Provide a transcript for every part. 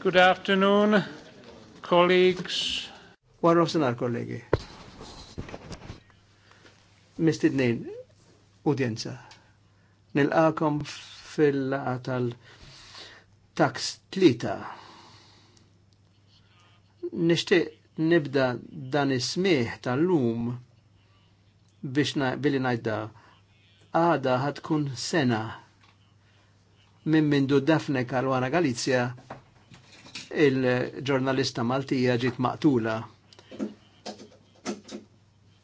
Good afternoon, colleagues. War sinar, kollegi. Mistidnin, udjenza. Nilqakom fil-laqa tal-tax tlita. Nishti nibda dan ismiħ tal-lum biex billi najda għada ħatkun sena minn mindu Dafne Karwana Galizja il-ġurnalista Maltija ġiet maqtula.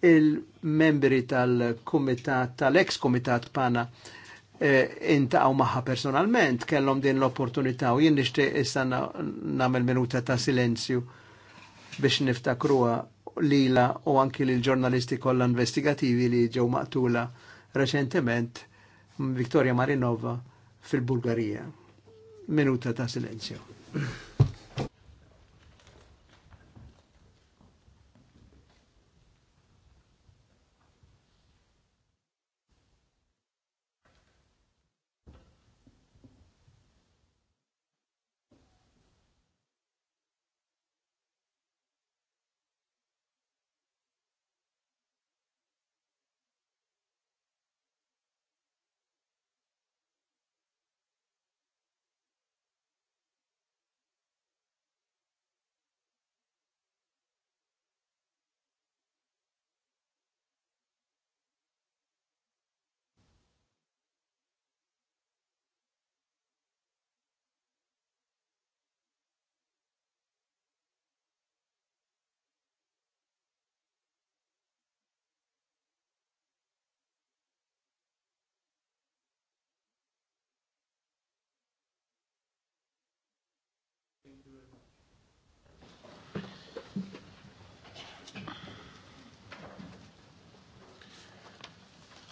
Il-membri tal-komitat, tal-ex-komitat pana eh, intaqaw maħħa personalment, kellhom din l-opportunità u jien nixtieq issa nagħmel minuta ta' silenzju biex niftakruha lila u anki l ġurnalisti kollha investigativi li ġew maqtula reċentement Viktoria Marinova fil-Bulgarija. Minuta ta' silenzju.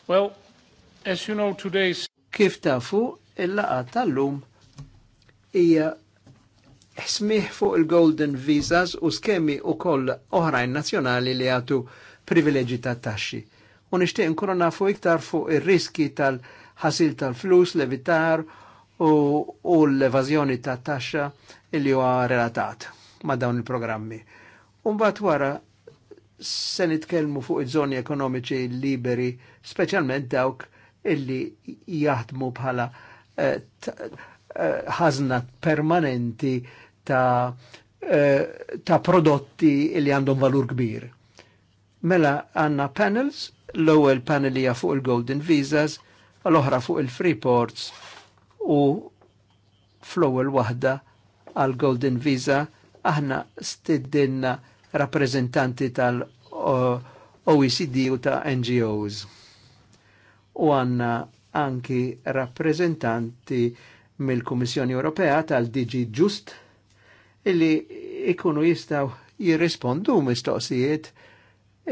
Well, as you know, today's... Kif tafu, il-laqa tal-lum hija smih fuq il-Golden Visas u skemi u koll oħrajn nazjonali li għatu privileġi ta' taxxi. U nishtiq nkunu nafu iktar fuq ir-riski tal-ħasil tal-flus, levitar, u l-evażjoni ta' taxxa li huwa relatat ma' dawn il-programmi. Umbat wara se nitkellmu fuq iż-żoni ekonomiċi liberi, speċjalment dawk illi jaħdmu bħala eh, eh, ħażna permanenti ta' eh, ta' prodotti illi għandhom valur kbir. Mela għanna panels, l-ewwel panel hija fuq il-Golden Visas, l-oħra fuq il-Free Ports u fl-ewwel waħda għal Golden Visa aħna stiddinna rappreżentanti tal-OECD u ta' NGOs. U għanna anki rappreżentanti mill-Kummissjoni Ewropea tal-DG Just illi ikunu jistaw jirrispondu mistoqsijiet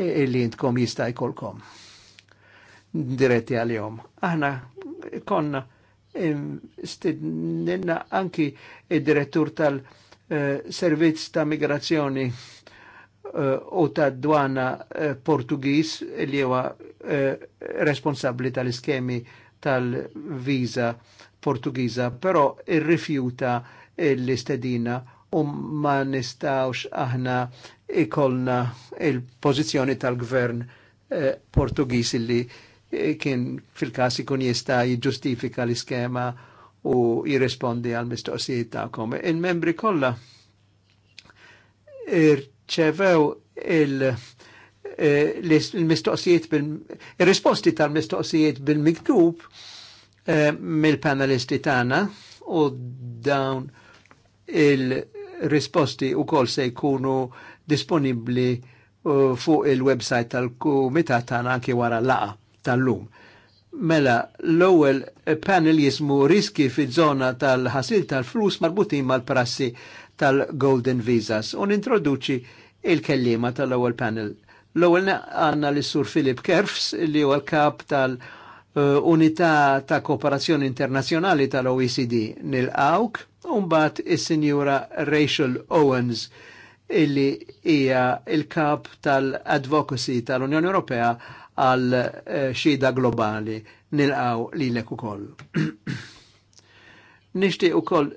illi jintkom jista' kolkom. diretti għal-jom. Aħna konna stidninna anki id-direttur tal-servizz ta' migrazzjoni eh, u ta' dwana eh, Portugis li huwa eh, responsabli tal-iskemi tal-viza Portugiza, però irrifjuta l-istedina u ma nistawx aħna ikolna il-pozizjoni tal-gvern Portugis li kien fil-kas ikun jista' jiġġustifika l-iskema u jirrespondi għal mistoqsijiet tagħkom. Il-membri kollha irċevew il- eh, l mistoqsijiet bil il-risposti tal-mistoqsijiet bil-miktub eh, mill-panelisti tana u dawn il-risposti u kol se jkunu disponibli eh, fuq il-website tal-kumitat tana anki wara laqa tal-lum. Mela, l-ewwel panel jismu riski fi żona tal-ħasil tal-flus marbutin mal-prassi tal-Golden Visas. U nintroduċi il-kellima tal-ewwel panel. L-ewwel għandna l sur Philip Kerfs li huwa l-kap tal-Unità ta' Kooperazzjoni Internazzjonali tal-OECD nil-AWK, u mbagħad is-Sinjura Rachel Owens illi hija il-kap tal-Advocacy tal-Unjoni Ewropea għal eh, xida globali nilqaw li l-ek u koll. Nishtiq u koll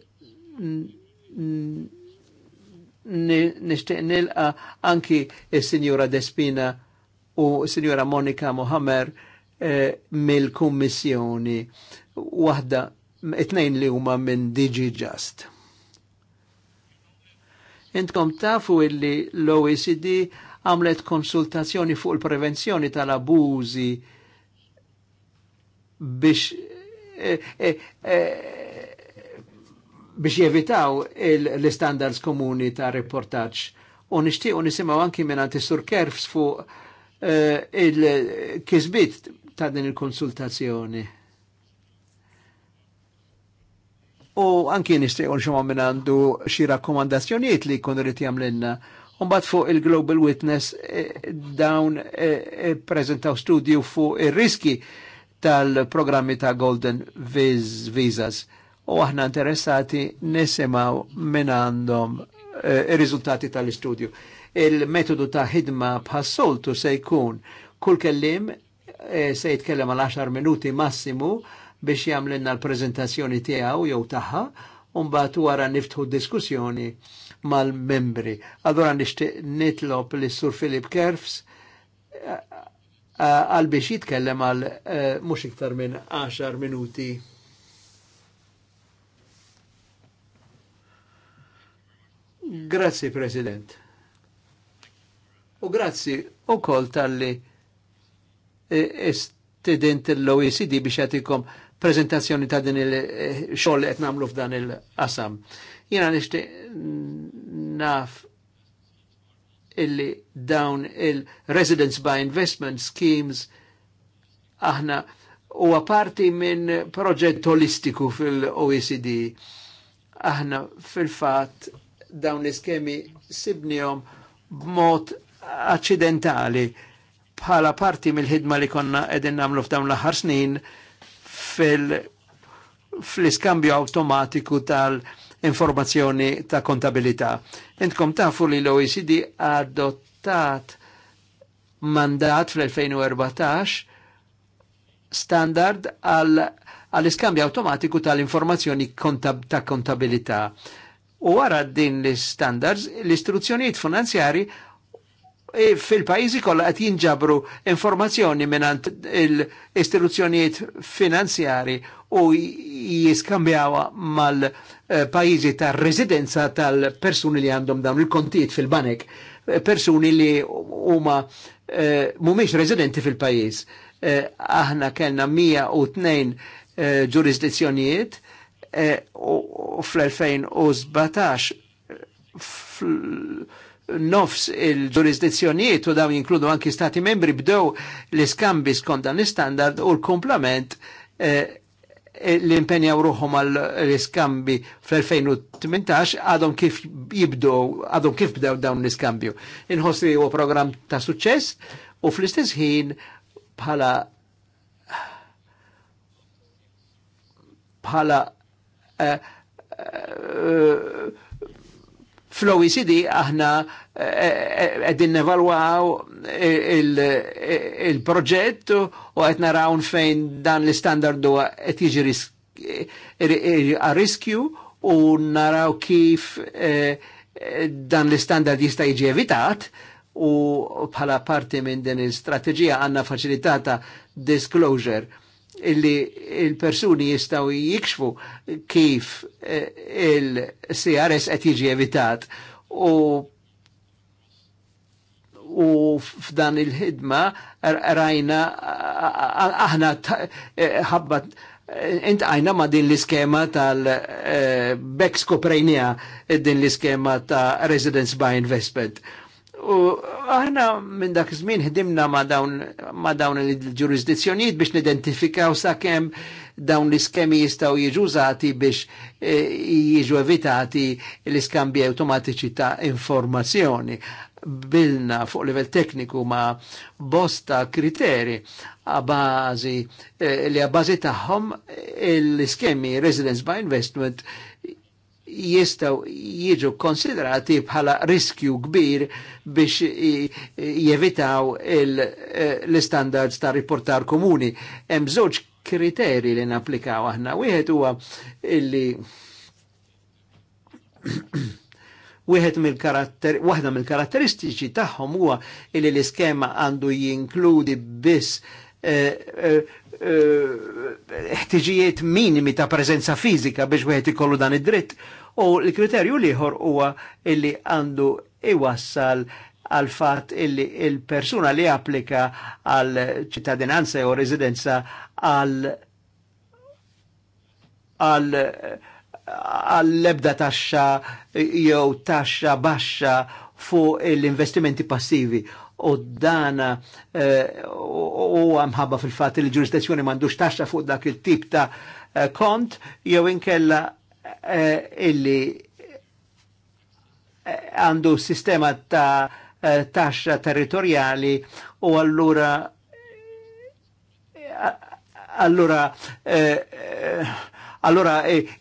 nishtiq nilqa anki il-Sinjura Despina u Sinjura Monika Mohammer eh, mill-Kummissjoni waħda it-nejn li huma minn Digi Just. Intkom tafu illi l-OECD għamlet konsultazzjoni fuq il-prevenzjoni tal-abużi biex eh, eh, eh, biex jevitaw l-standards komuni ta' reportaċ. U nishtiq u nisimaw anki minnant sur kerfs fuq il-kizbit ta' din il-konsultazzjoni. U anki nishtiq u nxumma għandu xie rakkomandazzjoniet li kun rrit jamlenna Umbat fuq il-Global Witness eh, dawn eh, eh, prezentaw studju fuq il-riski tal-programmi ta' Golden Viz Visas u aħna interessati nisimaw minn għandhom il-rizultati tal studju Il-metodu ta' ħidma bħassoltu se jkun kull kellim se jitkellem għal 10 minuti massimu biex jamlinna l-prezentazzjoni tiegħu jew tagħha u mbagħad wara niftħu diskussjoni mal-membri. Allora nixtieq nitlob li sur Filip Kerfs eh, eh, għal biex jitkellem għal eh, mhux iktar minn 10 minuti. Grazzi, President. U grazzi u kol tal-li istident l-OECD biex jatikom prezentazzjoni ta' din il-xoll qed nagħmlu f'dan il-qasam. Jena nishtiq naf illi dawn il-Residence by Investment Schemes aħna u parti minn proġett holistiku fil-OECD. Aħna fil-fat dawn l-iskemi sibnijom b'mod accidentali bħala parti mill-ħidma li konna edin namlu f'dawn l-aħħar snin fil- fl-iskambju automatiku tal- informazzjoni ta' kontabilità. Intkom tafu li l-OECD adottat mandat fl-2014 standard għall-iskambja automatiku tal-informazzjoni kontab ta' kontabilità. U għara din l-standards, l-istruzzjonijiet finanzjari E fil-pajizi kollha qed jinġabru informazzjoni minant l-istituzzjonijiet finanzjari u jiskambjawa mal-pajizi ta' residenza tal-persuni li għandhom dawn il-kontijiet fil-banek, persuni li huma e, mumiex residenti fil-pajiz. E, aħna kellna 102 ġurisdizzjonijiet u fl-2017 nofs il-ġurisdizzjonijiet u dawn jinkludu anki stati membri bdew l-iskambi skont dan l-standard u l-komplement eh, l-impenjaw ruħom għal l-iskambi fl-2018 għadhom kif jibdow, għadhom kif bdew dawn l-iskambju. Inħossi u program ta' suċċess u fl-istess ħin bħala bħala uh, uh, Fl-OECD aħna eh, eh, għedin nevalwaw eh, il-proġett u għed naraw fejn dan l-standardu għed jiġi riskju u naraw kif dan l-standard jista' jiġi evitat u bħala parti minn din il-strategija għanna faċilitata disclosure illi il-persuni jistaw jikxfu kif eh, il-CRS qed jiġi evitat u u f'dan il-ħidma rajna aħna eh, ħabbat eh, intqajna ma din l-iskema tal-Bex Koprejnija din l-iskema ta' Residence by Investment U aħna minn dak iż-żmien ħdimna ma' dawn il-ġurisdizzjonijiet biex nidentifikaw sakemm dawn l-iskemi jistgħu jiġu użati biex e, jiġu evitati l-iskambji awtomatiċi ta' informazzjoni. Bilna fuq livell tekniku ma' bosta kriteri għabazi e, li għabazi tagħhom e, l-iskemi residence by investment jistaw jiġu konsiderati bħala riskju kbir biex jevitaw eh, l-standards ta' riportar komuni. Hemm żewġ kriteri li napplikaw aħna. Wieħed huwa illi wieħed mill-karatter waħda mill-karatteristiċi tagħhom huwa li l-iskema għandu jinkludi biss eh, eh, ħtiġijiet minimi ta' prezenza fizika biex wieħed ikollu dan id-dritt u l-kriterju liħor huwa illi għandu iwassal għal fatt illi il-persuna li applika għal ċittadinanza u residenza għal għal għall-ebda taxxa jew taxxa baxxa fuq l-investimenti passivi u dana eh, u għamħabba fil-fat li ġurisdizjoni mandux taxxa fuq dak il-tip ta' eh, kont jew inkella eh, illi għandu sistema ta' taxxa territoriali u allura allura allora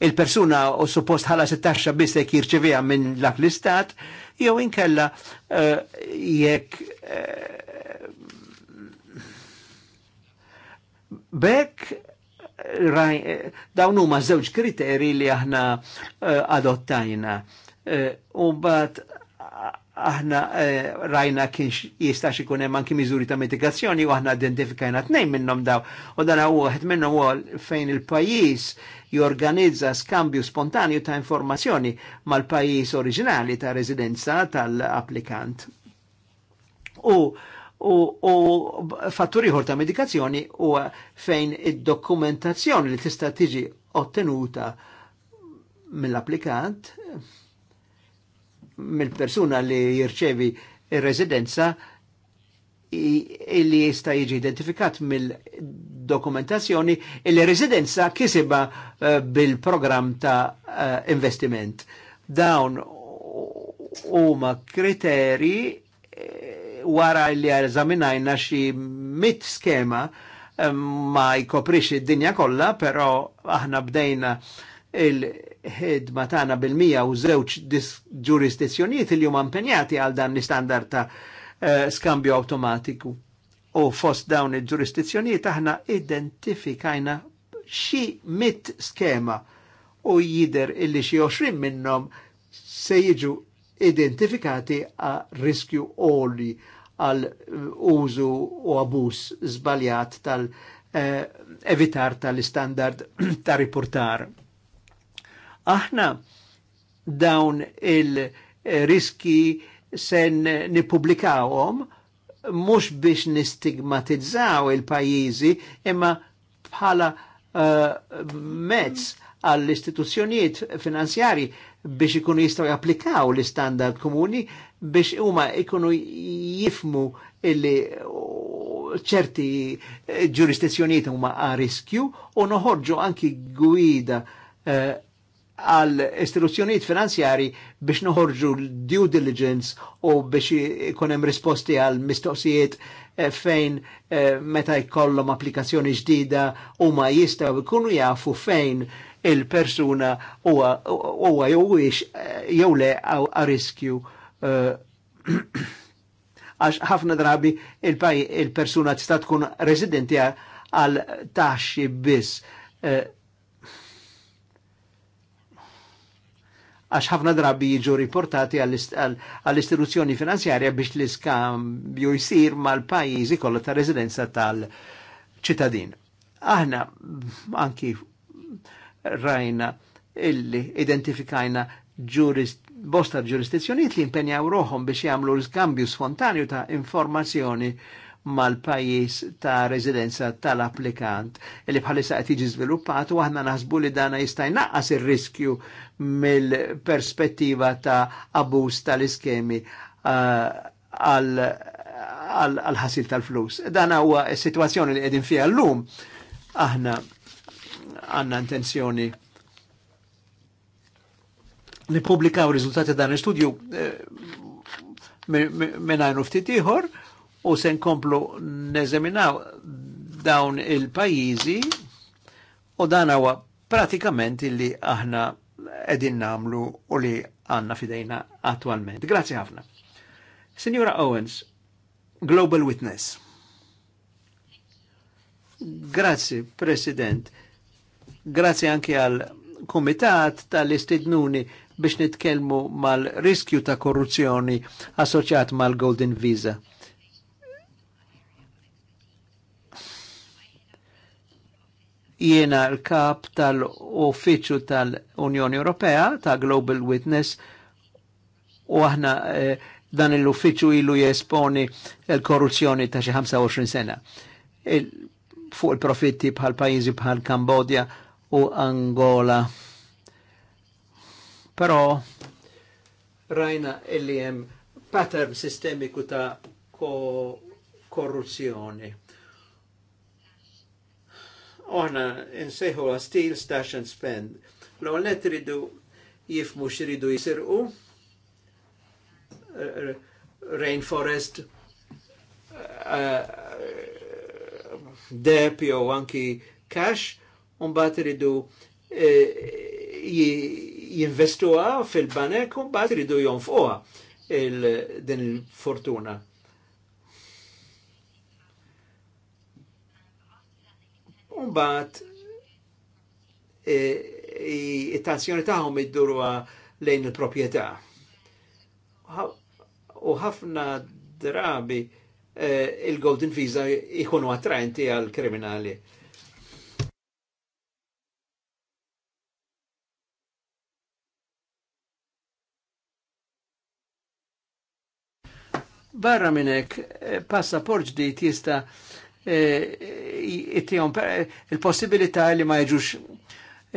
il-persuna u suppost ħala t-taxxa biss jek jirċevija minn dak l-istat jew inkella uh, jekk uh, bekk eh, dawn huma żewġ kriteri li aħna uh, adottajna. U bat aħna eh, rajna kien jistax ikun hemm anki miżuri ta' mitigazzjoni u aħna identifikajna tnejn minnhom daw. U dan huwa waħed minnhom huwa fejn il-pajjiż jorganizza skambju spontanju ta' informazzjoni mal-pajjiż oriġinali ta' residenza tal-applikant. U u, u fatturi ta' medikazzjoni u fejn id-dokumentazzjoni li tista' tiġi ottenuta mill-applikant mill-persuna li jirċevi residenza illi jista jiġi identifikat mill-dokumentazzjoni illi residenza kisiba eh, bil-program ta' eh, investiment. Dawn huma kriteri eh, wara li eżaminajna xi mit skema ma jkoprix id-dinja kollha, però aħna bdejna ħedma tagħna bil-mija u żewġ ġurisdizzjonijiet li huma impenjati għal dan l-istandard ta' eh, skambju awtomatiku. U fost dawn il-ġurisdizzjonijiet aħna identifikajna xi mit skema u jider illi xi 20 minnhom se jiġu identifikati a riskju oli għal eh, użu u abus zbaljat tal-evitar eh, tal-istandard ta' riportar. Aħna dawn il-riski sen nipublikawhom mhux biex nistigmatizzaw il-pajjiżi imma bħala uh, mezz għall-istituzzjonijiet finanzjari biex ikunu jistaw japplikaw l-istandard komuni biex huma ikunu jifmu illi ċerti eh, ġurisdizzjonijiet huma a riskju u noħorġu anki gwida eh, għal istituzzjonijiet finanzjari biex noħorġu due diligence u biex ikunem risposti għal mistoqsijiet eh, fejn eh, meta jkollhom applikazzjoni ġdida u ma jistaw ikunu jafu fejn il-persuna huwa jew eh, jew le a riskju għax ħafna drabi il-persuna tista' tkun residenti għal taxxi biss. għax ħafna drabi jiġu riportati għall-istituzzjoni finanzjarja biex l-iskambju jisir mal-pajizi kollha ta' residenza tal-ċittadin. Aħna anki rajna illi identifikajna bosta ġurisdizzjoniet li impenjaw roħom biex jagħmlu l-iskambju spontanju ta' informazzjoni mal-pajis ta' residenza tal-applikant li bħalissa qed jiġi żviluppat u aħna naħsbu li dana jista' jnaqqas ir-riskju mill-perspettiva ta' abus tal-iskemi uh, għal-ħasil tal-flus. Dan huwa situazzjoni li qegħdin fiha llum aħna għandna intenzjoni li publikaw riżultati dan l studju eh, minn ftit ieħor u se nkomplu neżeminaw dawn il-pajjiżi u dan huwa pratikament illi aħna edin namlu u li għanna fidejna attualment. Grazie ħafna. Signora Owens, Global Witness. Grazie, President. Grazie anke għal komitat tal-istidnuni biex nitkelmu mal-riskju ta' korruzzjoni assoċjat mal-Golden Visa jiena l-kap tal-Uffiċċju tal-Unjoni Ewropea ta' Global Witness u aħna eh, dan l-uffiċċju ilu jesponi l-korruzzjoni ta' xi 25 sena. Il, fuq il-profitti bħal pajjiżi bħal Kambodja u Angola. Però rajna illi hemm pattern sistemiku ta' ko korruzzjoni oħna nsejħu steal, stash and spend. L-għonet ridu jifmu xridu jisirqu, rainforest, eh, dep jew anki cash, un-bat ridu eh, jinvestuwa fil-banek un bat ridu jonfuqa il din il-fortuna. Umbat, e, it-tazzjoni tagħhom iddurwa lejn il-proprjetà. U ħafna drabi e, il-Golden Visa ikunu attraenti għal kriminali. Barra minnek, e, passaport ġdijt jista' jittijom e, il-possibilità li ma jġux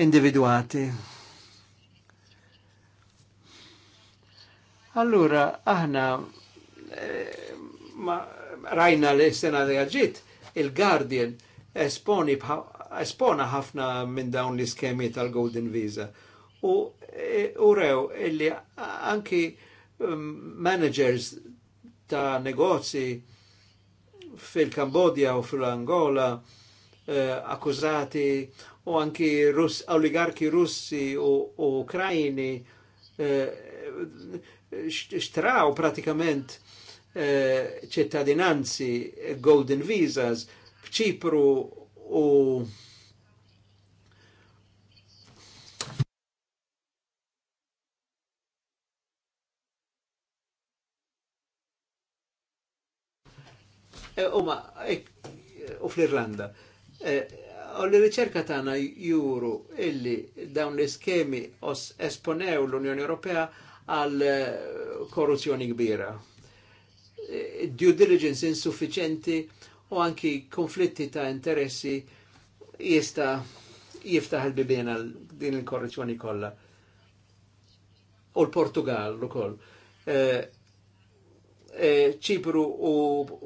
individuati. Allura, aħna e, ma rajna li s sena li għagġit, il-Guardian esponi espona ħafna minn dawn l-iskemi tal-Golden Visa. U, e, u rew, illi anki um, managers ta' negozji fil-Kambodja u fil-Angola eh, akkużati u anki Rus, oligarki russi u, u Ukrajini eh, xtraw pratikament eh, ċittadinanzi, golden visas, bċipru u Eh, Uma, u fl-Irlanda. Eh, u l-riċerka tana juru illi dawn l-iskemi esponew l-Unjoni Ewropea għal eh, korruzzjoni kbira. Due diligence insufficienti u anki konflitti ta' interessi jista jiftaħ il-bibien għal din il-korruzzjoni kolla. U l-Portugal l ukoll. Eh, E, ċipru u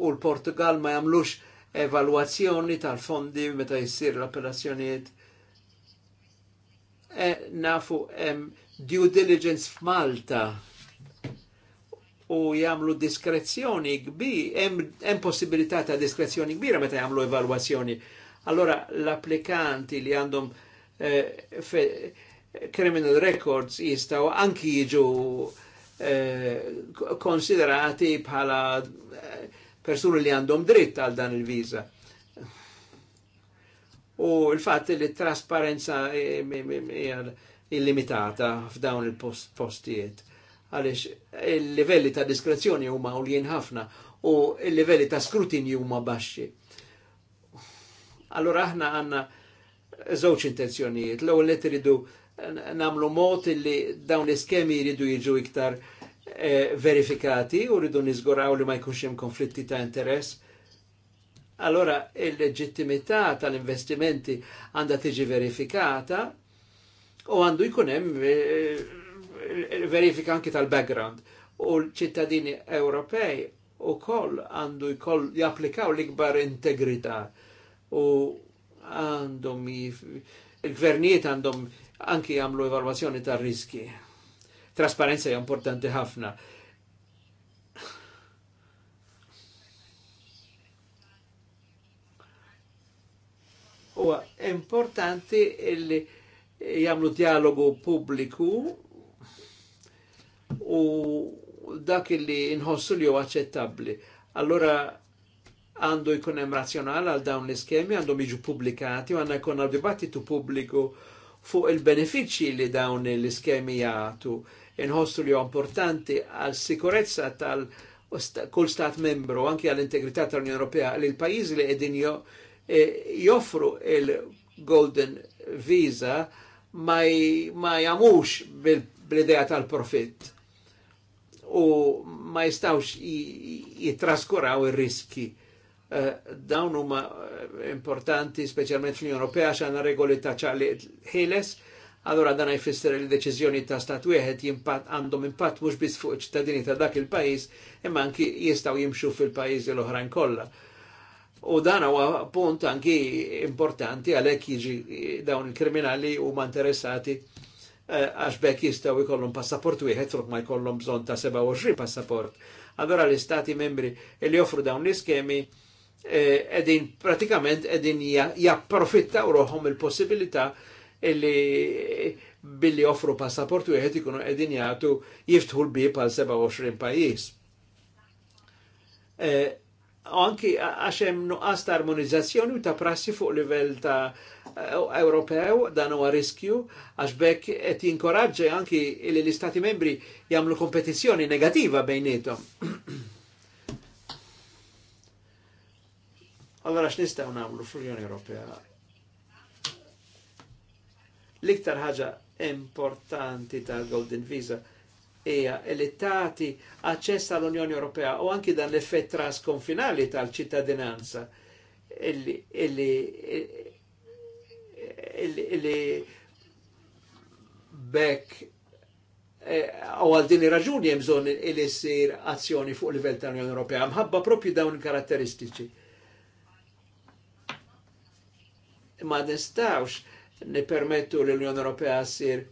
l-Portugal ma jamlux evalwazzjoni tal-fondi meta jissir l-appellazzjoniet. E, nafu em, due diligence f'Malta u jamlu diskrezzjoni kbir, hemm possibilità ta' diskrezzjoni kbira meta jamlu evalwazzjoni. Allora l-applikanti li għandhom eh, criminal records jistaw anki jiġu Eh, konsiderati bħala eh, persuni li għandhom dritt għal dan il-viza. U l fatt li trasparenza eh, illimitata f'dawn il-postijiet. Għalix il-livelli ta' diskrezzjoni huma uljen ħafna u il-livelli ta' skrutinju huma baxxi. Allora aħna għanna żewġ intenzjonijiet. L-ewwel li namlu mod li dawn l-iskemi jridu jiġu iktar eh, verifikati u rridu nizguraw li ma jkunx hemm konflitti ta' interess. Allora il-leġittimità tal-investimenti għandha tiġi verifikata u għandu jkun hemm eh, verifika anki tal-background. U l-ċittadini Ewropej u koll għandu jkoll japplikaw l-ikbar integrità u għandhom il-gvernijiet għandhom anki jamlu evalwazzjoni ta' riski. Trasparenza hija importanti ħafna. Huwa importanti li jagħmlu dialogu pubbliku u dak li inħossu li huwa aċċettabbli. Allora għandu jkun hemm razzjonali għal dawn l-iskemi, għandhom jiġu pubblikati u għandna jkun dibattitu pubbliku fuq il benefiċi li dawn l-iskemi jagħtu inħossu li importanti għal sikurezza tal kull stat membru anki għal integrità tal-Unjoni Ewropea li l-pajjiżi li qegħdin e, joffru il-Golden Visa ma, ma jamux bl-idea tal-profitt u ma jistawx jitraskuraw il-riski. Eh, dawn huma importanti, specialment fl-Unjoni Ewropea, xana regoli ta' ċarli ħiles, allora dan jfisser li deċiżjoni ta' stat wieħed jimpat għandhom impatt mhux biss fuq ċittadini ta' dak il-pajjiż, imma anki jistgħu jimxu fil-pajjiżi l-oħrajn kollha. U dan huwa punt anki importanti għalhekk jiġi dawn il-kriminali huma interessati eh, għax bekk jistgħu ikollhom passaport wieħed truk ma jkollhom bżonn ta' 27 passaport. Allora l-istati membri li joffru dawn l-iskemi Eh, edin pratikament edin u roħom il possibilita illi billi offru passaportu wieħed ikunu edin jagħtu jiftħu l-bib għal 27 pajis. Eh, anki għaxem nuqqas ta' armonizzazzjoni u ta' prassi fuq livell ta' eh, Ewropew dan huwa riskju għax bekk qed jinkoraġġa anki li l-Istati membri jagħmlu kompetizzjoni negativa bejnietom. Allora x'nistgħu nagħmlu fl-Unjoni Ewropea? L-iktar ħaġa importanti tal-Golden Visa hija li tagħti aċċess għall-Unjoni Ewropea u anki dan l-effett trasconfinali tal-ċittadinanza illi bekk eh, u għal din raġuni bżonn il-sir azzjoni fuq livell tal-Unjoni Ewropea, mħabba propju dawn karatteristiċi. ma nistawx nipermettu l-Unjoni Ewropea sir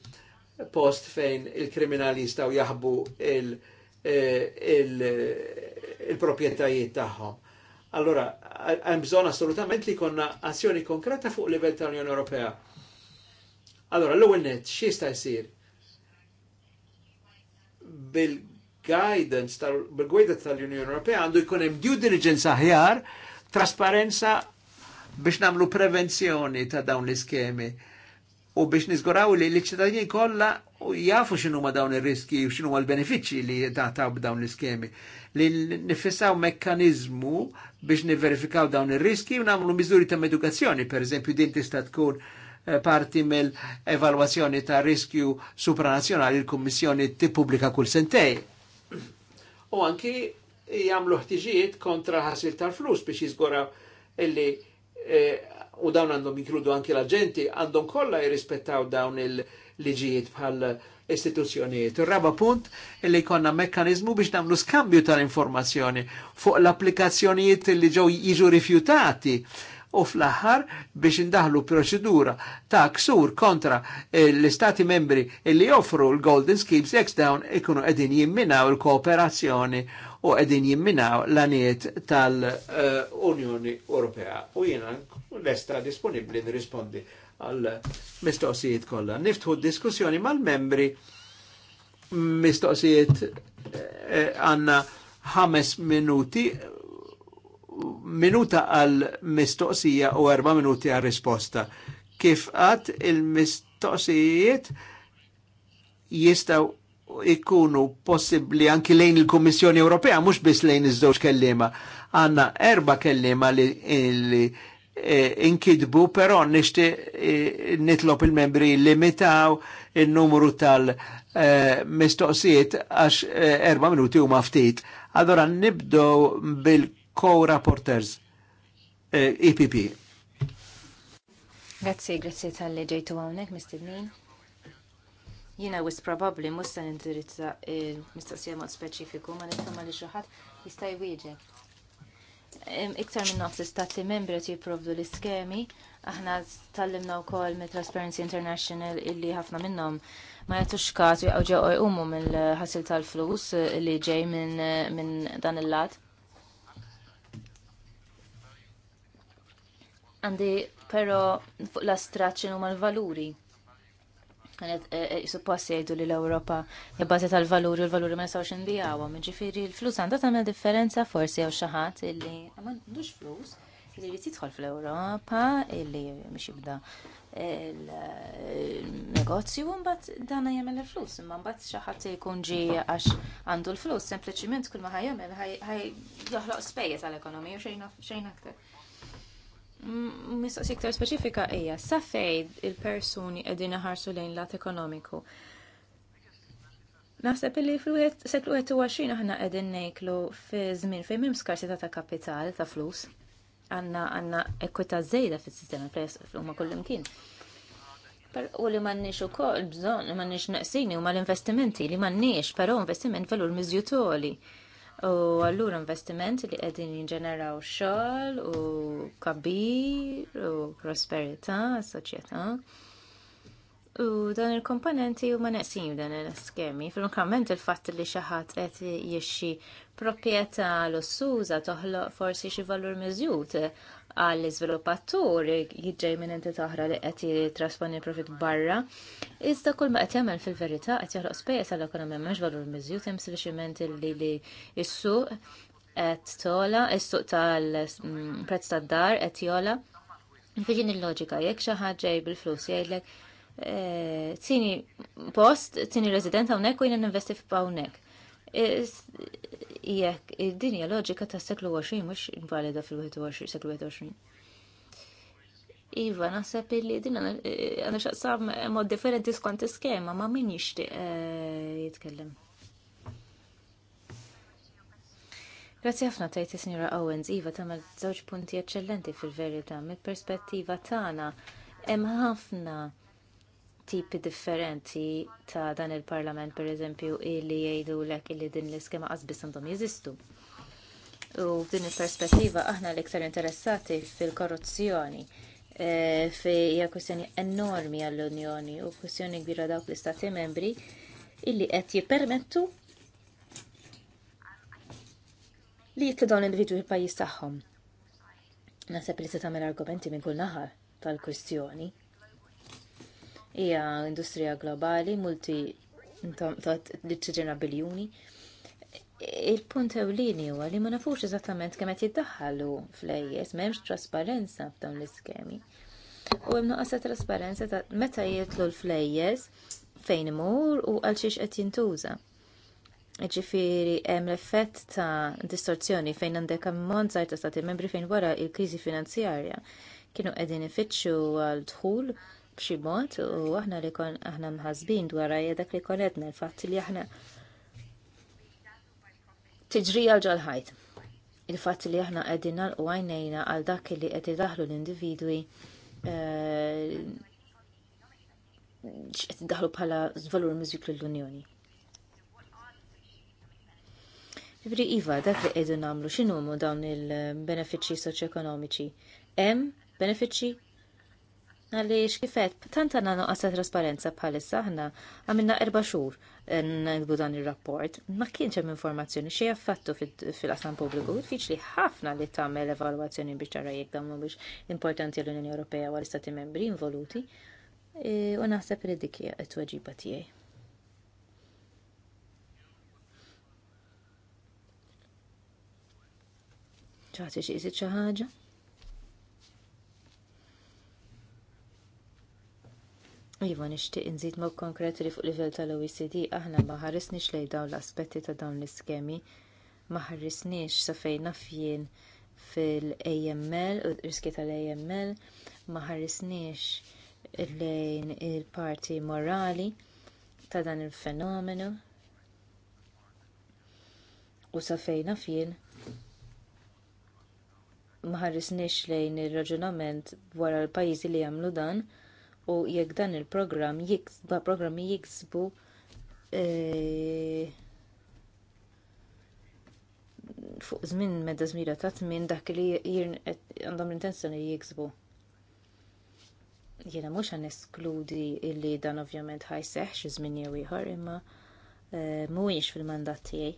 post fejn il-kriminali jistaw jaħbu il-propietajiet eh, tagħhom. Allora, hemm bżonn assolutament li konna azzjoni konkreta fuq livell tal-Unjoni Ewropea. Allora, l-ewwel nett xi jista' jsir? Bil-guidance tal bil tal-Unjoni Ewropea għandu jkun hemm due diligence aħjar, trasparenza biex namlu prevenzjoni ta' dawn l-iskemi u biex nizguraw li l-ċittadini kollha jafu xinu ma dawn ir-riski u x'inhu l-benefiċċji li tagħtaw b'dawn l-iskemi. Li nifissaw mekkaniżmu biex niverifikaw dawn ir-riski u nagħmlu mizuri ta' edukazzjoni, eżempju, din tista' tkun eh, parti mill-evalwazzjoni ta' riskju supranazzjonali l-Kummissjoni tippubblika kull sentej. U anki jagħmlu ħtiġijiet kontra ħasil tal-flus biex jiżguraw illi E, u dawn għandhom jinkludu anki l-agenti, għandhom kollha jirrispettaw dawn il-liġijiet bħal istituzzjonijiet. Il-raba punt li konna mekkanizmu biex namlu skambju tal-informazzjoni fuq l-applikazzjonijiet li ġew jiġu rifjutati u fl-aħħar biex indaħlu proċedura ta' ksur kontra l-istati membri li joffru l-Golden Schemes X Down ikunu edin jimminaw l kooperazzjoni u edin jimminaw l-aniet tal-Unjoni Ewropea. U jena l estra disponibli nirrispondi għal-mistoqsijiet kollha. Niftħu diskussjoni mal-membri mistoqsijiet eh, għanna ħames minuti minuta għal mistoqsija u erba minuti għal risposta. Kif għat il-mistoqsijiet jistaw ikunu possibli anki lejn il-Kommissjoni Ewropea, mux biss lejn iż-żewġ kellima. Għanna erba kellima li, li e, inkidbu, però nishti e, nitlop il-membri limitaw il-numru tal-mistoqsijiet e, għax erba minuti u maftit. Allora nibdow bil co-rapporters eh, EPP. Grazie, grazie tal-li ġejtu għawnek, mistednin. Jina wis probabli musta nindirizza il-mistaqsija mod speċifiku ma nittama li xaħat jista' jwieġeb. Iktar minn nofs istat membri qed jipprovdu l-iskemi, aħna tallimna wkoll mit Transparency International illi ħafna minnhom ma jagħtux każ jaqgħu ġewqa jqumu mill-ħasil tal-flus li ġej minn dan il-lat. Għandi però fuq la straċinu ma l-valuri. Għanet e, e, suppost jgħidu li l-Ewropa jibbażi tal-valuri u l-valuri ma jistgħux indijawa. Ġifieri l-flus għandha tagħmel differenza forsi jew xi ħadd illi m'għandux flus li jrid jidħol fl-Ewropa illi mhux jibda il-negozju e, mbagħad dana jagħmel il-flus, imma mbagħad xi ħadd jkun ġi għax għandu l-flus, sempliċiment kull ma ħajjamel ħaj joħloq spejjeż tal ekonomija xejn aktar mistoqsi iktar speċifika hija sa fejn il-persuni qegħdin iħarsu lejn lat ekonomiku. Naħseb li fl-wieħed seklu 21 aħna qegħdin ngħidlu fi żmien fejn m'hemm skarsità ta' kapital ta' flus. Għandna għandna ekwita żejda fis-sistema press huma kullimkien. U li m'għandniex ukoll bżonn m'għandniex naqsini huma l-investimenti li m'għandniex, però investiment velu l-miżjutoli. toli U allura investiment li qegħdin jinġeneraw xogħol u kabir u prosperità soċieta. soċjetà U dan il-komponenti huma neqsin dan il skemi Fil-mukrament il-fatt li xi ħadd qed jixxi proprjetà lussuża toħloq forsi xi valur miżjud għall iżviluppatur jiġġej minn inti taħra li qed trasponi profit barra. Iżda kull ma qed jagħmel fil-verità qed jaħloq spejja għall ekonomija m'hemmx valur miżjud hemm sempliċiment li li s-suq tola, is-suq tal-prezz tad-dar qed jola. Fiġin il-loġika jek xi ħaġa bil-flus jgħidlek eh, tini post, tini resident hawnhekk u jien f'pa f'hawnhekk Jek, id-dinja loġika ta' seklu 20 mhux invalida fil-21 seklu 21. Iva, naħseb li din għana xaqsam mod differenti skont iskema, ma min jixtieq eh, jitkellem. Grazzi ħafna tajt is-Sinjura Owens, Iva tagħmel żewġ punti eċċellenti fil-verità mill-perspettiva tagħna hemm ħafna tipi differenti ta' dan il-parlament per eżempju illi jgħidu lek illi din l-iskema qasbis għandhom jeżistu. U f'din il-perspettiva aħna l-iktar interessati fil-korruzzjoni e, hija kwestjoni enormi għall-Unjoni u kwestjoni kbira dawk l-Istati membri illi qed jippermettu li jitlu dawn l-individwi fil-pajjiż tagħhom. Naseb li se tagħmel argumenti minn kull naħar tal kwistjoni hija industrija globali multi li tġġena biljuni. Il-punt ewlieni huwa li ma nafux eżattament kemm qed jiddaħħalu fl-ejjes, m'hemmx trasparenza f'dawn l-iskemi. U hemm noqgħa trasparenza ta' meta jitlu l-flejjes fejn imur u għal xiex qed jintuża. Ġifiri, hemm l-effett ta' distorzjoni fejn għandek ammont żgħir ta' stati membri fejn wara l kriżi finanzjarja kienu qegħdin ifittxu għal dħul b'xi mod u aħna li kon aħna mħazbin dwar dak li konetna l-fatt li aħna tiġri għal ġalħajt. Il-fatt li aħna qegħdin nalqu għajnejna għal dak li eh, qed idaħlu l-individwi x'qed idaħlu bħala żvalur miżjuklu l-Unjoni. Ibri Iva, dak li qegħdu nagħmlu x'inhu dawn il-benefiċċji soċjoekonomiċi? Hemm benefiċċji għaliex kifet, tant għanna noqqas trasparenza bħalissa ħna għamilna erba xhur ngħidu dan ir-rapport, ma kienx hemm informazzjoni xie għaffattu fil-qasam pubbliku, li ħafna li tagħmel evalwazzjoni biex tara jekk dan mhumiex importanti l-Unjoni Ewropea għal l-Istati Membri involuti. E, u naħseb li dikja t-tweġiba tiegħi. ċaħti xi ħaġa? Iva, nixtieq inżid mod konkret li fuq livell tal-OECD aħna ma ħarisniex lejn dawn l-aspetti ta' dawn l-iskemi, ma ħarisniex sa fejn jien fil-AML, u riski tal-AML, ma ħarisniex lejn il-parti morali ta' dan il-fenomenu. U sa fejn jien ma ħarisniex lejn ir raġunament wara l-pajjiżi li jagħmlu dan u jekk dan il-programm jiksba programmi jiksbu e, fuq żmien medda żmira ta' tmien dak li għandhom l-intenzjoni jiksbu. Jiena mhux għan eskludi li dan ovvjament ħajseħx xi żmien jew ieħor imma e, mhuwiex fil-mandat tiegħi.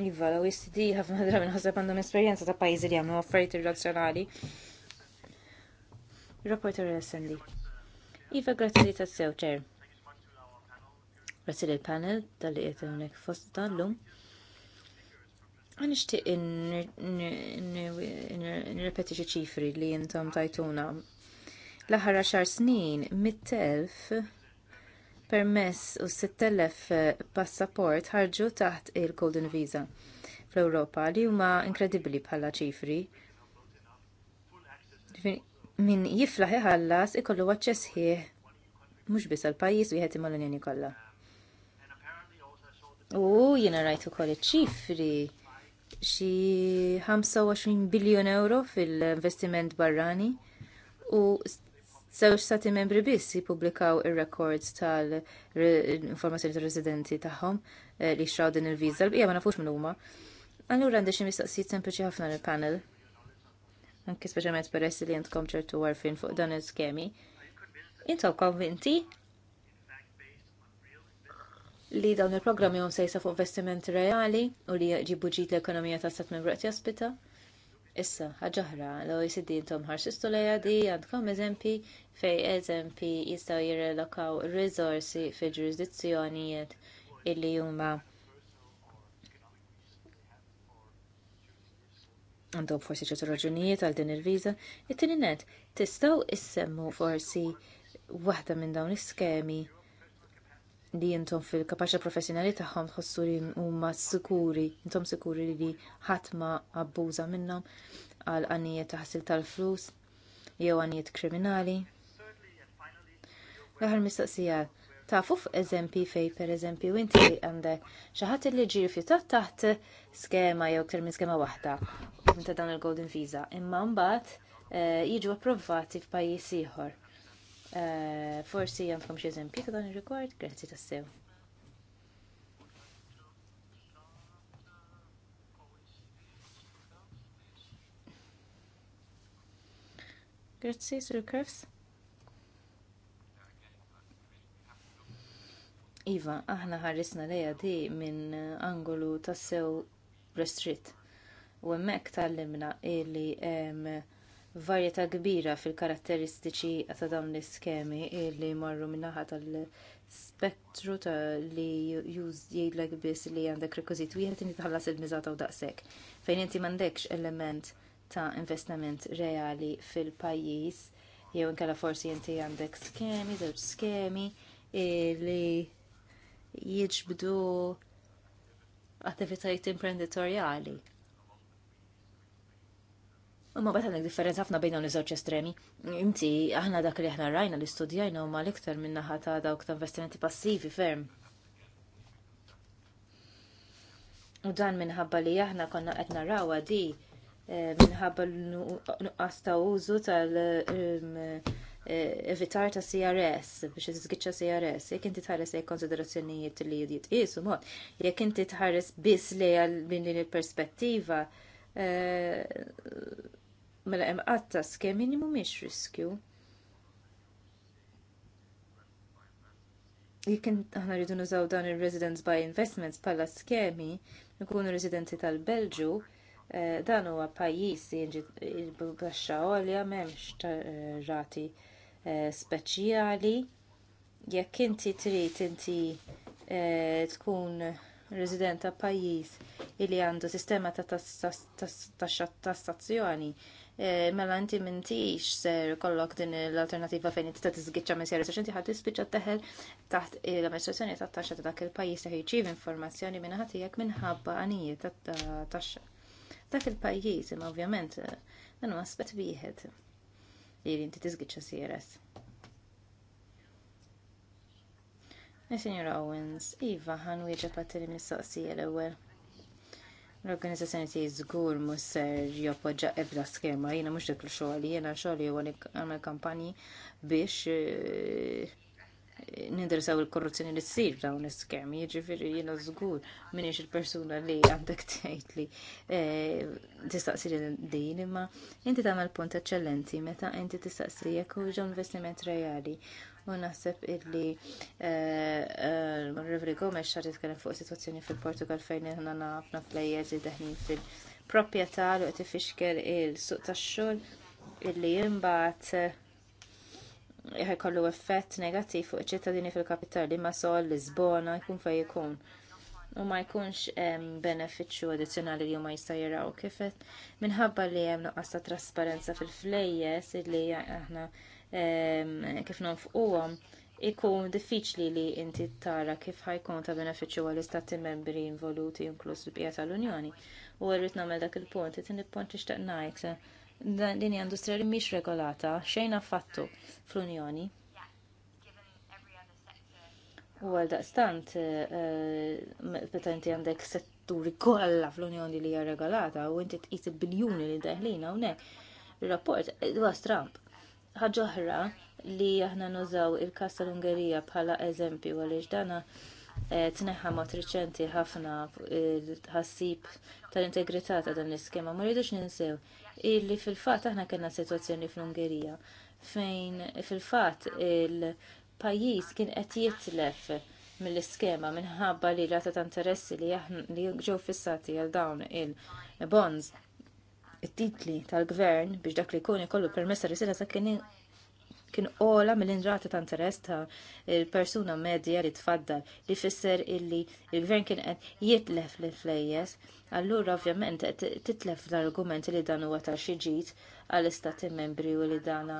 Iva, la oecd ħafna drabi nħasab għandhom esperjenza ta' pajjiżi li għamlu affarijiet irrazzjonali. Rapporter SND. Iva, grazzi ta' sew ċer. Grazzi l panel tal-li qed hawnhekk fost tal-lum. Nixtieq nirrepeti xi ċifri li intom tajtuna. L-aħħar xar snin, mit-telf permess u 6,000 eh, passaport ħarġu taħt il-Golden Visa fl-Ewropa li huma inkredibbli bħala ċifri. Min jiflaħi ħallas ikollu waċċess ħieħ mhux biss pajis pajjiż wieħed imma l-Unjoni kollha. U jiena rajt ukoll iċ-ċifri xi 25 biljun euro fil-investiment barrani u Żewġ stati membri biss jippubblikaw ir-records tal-informazzjoni tar-residenti tagħhom eh, li xraw din il viza l-bqija ma nafux minn huma. Allura għandi xi mistaqsijiet sempliċi ħafna lill-panel. Anki speċjalment peress li għandkom ċertu għarfien fuq dan il-skemi. Intaw konvinti li dawn il-programmi hum sejsa fuq investimenti reali u li jġibu l-ekonomija ta' stat membri qed jaspita. Issa, ħagħahra, l-OECD intom ħarsistu lejha di għandkom eżempi fejn eżempi jistgħu jirrelokaw risorsi fi ġurisdizzjonijiet illi huma għandhom forsi ċertu raġunijiet għal din il-viża. It-tieni net, tistgħu issemmu forsi waħda minn dawn l iskemi li jintom fil-kapaċa professjonali tagħhom tħossu li huma sikuri, jintom sikuri li ħadd ma abbuża minnhom għal għanijiet taħsil tal-flus jew għanijiet kriminali. L-aħħar mistoqsija tafu f'eżempji fej pereżempju inti għandek xi ħadd li ġiri fjutat taħt skema jew aktar minn skema waħda ta' dan il-Golden Visa, imma mbagħad eh, jiġu approvati f'pajjiż ieħor Eh, forsi għandkom xi eżempji ta' dan ir-rekord, grazzi tassew. Grazzi, Sir Curves. Iva, aħna ħarrisna lejha di minn angolu sew restrit. U hemmhekk tallimna illi varjetà kbira fil-karatteristiċi ta' dawn l-iskemi li marru min-naħa tal-spektru ta' li jgħidlek biss li għandek rekwiżit wieħed inti tħallas il-miżata u daqshekk. Fejn inti m'għandekx element ta' investiment reali fil-pajjiż jew inkella forsi inti għandek skemi, żewġ skemi li jiġbdu attivitajiet imprenditorjali Ma bat għandek differenza ħafna bejn l-iżoċ estremi. Inti, aħna dak li aħna rajna li studjajna u ma l-iktar minna ta' dawk ta' investimenti passivi ferm. U dan minħabba li aħna konna qed rawa di eh, minħabba nuqqas ta' użu tal-evitar ehm, eh, ta' CRS biex iżgiċċa CRS. Jekk inti tħares lej konsiderazzjonijiet li jitqisu mod, jekk inti tħares biss għal minn din il-perspettiva, eh, mela hemm qatt ta' skemi li mhumiex riskju. Jekk aħna rridu nużaw dan ir-residence by investments bħala skemi nkunu residenti tal-Belġu, eh, dan huwa pajjiż li baxxa għolja m'hemmx eh, rati eh, speċjali. Jekk inti trid inti tkun resident ta' pajjiż li għandu sistema ta' tassazzjoni Eh, mela inti m'intix ser kollok din l-alternativa fejn inti ta' tiżgiċċa minn serju ħad inti ħadd tispiċċa teħel taħt l-amministrazzjoni tat taxxa ta' dak il-pajjiż se jirċiev informazzjoni minn ħatijek minħabba għanijiet ta' taxxa. Dak il-pajjiż imma ovvjament eh, dan huwa aspett wieħed li inti tiżgiċċa sieres. Eh, Signor Owens, Iva ħan wieġeb għat-tini mistoqsija l-ewwel. L-organizzazzjoni ti zgur mhux ser jappoġġa ebda skema, jiena mhux dak xogħli, jiena xogħli huwa għamel kampanji biex eh, nindirsaw il-korruzzjoni li ssir dawn iskemi, jiġifieri jiena żgur minix il-persuna li għandek tajt li eh, tistaqsir din imma inti tagħmel punt eċċellenti meta inti tistaqsi jekk huwa investiment reali u naħseb illi eh, eh, Rivri Gomes xar jitkellem fuq situazzjoni fil-Portugal fejn aħna nafna flejjers li deħnin fil-proprjetà li qed ifixker il-suq tax-xogħol illi imbagħad eh, ħajkollu effett negattiv fuq iċ-ċittadini fil-kapitali ma sol Lisbona jkun fej jkun. U ma jkunx benefiċċju addizzjonali li huma jista' jaraw kifet minħabba li hemm nuqqas ta' trasparenza fil-flejjes illi aħna kif nonfquhom ikun diffiċli li inti tara kif ħajkun ta' benefiċċju għall istati membri involuti inkluż il-bqija tal-Unjoni. U rrid nagħmel dak il-punt, it il-punt ngħid din hija industrija li mhix regolata xejn affattu fl-Unjoni. U daqstant, eh, meta inti għandek setturi kollha fl-Unjoni li hija regolata u inti tqis biljuni li daħlin hawnhekk. Ir-rapport dwar eh, Trump ħaġoħra li aħna nużaw il-kas tal-Ungerija bħala eżempju għaliex dana eh, tneħħa mod riċenti ħafna ħassib tal-integrità ta' dan l-iskema. Ma rridux ninsew illi fil-fatt aħna kellna sitwazzjoni fl-Ungerija fejn fil-fatt il-pajjiż kien qed jitlef mill-iskema minħabba li rata ta' interessi li ġew fissati għal dawn il-bonds it-titli tal-gvern biex dak li jkun ikollu permessa risita sa' kien kien ola mill-inrati ta' interess ta' il-persuna medja li tfaddal li fisser illi il-gvern kien qed jitlef l-flejjes, allura ovvjament titlef l-argument li dan huwa ta' xi ġid għall-istati membri u li dana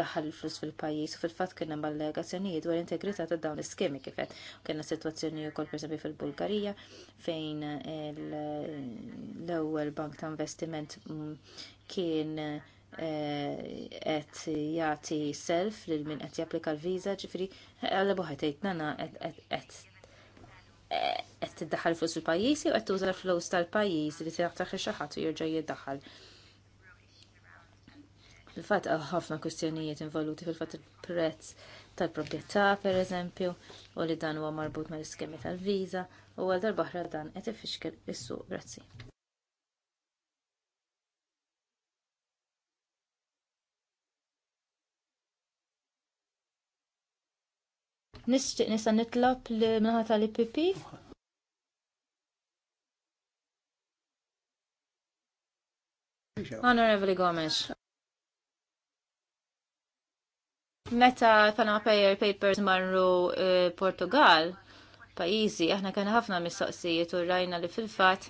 daħal il-flus fil-pajis u fil-fat kena mal-legazzjonijiet l integrità ta' dawn l-iskemi kifet. Kena situazzjoni u kol fil-Bulgarija fejn l-ewel bank ta' investiment kien eh, qed jagħti self lil min qed japplika l-viża, ġifri għalla boħet qed nana qed tiddaħħal flus il-pajjiż u qed tuża l flus tal-pajjiż li t xi ħadd u jerġa' jiddaħħal. Fil-fatt ħafna kwistjonijiet involuti fil-fatt il-prezz tal-proprjetà pereżempju, u li dan huwa marbut mal-iskemi tal-viża u għal darbaħra dan qed ifixkel is-suq grazzi. Nixtieq nista' nitlob li minħata tal-IPP Gomes. Meta Panama Papers marru e, Portugal, pajizi, aħna kena ħafna mistoqsijiet u rajna li fil-fat.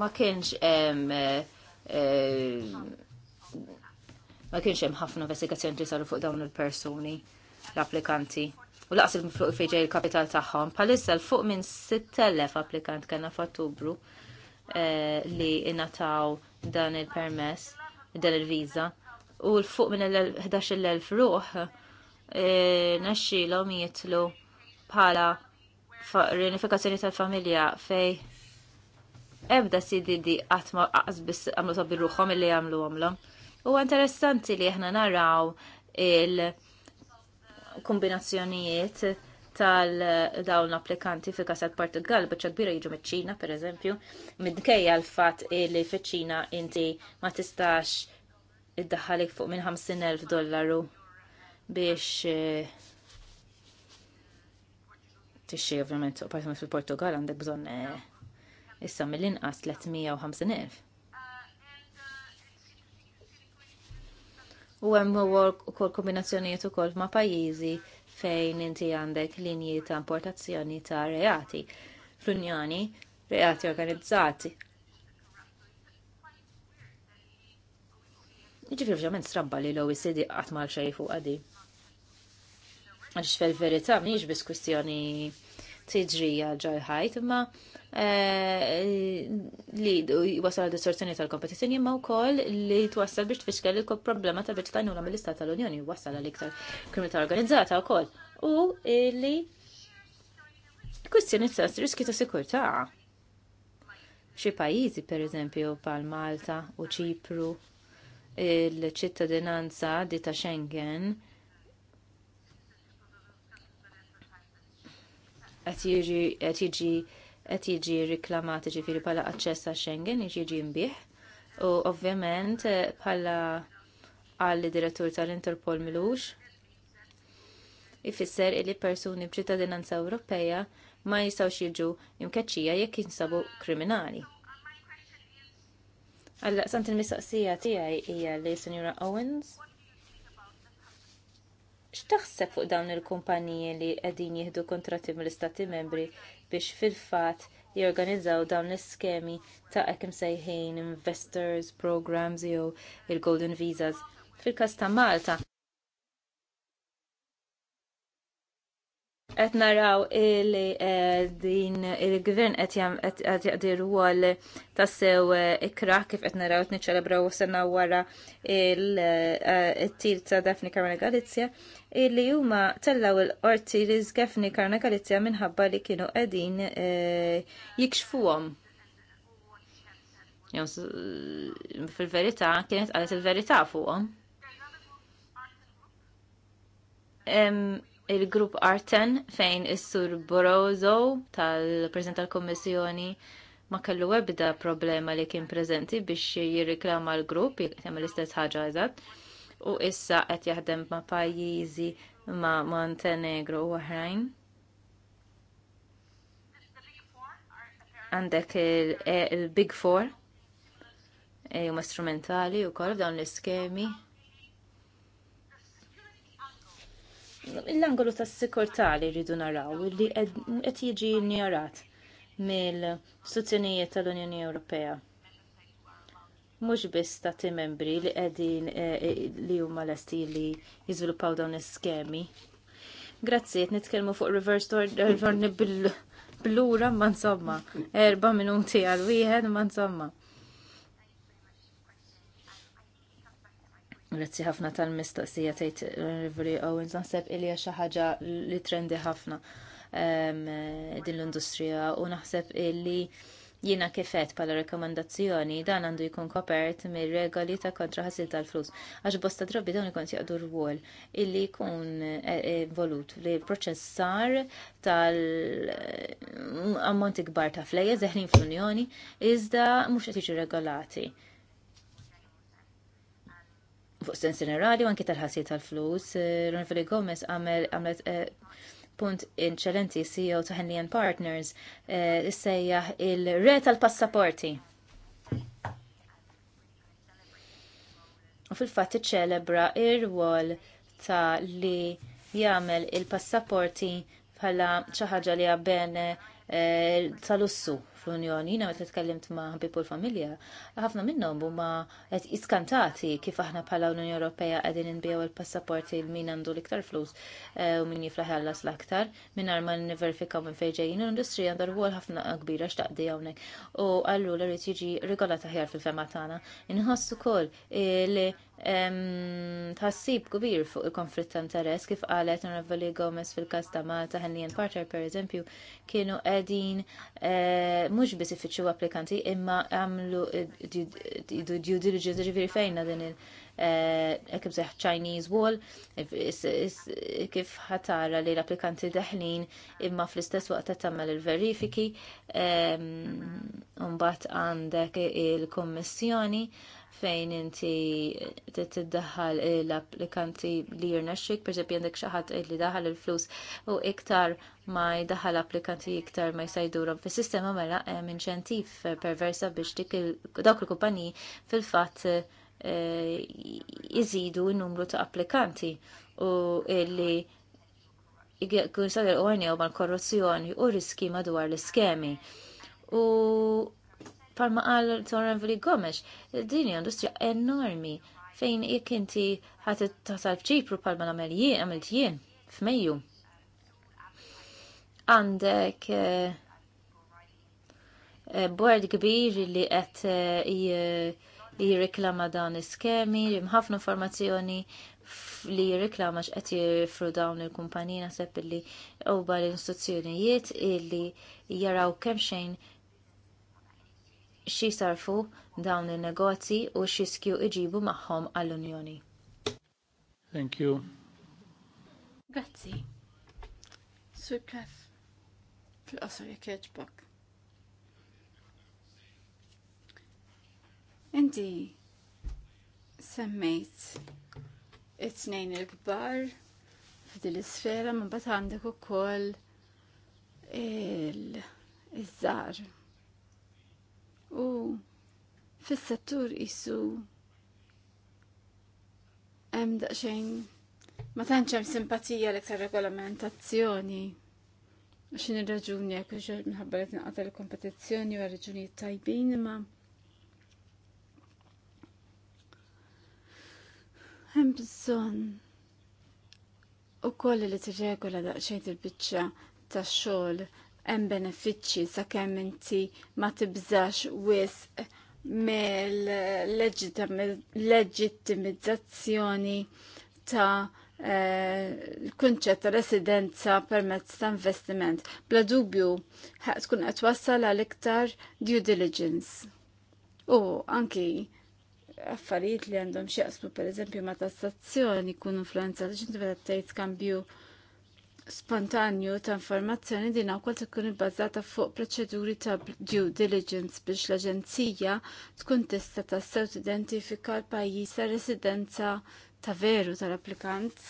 Ma kienx em, eh, eh, ma kienx hemm ħafna investigazzjoni li saru fuq dawn il-persuni, l-applikanti. U laqs il-fuq fejġej il-kapital tagħhom, palissa l-fuq minn 6,000 applikant kena f'Ottubru. Eh, li inataw dan il-permess, dan il-viza. U l-fuq minn l-11.000 ruħ eh, naxxilhom jitlu bħala reunifikazzjoni tal-familja fej ebda CDD għatma għazbis għamlu tabbi ruħom li għamlu għamlom. U interessanti li aħna naraw il-kombinazzjonijiet tal-dawn eh, l-applikanti fi kasat Portugal, bieċa kbira jiġu mit-ċina, per eżempju, mid-kejja l-fat li fiċ-ċina inti ma tistax id-daħalik fuq minn 50.000 dollaru biex eh, tixxi ovvjament, partimus fil-Portugal għandek bżon eh, issa mill-inqas 350.000. U hemm ukoll kombinazzjonijiet ukoll ma' pajjiżi fejn inti għandek linji ta' importazzjoni ta' reati fl-Unjoni, reati organizzati. Ġifir ġament strabba li l-OECD għatmal xej fuq għadi. Għax fil-verita mniex bis kwistjoni tiġrija ġarħajt imma eh, li wasal distorsjoni tal-kompetizzjoni imma wkoll li twassal biex tfixkel il problema ta' biex tajnuna mill-Istat tal-Unjoni wasal għal iktar kriminalità organizzata wkoll u li kwistjoni ta' riski ta' sikurtà. Xi pajjiżi pereżempju bħal Malta u Ċipru il-ċittadinanza di ta' Schengen qed jiġi riklamat ġifiri bħala aċċess għax Schengen jiġi mbiħ. U ovvjament eh, bħala għal direttur tal-Interpol Milux ifisser li persuni b'ċittadinanza Ewropeja ma jistgħux jiġu imkeċċija jekk jinsabu kriminali. Alla, sant il-mistoqsija tiegħi hija li Sinjura Owens X'taħseb fuq dawn il-kumpaniji li qegħdin jieħdu kontratti mill-Istati membri biex fil-fatt jorganizzaw dawn l-iskemi ta' hekk sejħin investors, programs jew il-golden visas fil-każ ta' Malta. Qed naraw li eh, din il-gvern qed jaqdir rwol ta' sew eh, ikra kif qed naraw tniċċelebraw sena wara il-tir eh, ta' Daphne Caruana Galizja illi huma tellaw il-qorti li zgefni karna kalizja minħabba li kienu qegħdin eh, jikxfuhom. Fil-verità kienet qalet il-verità fuqhom. Il-grupp Arten fejn is-sur Borozo tal president tal-Kommissjoni ma kellu ebda problema li kien preżenti biex jirriklama l-grupp, jgħamil l-istess ħaġa eżatt u issa qed jaħdem ma' pajjiżi ma' Montenegro u oħrajn. Għandek il-Big Four e, huma strumentali wkoll f'dawn l-iskemi. l-angolu tas sikurtà li rridu naraw li qed jiġi njarat mill-istituzzjonijiet tal-Unjoni Ewropea mhux biss ta' tim membri li qegħdin eh, eh, li huma lesti li jiżviluppaw dawn is-skemi. Grazzi, qed nitkellmu fuq reverse order bil-lura ma insomma, erba' minuti għal wieħed ma insomma. Grazzi ħafna tal-mistaqsija tgħid Rivery Owens naħseb ilja xi ħaġa li trendi ħafna ehm, din l-industrija u naħseb illi Jiena kifet pala rakkomandazzjoni, dan għandu jkun kopert mir regoli ta' kontra ħasil tal-flus. Għax bosta drabi dawn ikun jaqdu rwol illi jkun eh, eh, involut li l-proċessar tal-ammonti eh, kbar ta' flejja zeħlin fl-Unjoni iżda mhux qed jiġu regolati. Fuq sens ġenerali u anki tal-ħasil tal-flus, l Gomez għamlet punt inċelenti CEO ta' Hennian Partners eh, issejjaħ il-re tal-passaporti. U fil-fatt iċċelebra ir-rwol ta' li jagħmel il-passaporti bħala xi ħaġa li għabben eh, tal-ussu fl-Unjoni, jina meta tkellimt ma' ħabib l-familja, ħafna minnhom huma qed iskantati kif aħna bħala l-Unjoni Ewropea qegħdin inbijaw il-passaporti l min għandu l-iktar flus e, u min jifla ħallas l-aktar mingħajr ma nivverifikaw minn fejn ġejjin l-industrija għandha rwol ħafna kbira x'taqdi hawnhekk. U allura l rrid jiġi regolata taħjar fil-fema tagħna. Inħoss ukoll li tħassib kbir fuq il-konflitt ta' interess kif qalet Navali Gomez fil-kas ta' Malta Henlien Parter per eżempju kienu qegħdin e, mhux biss ifittxu applikanti imma għamlu due diligence ġifiri fejna din il kif Chinese wall kif ħatara li l-applikanti daħlin imma fl-istess waqt tagħmel il-verifiki mbagħad għandek il-kummissjoni fejn inti tiddaħħal l-applikanti li jirnexxik, perżempju għandek xi ħadd li daħal il-flus u iktar ma jdaħħal applikanti iktar ma jsajdurhom fis-sistema mela hemm inċentiv perversa biex dik dawk il-kumpaniji fil-fatt eh, iżidu n-numru ta' applikanti u li kun sadir u għarni mal korruzzjoni u riski madwar l-iskemi. U palma għal Zoran Vili Gomes, din industrija enormi fejn jekk inti ħat tasal f'ċipru palma nagħmel jien għamilt jien f'Mejju għandek eh, eh, bord kbir li qed uh, eh, jirriklama dawn iskemi, ħafna informazzjoni li jirriklama x'qed jirfru dawn il-kumpaniji sepp li huwa l-istituzzjonijiet illi jaraw kemm xejn xi sarfu dawn il negozji u x'riskju iġibu magħhom għall-Unjoni. Thank you. Grazzi. Sir kif fil-qosor jekk jogħġbok. Inti semmejt it-tnejn il-kbar f'din isfera ma mbagħad għandek ukoll il-żar. il żar u fis-settur isu hemm daqsxejn ma tantx hemm simpatija l iktar regolamentazzjoni x'in ir-raġuni jekk xogħol minħabba li tinqata' l-kompetizzjoni wara raġunijiet tajbin imma hemm bżonn u koll li t-regola il-bicċa ta' xol hemm benefiċċji sakemm inti ma tibżax wis mill-leġittimizzazzjoni ta' l-kunċett eh, ta' residenza permezz ta' investiment. Bla dubju, tkun qed wassal għal iktar due diligence. U anki affarijiet li għandhom xieqsmu per eżempju ma' tassazzjoni kun influenza li ġinti tgħid kambju spontanju ta' informazzjoni din wkoll tkun ibbażata fuq proċeduri ta' due diligence biex l-Aġenzija tkun tista' tassew tidentifika l-pajjiż ta' residenza ta' veru tal-applikant.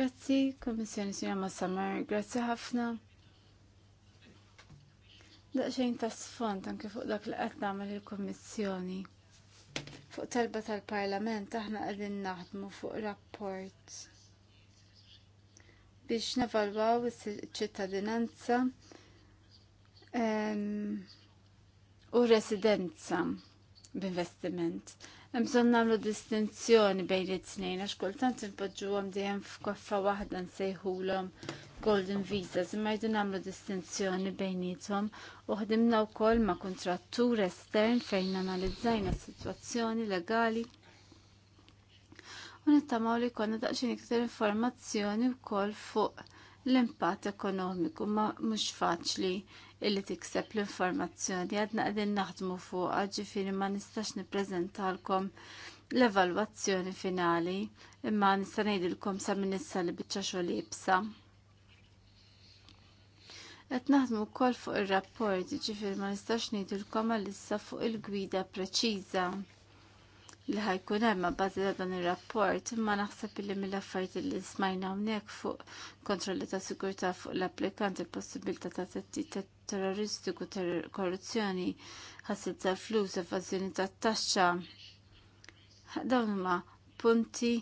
Grazzi, Kommissjoni Sinja Massamer, grazzi ħafna. Daqxejn ta' sfond anke fuq dak li qed nagħmel il-Kummissjoni. Fuq talba tal-Parlament aħna qegħdin naħdmu fuq rapport biex nevalwaw iċ-ċittadinanza u residenza b'investiment. Mżon namlu distinzjoni bejn it-tnejn, għax kultant inpoġġuhom dejjem f'koffa waħda nsejħulhom Golden Visas imma jdu nagħmlu distinzjoni bejnietom u ħdimna wkoll ma' kontrattur estern fejn analizzajna s-sitwazzjoni legali u nittamaw li konna daqsxejn iktar informazzjoni wkoll fuq l-impatt ekonomiku ma mhux faċli illi tikseb l-informazzjoni għadna għadin naħdmu fuq ġifiri ma nistax niprezentalkom l-evalwazzjoni finali imma nista' ngħidilkom sa minn issa li biċċa xogħol ibsa. Qed naħdmu wkoll fuq ir-rapport, ġifir ma nistax ngħidulkom għalissa fuq il-gwida preċiża li ħajkun hemm bażi ta' dan ir-rapport, imma naħseb li mill-affarijiet li smajna hawnhekk fuq kontrolli ta' sigurtà fuq l-applikant il-possibilità ta' tettit terroristiku, korruzzjoni, ħassil tal-flus, evażjoni tat-taxxa. Dawn huma punti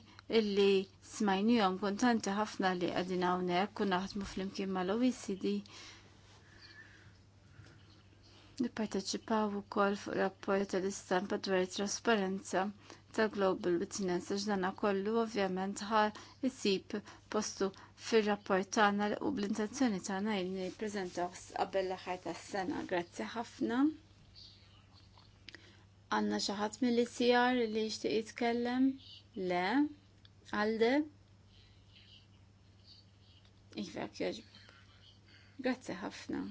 illi smajnijom kuntanti ħafna li qegħdin hawnhekk u naħdmu flimkien mal-OECD Nipparteċipaw ukoll fuq rapport tal-istampa dwar trasparenza ta' Global Witness għax dana kollu ovvjament ħar isib postu fir-rapport tagħna u bl-intenzjoni tagħna li nippreżentaw qabel l-aħħar tas-sena. Grazzi ħafna. Għanna xi ħadd mill-ICR li jixtieq jitkellem? Le. Għalde? Iva, jogħġbok. Grazzi ħafna.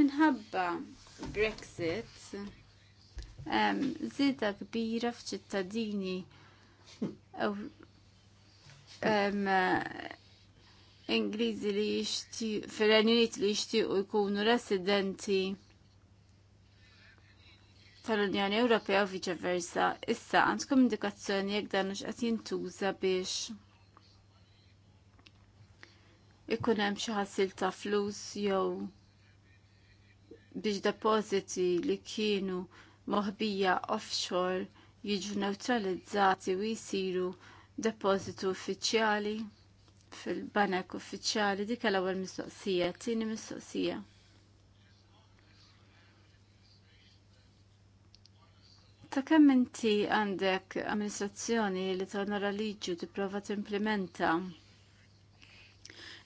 Minħabba Brexit um, kbira f'ċittadini um, Ingliżi li jishti, fil-Renjuniet li jixtiequ jkunu residenti tal-Unjoni Ewropea u viċeversa, issa għandkom indikazzjoni jekk dan mhux qed jintuża biex ikun hemm xi ħassil ta' flus jew biex depożiti li kienu moħbija offshore jiġu neutralizzati u jisiru depożitu uffiċjali fil-banek uffiċjali dik l-ewwel mistoqsija, tieni mistoqsija. Ta' kemm inti għandek amministrazzjoni li tonora liġu tipprova timplementa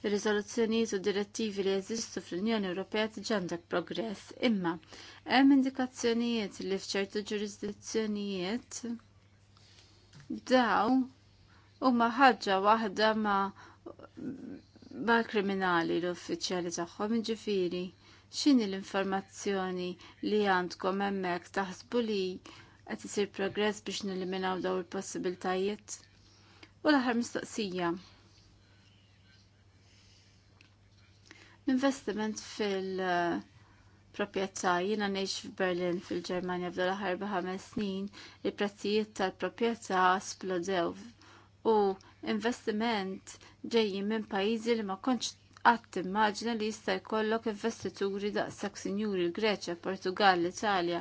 ir-riżoluzzjonijiet u direttivi li jeżistu fl-Unjoni Ewropea tiġandak progress, imma hemm indikazzjonijiet li f'ċertu ġurisdizzjonijiet daw huma ħaġa waħda ma ma kriminali l-uffiċjali tagħhom jiġifieri x'inhi l-informazzjoni li għandkom hemmhekk taħsbu li qed isir progress biex neliminaw dawn il-possibiltajiet. U l-aħħar mistoqsija. L-investiment fil propjetta jina neħx f'Berlin fil-Germania f'dol ħarba ħames snin, il-prezzijiet tal propjetta splodew u investiment ġejji minn pajizi li ma konċ għatt immaġna li jista' jkollok investituri daqsak sinjuri l-Greċja, Portugal, l-Italja.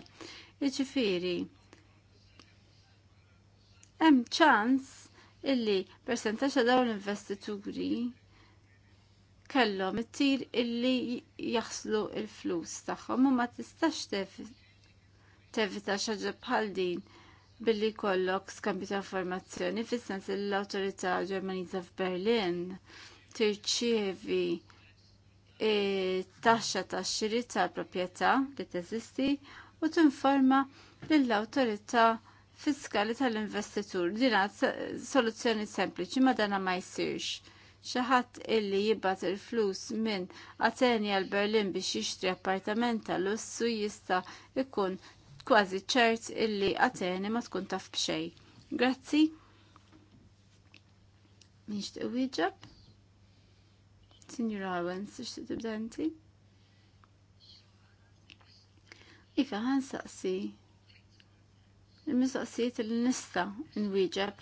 Iġifieri, hemm ċans illi persentaċa ta' dawn l-investituri kellhom it-tir illi jaħslu il-flus tagħhom u ma tistax tevita xaġa bħal din billi kollok skambju ta' informazzjoni fis-sens l-awtorità Ġermaniża f'Berlin tirċievi e, taxxa tax xiri tal proprjetà li teżisti u tinforma lill-awtorità fiskali tal-investitur. Dina soluzzjoni sempliċi ma dana ma jsirx xaħat illi jibbat il-flus minn Ateni għal Berlin biex jixtri appartament tal-lussu jista ikun kważi ċert illi Ateni ma tkun taf bxej. Grazzi. Minx t-wieġab? Signora Owens, ix tibda inti? Iva, saqsi. Il-mistoqsijiet il-nista n wijġab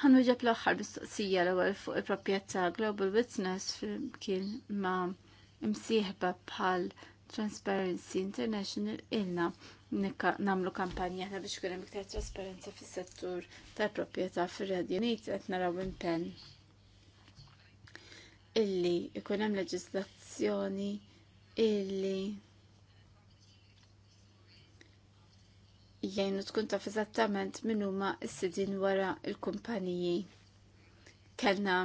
ħannu ġab l-axħar mistoqsija l-ewwel fuq il-proprjetà Global Witness kien ma' imsieħba bħal Transparency International ilna namlu kampanja ta' biex kunem iktar trasparenza fis-settur tal-proprjetà fir-Radju Unit qed naraw impenn illi ikun hemm leġislazzjoni illi jgħinu tkun taf eżattament min huma s-sidin wara l-kumpaniji. Kellna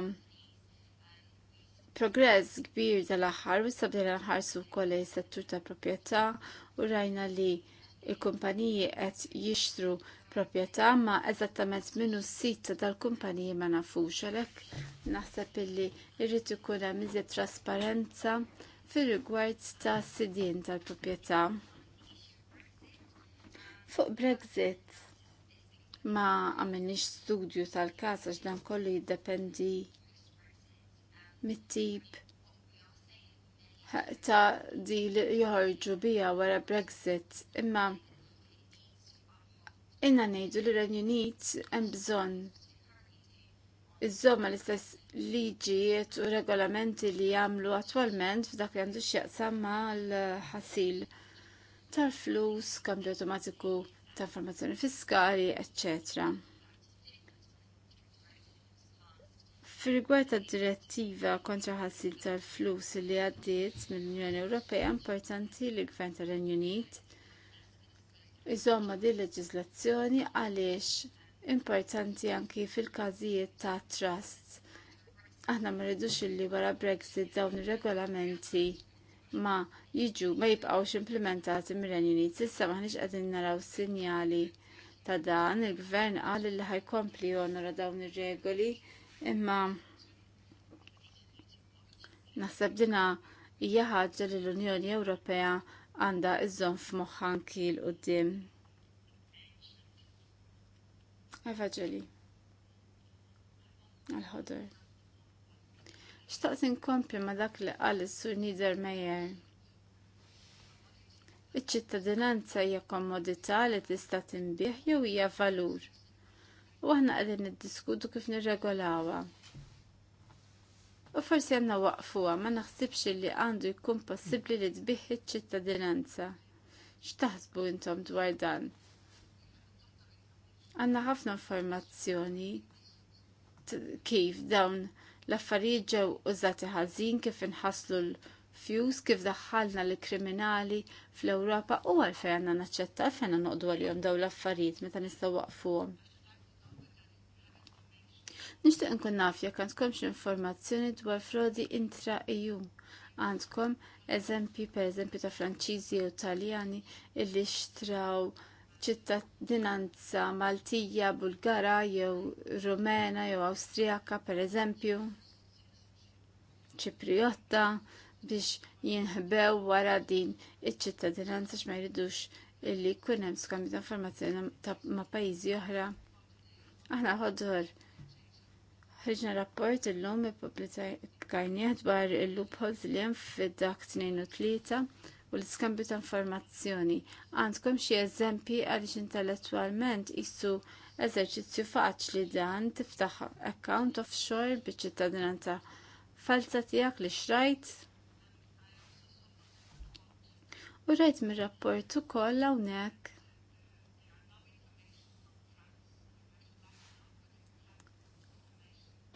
progress kbir tal-aħħar u sabdejna nħarsu wkoll is-settur ta' proprjetà u rajna li il-kumpaniji qed jixtru proprjetà ma eżattament minnu s-sit tal-kumpaniji ma nafux għalhekk naħseb illi jrid ikun hemm trasparenza fir-rigward ta' sidin tal-proprjetà. Fuq Brexit ma għamilniex studju tal-kas għax dan kollu jiddependi mit-tip ta' di li joħorġu bija wara Brexit imma inna nejdu li Renjunit hemm bżonn iżomma l-istess liġijiet u regolamenti li jagħmlu attwalment f'dak li għandu x'jaqsam l ħasil tal-flus, kambju automatiku ta' informazzjoni fiskali, ecc. Fir-rigward tad direttiva kontra ħassil tal-flus li għaddiet mill-Unjoni Ewropea importanti li gvern tal-Renju Unit iżomma din leġiżlazzjoni għaliex importanti anki fil-każijiet ta' trust. Aħna ma rridux illi wara Brexit dawn ir-regolamenti ma jiġu ma jibqawx implementati mir-Renjuni. Sissa maħniex qegħdin naraw sinjali ta' dan il-gvern qal li ħajkompli jonora dawn ir-regoli imma naħseb dina hija ħaġa li l-Unjoni Ewropea għandha iżżomm f'moħħa anki l qudiem Evaġeli. al ħodur Xtaqt inkompli ma dak li qal is-Sur Niedermeyer. Iċ-ċittadinanza hija komodità li tista' tinbih jew hija valur. U aħna qegħdin niddiskutu kif nirregolawha. U forsi għanna waqfuha ma naħsibx li għandu jkun possibbli li tbih iċ-ċittadinanza. X'taħsbu intom dwar dan? għanna ħafna informazzjoni kif dawn l-affarijiet ġew użati ħażin kif inħasslu l-fjus kif daħħalna l-kriminali fl-Ewropa u għalfejn għandna naċċetta għalfejn għandna noqdu għalihom daw l-affarijiet meta nistgħu waqfuhom. Nixtieq nkun naf jekk għandkom xi informazzjoni dwar frodi intra EU. Għandkom eżempji pereżempju ta' Franċiżi u Taljani illi xtraw ċittadinanza Maltija, Bulgara jew Rumena jew Awstrijaka per eżempju, Ċipriotta biex jinħbew wara din iċ-ċittadinanza x'ma jridux illi jkun hemm skambju ta' informazzjoni ma' pajjiżi oħra. Aħna ħodor ħriġna rapport illum ippubblikajnieh dwar il-loopholes li hemm fid-dak 2 u 3 u l-iskambju ta' informazzjoni. Għandkom xi eżempji għaliex intellettwalment issu eżerċizzju faċli dan tiftaħ account offshore biċ-ċittadinanza falsa tiegħek li xrajt. U rajt mir-rapport ukoll hawnhekk.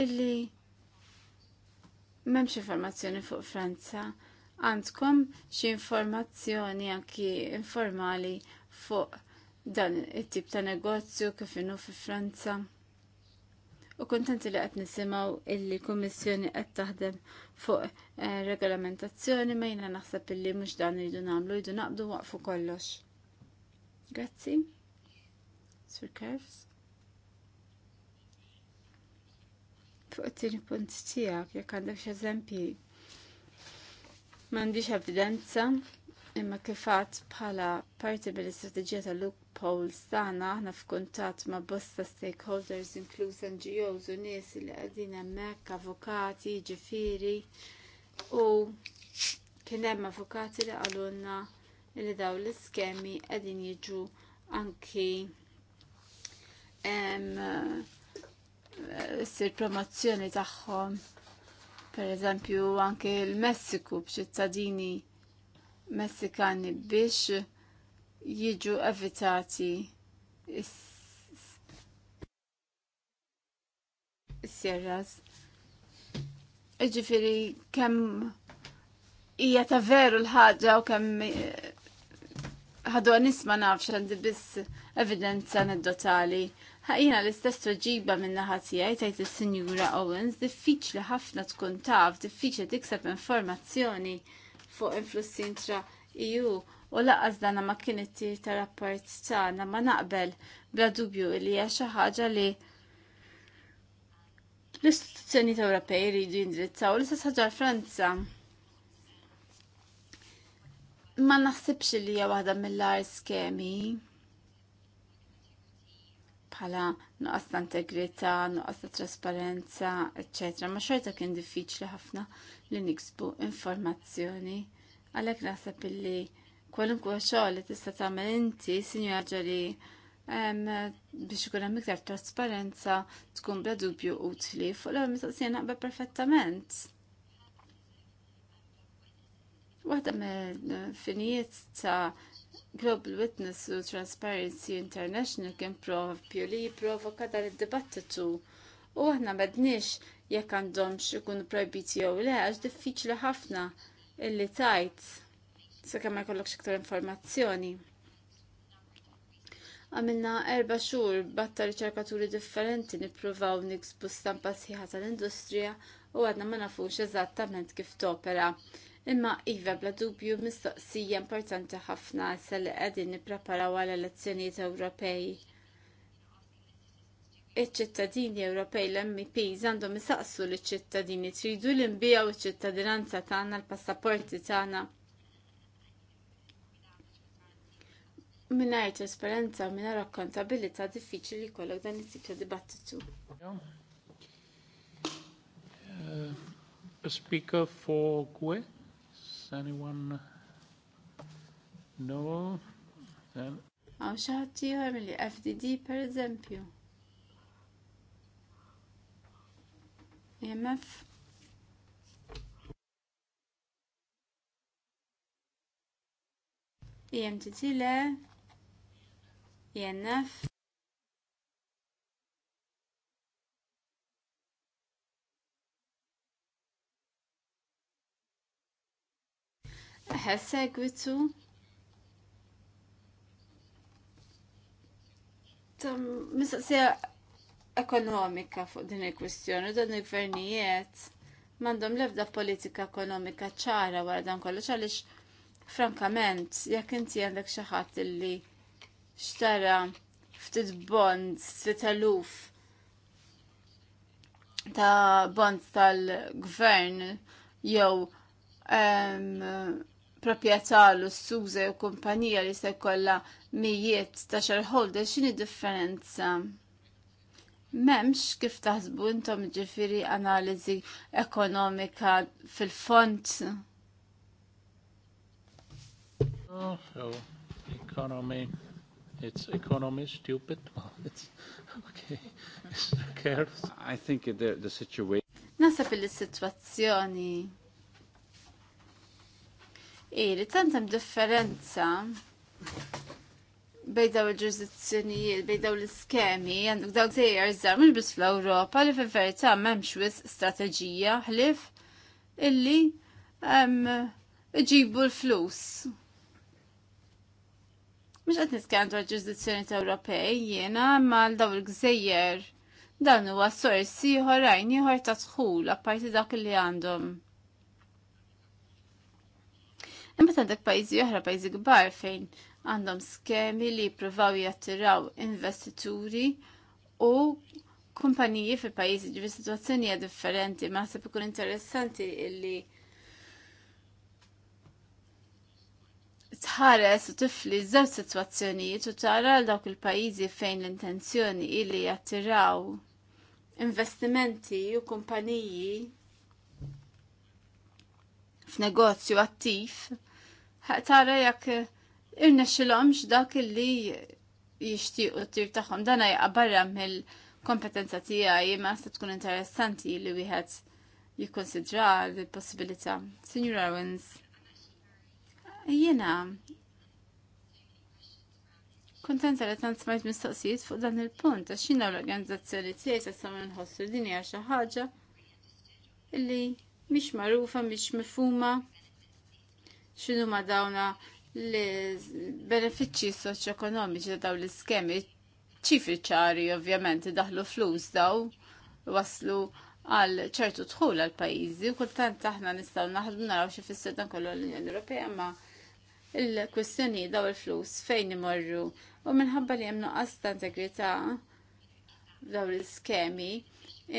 Illi memx informazzjoni fuq Franza għandkom xi informazzjoni anki informali fuq dan it-tip ta' negozju kif inhu fi Franza. U kontenti li qed nisimgħu illi kummissjoni qed taħdem fuq eh, regolamentazzjoni ma jiena naħseb illi mhux dan iridu nagħmlu jdu naqbdu waqfu kollox. Grazzi. Sir Curves. Fuq it-tieni punt tiegħek jekk għandek xi eżempji M'għandix evidenza imma kifat bħala parti mill-istrateġija tal-loopholes tagħna aħna f'kuntatt ma' bosta stakeholders inkluż NGOs u nies li qegħdin hemmhekk avukati, ġifieri u kien hemm avukati li qalulna li daw l-iskemi qegħdin jiġu anki eh, sir promozzjoni tagħhom Per eżempju, anke il-Messiku b'ċittadini Messikani biex jiġu evitati is-sierras. Iġifiri kemm hija ta' veru l-ħaġa u kemm ħadu nisma nafx għandi biss evidenza anedotali. Ħajjina l-istess tweġiba minn naħatijaj tajt il-Sinjura Owens, diffiċli ħafna tkun taf, diffiċli tikseb informazzjoni fuq influssi intra EU u laqqas dana ma kienet ta' rapport tagħna ma naqbel bla dubju li hija xi ħaġa li l-istituzzjoni Ewropej jridu jindrizzaw l-istess ħaġa Franza ma naħsibx li hija waħda mill-ar skemi bħala nuqqas ta' integrità, nuqqas ta' trasparenza, eċċetera. Ma xorta kien diffiċli ħafna li niksbu informazzjoni. Għalhekk naħseb illi kwalunkwe xogħol li tista' tagħmel inti, sinjora ġali, biex ikun hemm iktar trasparenza tkun bla dubju utli fuq l ewwel mistoqsija naqbel perfettament Waħda me eh, finijiet ta' Global Witness u Transparency International kien propju li jiprovoka dan id-dibattitu u aħna m'għadniex jekk għandhomx ikun projbiti jew le għax diffiċli ħafna illi tajt sakemm ma jkollokx iktar informazzjoni għamilna erba' xhur batta riċerkaturi differenti nippruvaw niksbu stampa sħiħa tal-industrija u għadna ma nafux eżattament kif topera Imma Iva bla dubju mistoqsija importanti ħafna se li qegħdin nippreparaw għal elezzjonijiet Ewropej. Iċ-ċittadini Ewropej l-MPs għandhom isaqsu liċ ċittadini tridu li nbijaw iċ-ċittadinanza tagħna l-passaporti tagħna. Mingħajr trasparenza u mingħajr akkontabilità diffiċli jkollok dan it-tip ta' dibattitu. Uh, speaker for GUE? anyone? know Then... Għaw xaħti għamli FDD per eżempju. EMF IMTT e le. E Eħe, segwitu. Tam, mistaqsija ekonomika fuq din il-kwistjoni, dan il-gvernijiet mandom lebda politika ekonomika ċara wara dan kollox għaliex frankament jekk inti għandek xi ħadd illi xtara ftit bond ftit aluf ta' bond tal-gvern jew um, proprjetà l-ussuża jew kumpanija li se jkollha mijiet ta' shareholders x'inhi differenza? M'hemmx kif taħsbu intom ġifieri analiżi ekonomika fil-font. Oh, so economy it's economy stupid. well, it's okay. It's I think the, the situation. Nasa fil situazzjoni Iri, iva, tantem differenza bej daw il-ġurisdizzjonijiet, bej daw l-iskemi, għandu daw gżejjer iżgħar mhux biss fl-Ewropa li fil-verità m'hemmx wis strateġija ħlif illi iġibu l-flus. Mhux qed nitkellem dwar ġurisdizzjoni ta' Ewropej jiena ma daw il-gżejjer dan huwa sors ieħor għajn ieħor ta' dħul apparti dak li għandhom Imma għandek pajjiżi oħra pajjiżi kbar fejn għandhom skemi li jippruvaw jattiraw investituri u kumpaniji fil pajjiżi ġifi situazzjoni differenti, ma sepp ikun interessanti illi tħares u tifli żewġ sitwazzjonijiet u tara l dawk il-pajjiżi fejn l-intenzjoni illi jattiraw investimenti u kumpaniji f'negozju attiv tara jekk irnexxilhomx dak illi jixtiequ t-tir tagħhom dana jgħabarra barra mill-kompetenza tiegħi ma se tkun interessanti li wieħed jikkonsidra l-possibilità. Signor Owens, jena kontenta li tant smajt mistoqsijiet fuq dan il-punt għax xina l-organizzazzjoni tiegħi se sa nħossu din hija xi ħaġa illi mhix magħrufa, mhix mifhuma xinu ma dawna l-benefiċċji soċ-ekonomiċi ta' dawn l-iskemi ċifri ċari ovvjament daħlu flus daw waslu għal ċertu dħul għal pajjiżi u kultant aħna nistgħu naħdu naraw xi fisser dan kollu l-Unjoni Ewropea ma il-kwistjoni daw il-flus fejn imorru u minħabba li hemm għasta ta' integrità daw l-iskemi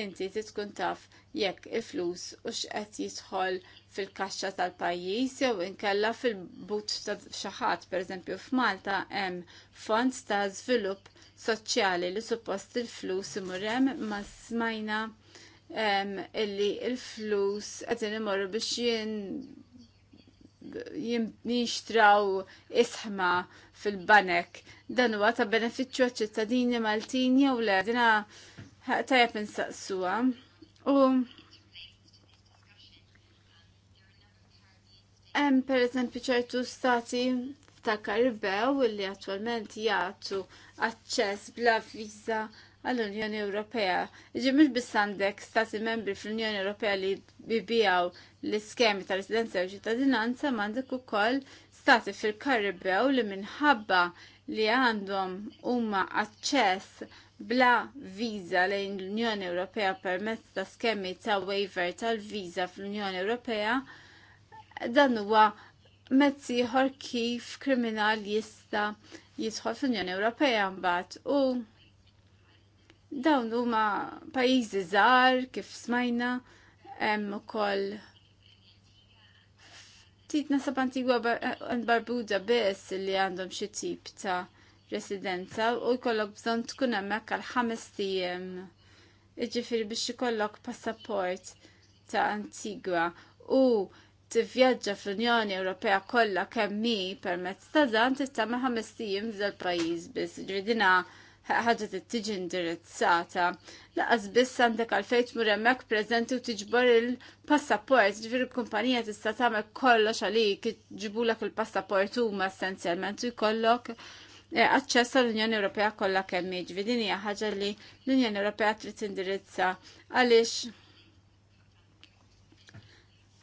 inti tkun taf jekk il-flus u xqet jidħol fil-kaxxa tal-pajjiż jew inkella fil-but ta' xi ħadd, pereżempju f'Malta hemm fonds ta' żvilupp soċjali li suppost il-flus imur hemm ma smajna illi il-flus qegħdin imorru biex jinxtraw isħma fil-banek. Dan huwa ta' benefiċċju għaċ-ċittadini Maltin jew le dina tajjeb insaqsuha. U Hemm pereżempju ċertu stati ta' Karibew li attwalment jagħtu aċċess bla viża għall-Unjoni Ewropea. Ġi mhux biss għandek stati membri fl-Unjoni Ewropea li bibijaw l-iskemi ta' residenza u ċittadinanza m'għandek ukoll stati fil-Karibew li minħabba li għandhom huma aċċess bla viża lejn l-Unjoni Ewropea permezz ta' skemi ta' waiver tal-viża fl-Unjoni Ewropea dan huwa mezz ieħor kif kriminal jista' jidħol fl-Unjoni Ewropea mbagħad u dawn huma pajjiżi żgħar kif smajna hemm ukoll ftit nasab antigwa eh, Barbuda biss li għandhom xi tip ta' residenza u jkollok bżonn tkun hemmhekk għal ħames tiem. Iġifieri biex ikollok passaport ta' Antigwa u tivvjaġġa fl-Unjoni Ewropea kollha kemm mi permezz ta' dan tistama' ħames tiem f'dal pajjiż biss. Ġridina ħaġa tittiġi indirizzata. Laqas biss għandek għalfejn tmur hemmhekk preżenti u tiġbor il-passaport, ġifieri l-kumpanija tista' tagħmel kollox għalik ġibulek il-passaport huma essenzjalment u jkollok eh, aċċess għall-Unjoni Ewropea kollha kemm mi. Din hija ħaġa li l-Unjoni Ewropea trid tindirizza għaliex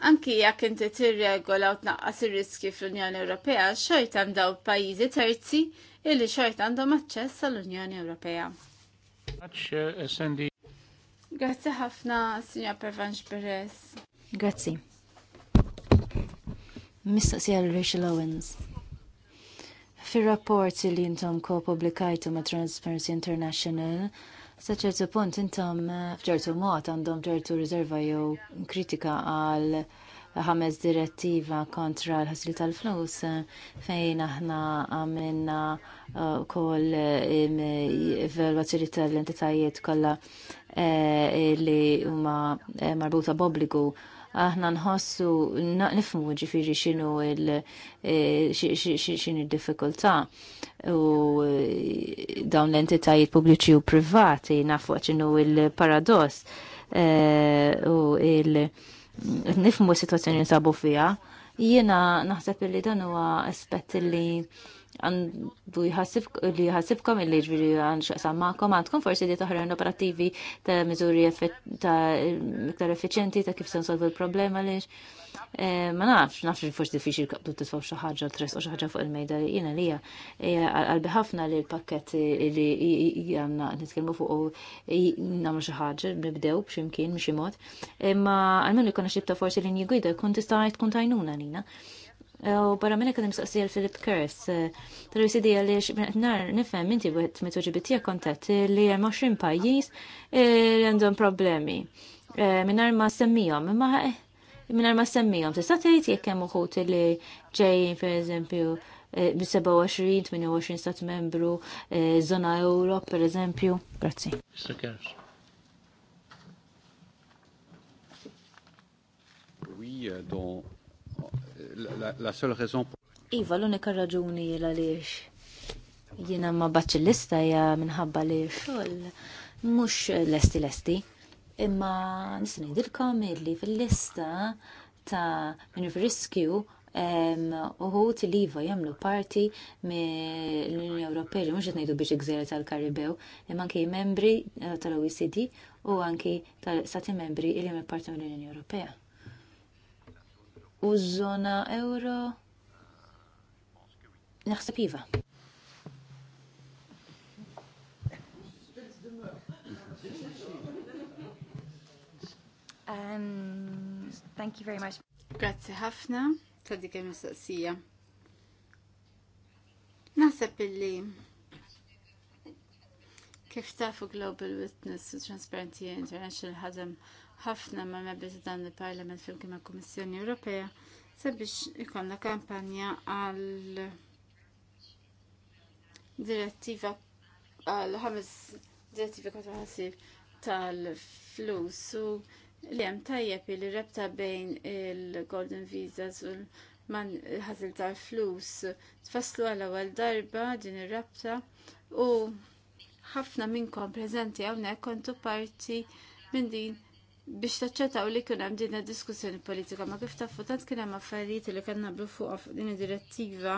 Anki jekk inti tirregola u tnaqqas ir-riski fl-Unjoni Ewropea, xorta hemm daw pajjiżi terzi illi xorta għandhom aċċess għall-Unjoni Ewropea. Eh, Grazzi ħafna, Sinja Pervanx Perez. Grazzi. Mistaqsija l-Rachel Owens. Fir-rapport li jintom ko publikajtu ma' Transparency International, Sa ċertu punt intom eh, f'ċertu mod għandhom ċertu riserva jew kritika għal ħames direttiva kontra l-ħasil tal-flus eh, fejn aħna għamilna eh, kol evaluazzjoni tal-entitajiet kollha li huma marbuta b'obbligu aħna nħossu nifmu ġifiri xinu il difficulta u e, dawn l-entitajiet pubbliċi u privati nafu ċinu il-paradoss e, u il- nifmu situazzjoni nsabu fija. Jiena naħseb li dan huwa aspett li għandu li jħassibkom illi ġviri għan xaqsam maqom għandkom forsi di toħra operattivi ta' miżuri ta' iktar effiċenti ta' kif se nsolvu l-problema li eh, ma nafx, nafx forsi diffiċi l-kaptu t-tfaw xaħġa tres u xaħġa fuq il-mejda li jina eh, li għalbi ħafna li l-pakket li għanna nitkelmu fuq u namlu xaħġa nibdew bximkien, mximot, imma eh, għalmenu li xibta forsi li njigwida kun tista' tkun tajnuna nina. U barra minna kadem għal Philip Kers, tal sidi x nar nifem minti għet metoġibitija kontat li għem 20 pajis li għandhom problemi. Eh, minnar ma semmijom, ma eh, minnar ma semmijom, tista' tgħid jek hemm uħut li ġejjin pereżempju eh, bi 27-28 stat membru zona euro eżempju. Grazzi. Mr. Kers. Oui, euh, dans la, sola raison. Iva, l-unika raġuni għaliex jiena ma il-lista hija minħabba li xogħol mhux lesti lesti. Imma nisni ngħidilkom illi fil-lista ta' minn riskju uħut li jiva jamlu parti mill-Unjoni Ewropea li mhux qed ngħidu biex gżira tal-Karibew, imma anke membri tal-OECD u anki tal-Stati membri il jagħmlu parti mill-Unjoni Ewropea u zona euro naħseb iva. Um, thank you very much. Grazie ħafna ta' dik il-mistoqsija. Naħseb illi Kif tafu Global Witness u Transparency International ħadem ħafna ma mebet dan il-Parlament fil-kima Kummissjoni Ewropea sabiex la kampanja għal direttiva għal ħames direttiva kontra ħasir tal-flus u li hemm tajjeb li rebta bejn il-Golden Visas u man ħazil tal-flus tfasslu għal ewwel darba din ir-rabta u ħafna minnkom preżenti hawnhekk kontu parti minn din biex taċċettaw li kien hemm din diskussjoni politika ma kif tafu tant kien hemm affarijiet li kanna nablu fuq din id-direttiva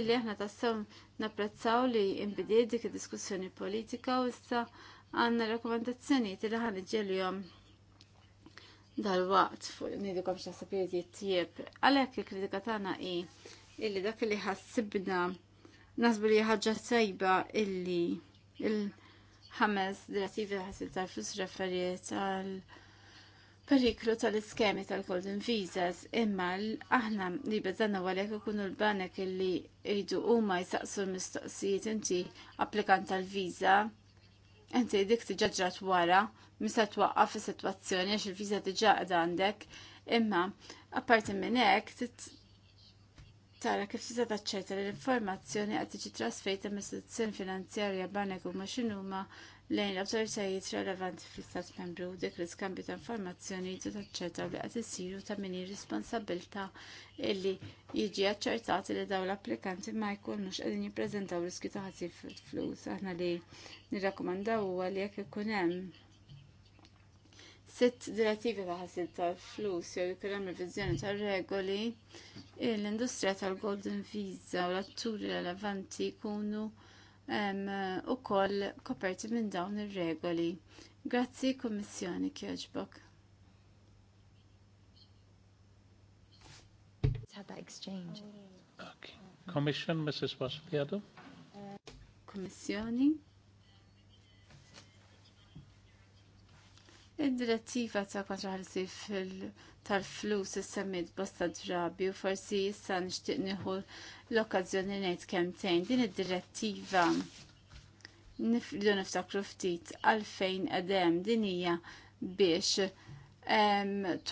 illi aħna tassew napprezzaw li imbidiet dik id-diskussjoni politika u issa għandna rakkomandazzjonijiet li ħan iġġelhom dal-waqt fuq nidikom x'naħsibiet jittieb. Għalhekk il-kritika tagħna hi illi dak li ħassibna nasbu li ħaġa sejba illi Il-ħames direttivi ħasil tal-flus referiet għal periklu tal-iskemi tal-Golden Visas imma aħna li bezzanna għalek ikunu l-banek li jgħidu u ma jisaqsu mistoqsijiet inti applikant tal-viza inti dik tiġġaġġat wara misa twaqqaf fi situazzjoni għax il-viza tiġġaqda għandek imma apparti minn hekk tara kif tista' taċċerta li l-informazzjoni qed tiġi trasfejta mis-istituzzjoni finanzjarja banek huma x'inhuma lejn l-awtoritajiet relevanti fl-Istat Membru u dik li skambju ta' informazzjoni jiġu taċċerta li qed isiru ta' min responsabilta illi jiġi aċċertat li dawn l-applikanti ma jkunux qegħdin jippreżentaw riskju ta' ħasil flus aħna li nirrakkomandaw huwa li jekk ikun hemm sitt direttivi ta' ħasil tal-flus jew jkun hemm reviżjoni tar-regoli, l-industrija tal-Golden Visa u l-atturi relevanti jkunu ukoll koperti minn dawn ir-regoli. Grazzi Kummissjoni kjoġbok. exchange. Commission, Mrs. Basiliado? Kommissjoni. Id-direttiva ta' kontraħalsif tal-flus s semmit bosta drabi u forsi issa nixtieq nieħu l-okkażjoni ngħid kemtejn din id-direttiva nifdu niftakru ftit għalfejn edem din hija biex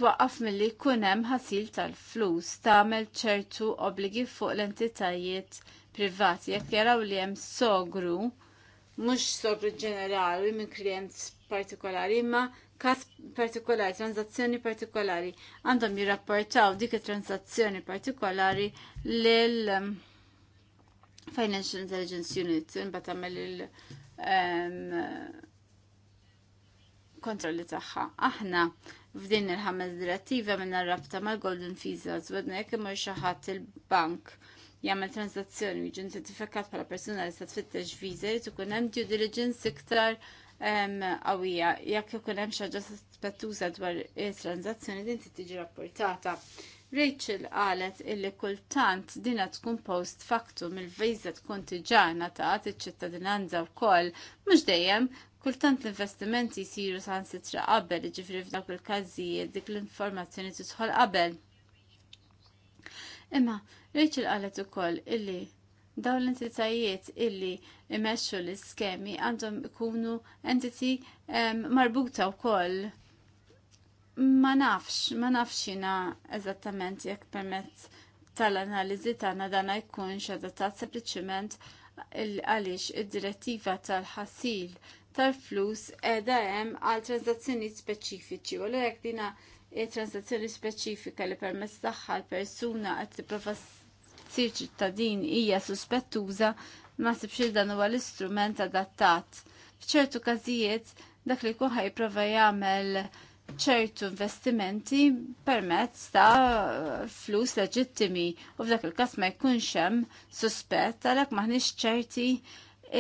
twaqqaf milli jkun hemm ħasil tal-flus tagħmel ċertu obbligi fuq l-entitajiet privati jekk jaraw li hemm sogru mhux sogru ġenerali minn klient partikolari imma kas partikolari, transazzjoni partikolari, għandhom jirrapportaw dik transazzjoni partikolari lil um, Financial Intelligence Unit, bat għamil il um, kontrolli tagħha. Aħna f'din il-ħames direttiva minna rabta mal-Golden Visa. wedna jek imur xaħat il-bank jgħamil transazzjoni jiġi identifikat bħala personali li se tfittex viża jrid ikun hemm due diligence iktar għawija. Jekk ikun hemm xi ħaġa sospettuża dwar it transazzjoni din tiġi rapportata. Rachel qalet illi kultant dina tkun post faktu mill-viza tkun tiġana ta' iċ-ċittadinanza wkoll, mhux dejjem kultant l-investimenti jisiru sansitra qabel, ġifri f'dak il-każijiet dik l-informazzjoni tidħol qabel. Imma Rachel qalet ukoll illi Dawn l-entitajiet illi imexxu l-iskemi għandhom ikunu entiti marbuta wkoll. Ma nafx, ma nafx jina eżattament jekk permezz tal-analiżi tagħna dana jkunx xadatat sempliċement għaliex id-direttiva tal-ħasil tal-flus edha hemm għal transazzjoni speċifiċi u l-għek dina transazzjoni speċifika li permezz tagħha l-persuna qed tipprova ktir ċittadin hija suspettuża ma sibx dan huwa l-istrument adattat. F'ċertu każijiet dak li jkun ħajprova jagħmel ċertu investimenti permezz ta' flus leġittimi u f'dak il-każ ma jkunx hemm suspett għalhekk maħniex ċerti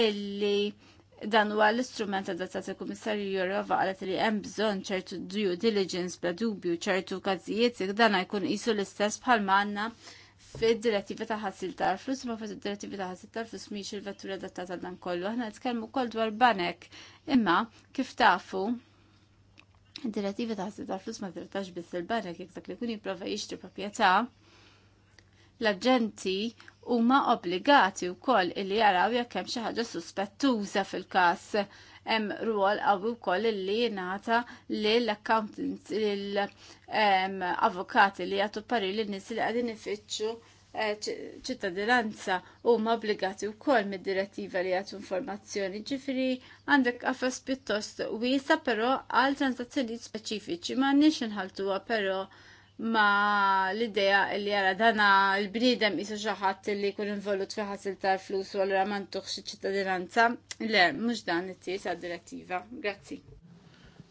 illi dan huwa l-istrument adattat il-Kummissarju Jorova qalet li hemm bżonn ċertu due diligence bla dubju ċertu każijiet dan jkun qisu l-istess bħal għandna fid-direttiva ta' ħassil tal-flus, ma fid-direttiva ta' ħassil ta' flus miex il-vettura adattata dan kollu. Aħna nitkellmu wkoll dwar banek, imma kif tafu id-direttiva ta' ħassil tal-flus ma tirtax biss il-banek jekk dak li kuni prova jixtri proprjetà l-aġenti huma obbligati wkoll illi jaraw jekk hemm xi ħaġa suspettuża fil-każ hemm rwol qawwi wkoll illi jingħata lil accountants lil avukati li jagħtu parir lin nies li qegħdin ifittxu eh, ċittadinanza huma obbligati wkoll mid-direttiva li jagħtu informazzjoni ġifiri għandek qafas pjuttost wiesa però għal transazzjonijiet speċifiċi m'għandniex inħaltuha però ma l-ideja li jara dana l-bnidem jisu xaħat li kun involut fi ħasil tal-flus u għallura man tuħx ċittadinanza. Le, mux dan it-tis għad-direttiva. Grazzi.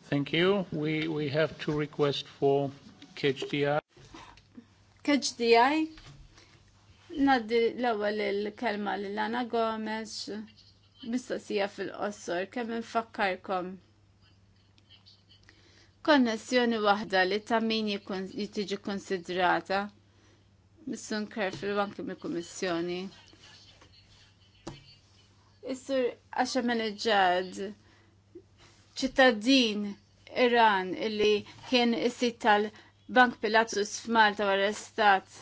Thank you. We, we have two requests for KHDI. KHDI. Naddi l-ewwel il-kelma l-Lana Gomez mistoqsija fil-qossor kemm infakkarkom konnessjoni waħda li ta' min jitiġi konsidrata. Missun Kerfil wanki mill kummissjoni. Issur għaxa maneġġad ċittadin Iran illi kien issit tal-Bank Pilatus f'Malta u arrestat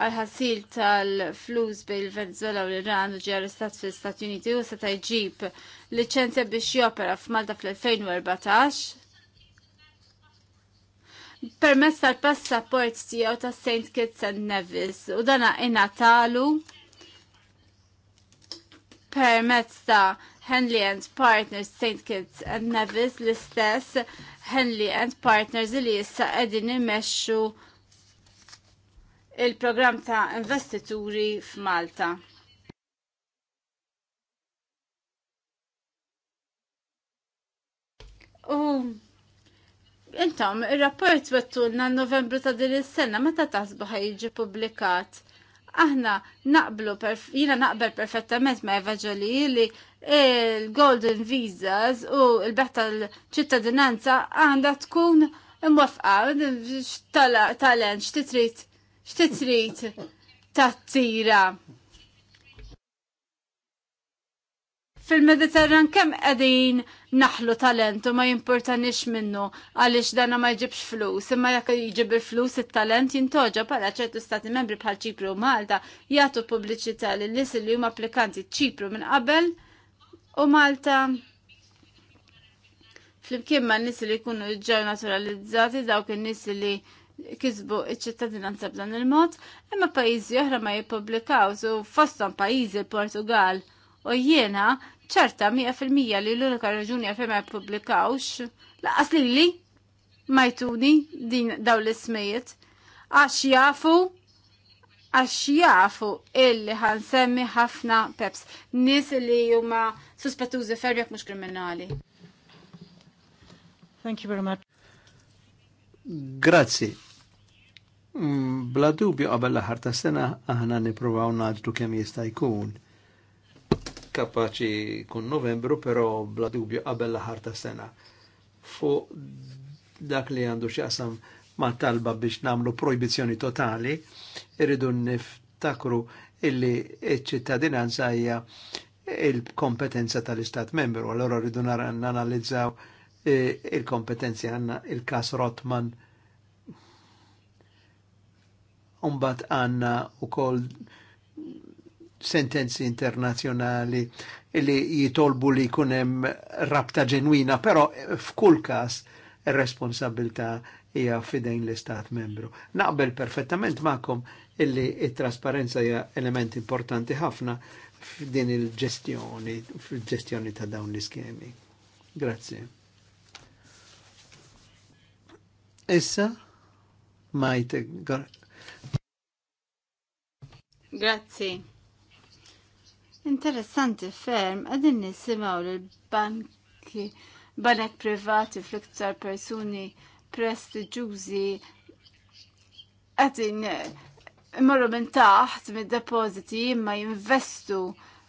għal-ħasil tal-flus bej il-Venezuela u l-Iran u ġi arrestat fil stat Uniti u seta' jġib licenzja biex jopera f'Malta fl-2014. Permess tal-passaport tiegħu ta' St. Kitts and Nevis u dana talu permezz ta' Henley and Partners St. Kitts and Nevis l-istess Henley and Partners li issa qegħdin imexxu il-programm ta' investituri f'Malta. U intom, il-rapport wettulna novembru ta' din is-sena meta taħsbu jiġi publikat. Aħna naqblu, jina naqbel perfettament ma' Evanġeli li il-Golden Visas u il-beħ tal-ċittadinanza għandha tkun imwafqa, talent, x'titrit X'ti trid tattira? Fil-Mediterran kemm qegħdin naħlu talent u ma jimportanix minnu għaliex dana ma jġibx flus, imma jekk jġib il-flus it-talent jintoġa bħala ċertu stati membri bħal Ċipru u Malta jagħtu pubbliċità l-lis li huma applikanti ċipru minn qabel u Malta flimkien ma' n-nis li jkunu ġew naturalizzati dawk in nis li kisbu iċ-ċittadinanza b'dan il-mod, imma pajjiżi oħra ma jippubblikawx u fosthom pajjiżi Portugal u jiena ċerta 100% li l-unika raġuni għafim ma jippubblikawx, laqas lili ma jtuni din daw l-ismijiet, għax jafu għax jafu illi ħansemmi ħafna peps, nis li huma suspettużi ferm jekk mhux kriminali. Thank you very much. Grazzi. Mm, bla dubju qabel l-aħħar ta' sena aħna nippruvaw naġdu kemm jista' jkun. Kapaċi kun Novembru, però bla dubju qabel l-aħħar ta' sena. Fuq dak li għandu x'jaqsam ma' talba biex namlu proibizjoni totali, irridu niftakru illi ċ-ċittadinanza hija il-kompetenza tal-Istat membru, allora rridu nanalizzaw eh, il-kompetenzi għanna il-kas Rotman Umbat għanna u koll sentenzi internazjonali li jitolbu li kunem rabta ġenwina, pero f'kull kas responsabilta hija fidejn l-Istat membru. Naqbel perfettament ma'kom illi it-trasparenza hija element importanti ħafna f'din il-ġestjoni, fil-ġestjoni ta' dawn l-iskemi. Grazie. Issa, Majte, Grazzi. Interessanti ferm, għadin nisimaw l-banki, banek privati fl-iktar persuni prestiġużi għadin eh, imorru minn taħt mid depoziti imma jinvestu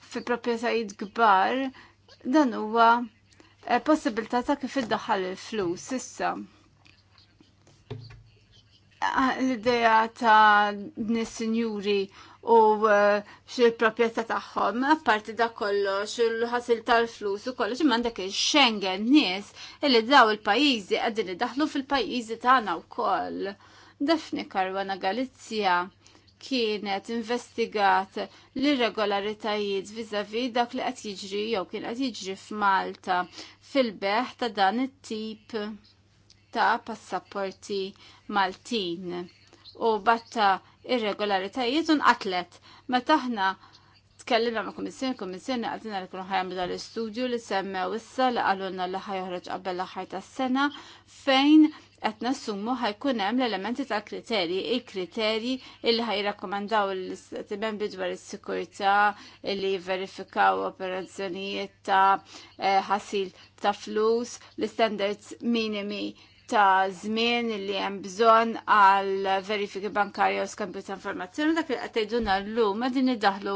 fi proprjetajiet kbar dan huwa eh, possibilità ta' kif iddaħħal il-flus issa l-idea ta' nis-sinjuri u uh, xil-propieta taħħom, apparti da kollox, il-ħasil tal-flus u kollox, mandek il-Schengen nis illi daw il-pajizi qegħdin daħlu fil-pajizi taħna u koll. Dafni Karwana Galizja kienet investigat l-irregolaritajiet vizavi dak li qed jiġri jew kien qed jiġri f'Malta fil-beħ ta' dan it-tip ta' passaporti Maltin u batta irregolaritajiet un atlet. Meta aħna tkellimna ma' kummissjoni, kummissjoni għaltina li kunu ħajam dal istudju li semmew issa li għalunna li ħajħarġ qabel l-aħħar tas-sena fejn qed nassummu ħajkun hemm l-elementi ta' kriterji, il-kriterji illi ħajrakkomandaw l-istati bidwar dwar is-sikurità li verifikaw operazzjonijiet ta' eh, ħasil ta' flus, l-standards minimi ta' żmien li hemm bżonn għal verifiki bankarja u skambju ta' informazzjoni dak li qed tgħidulna llum din iddaħlu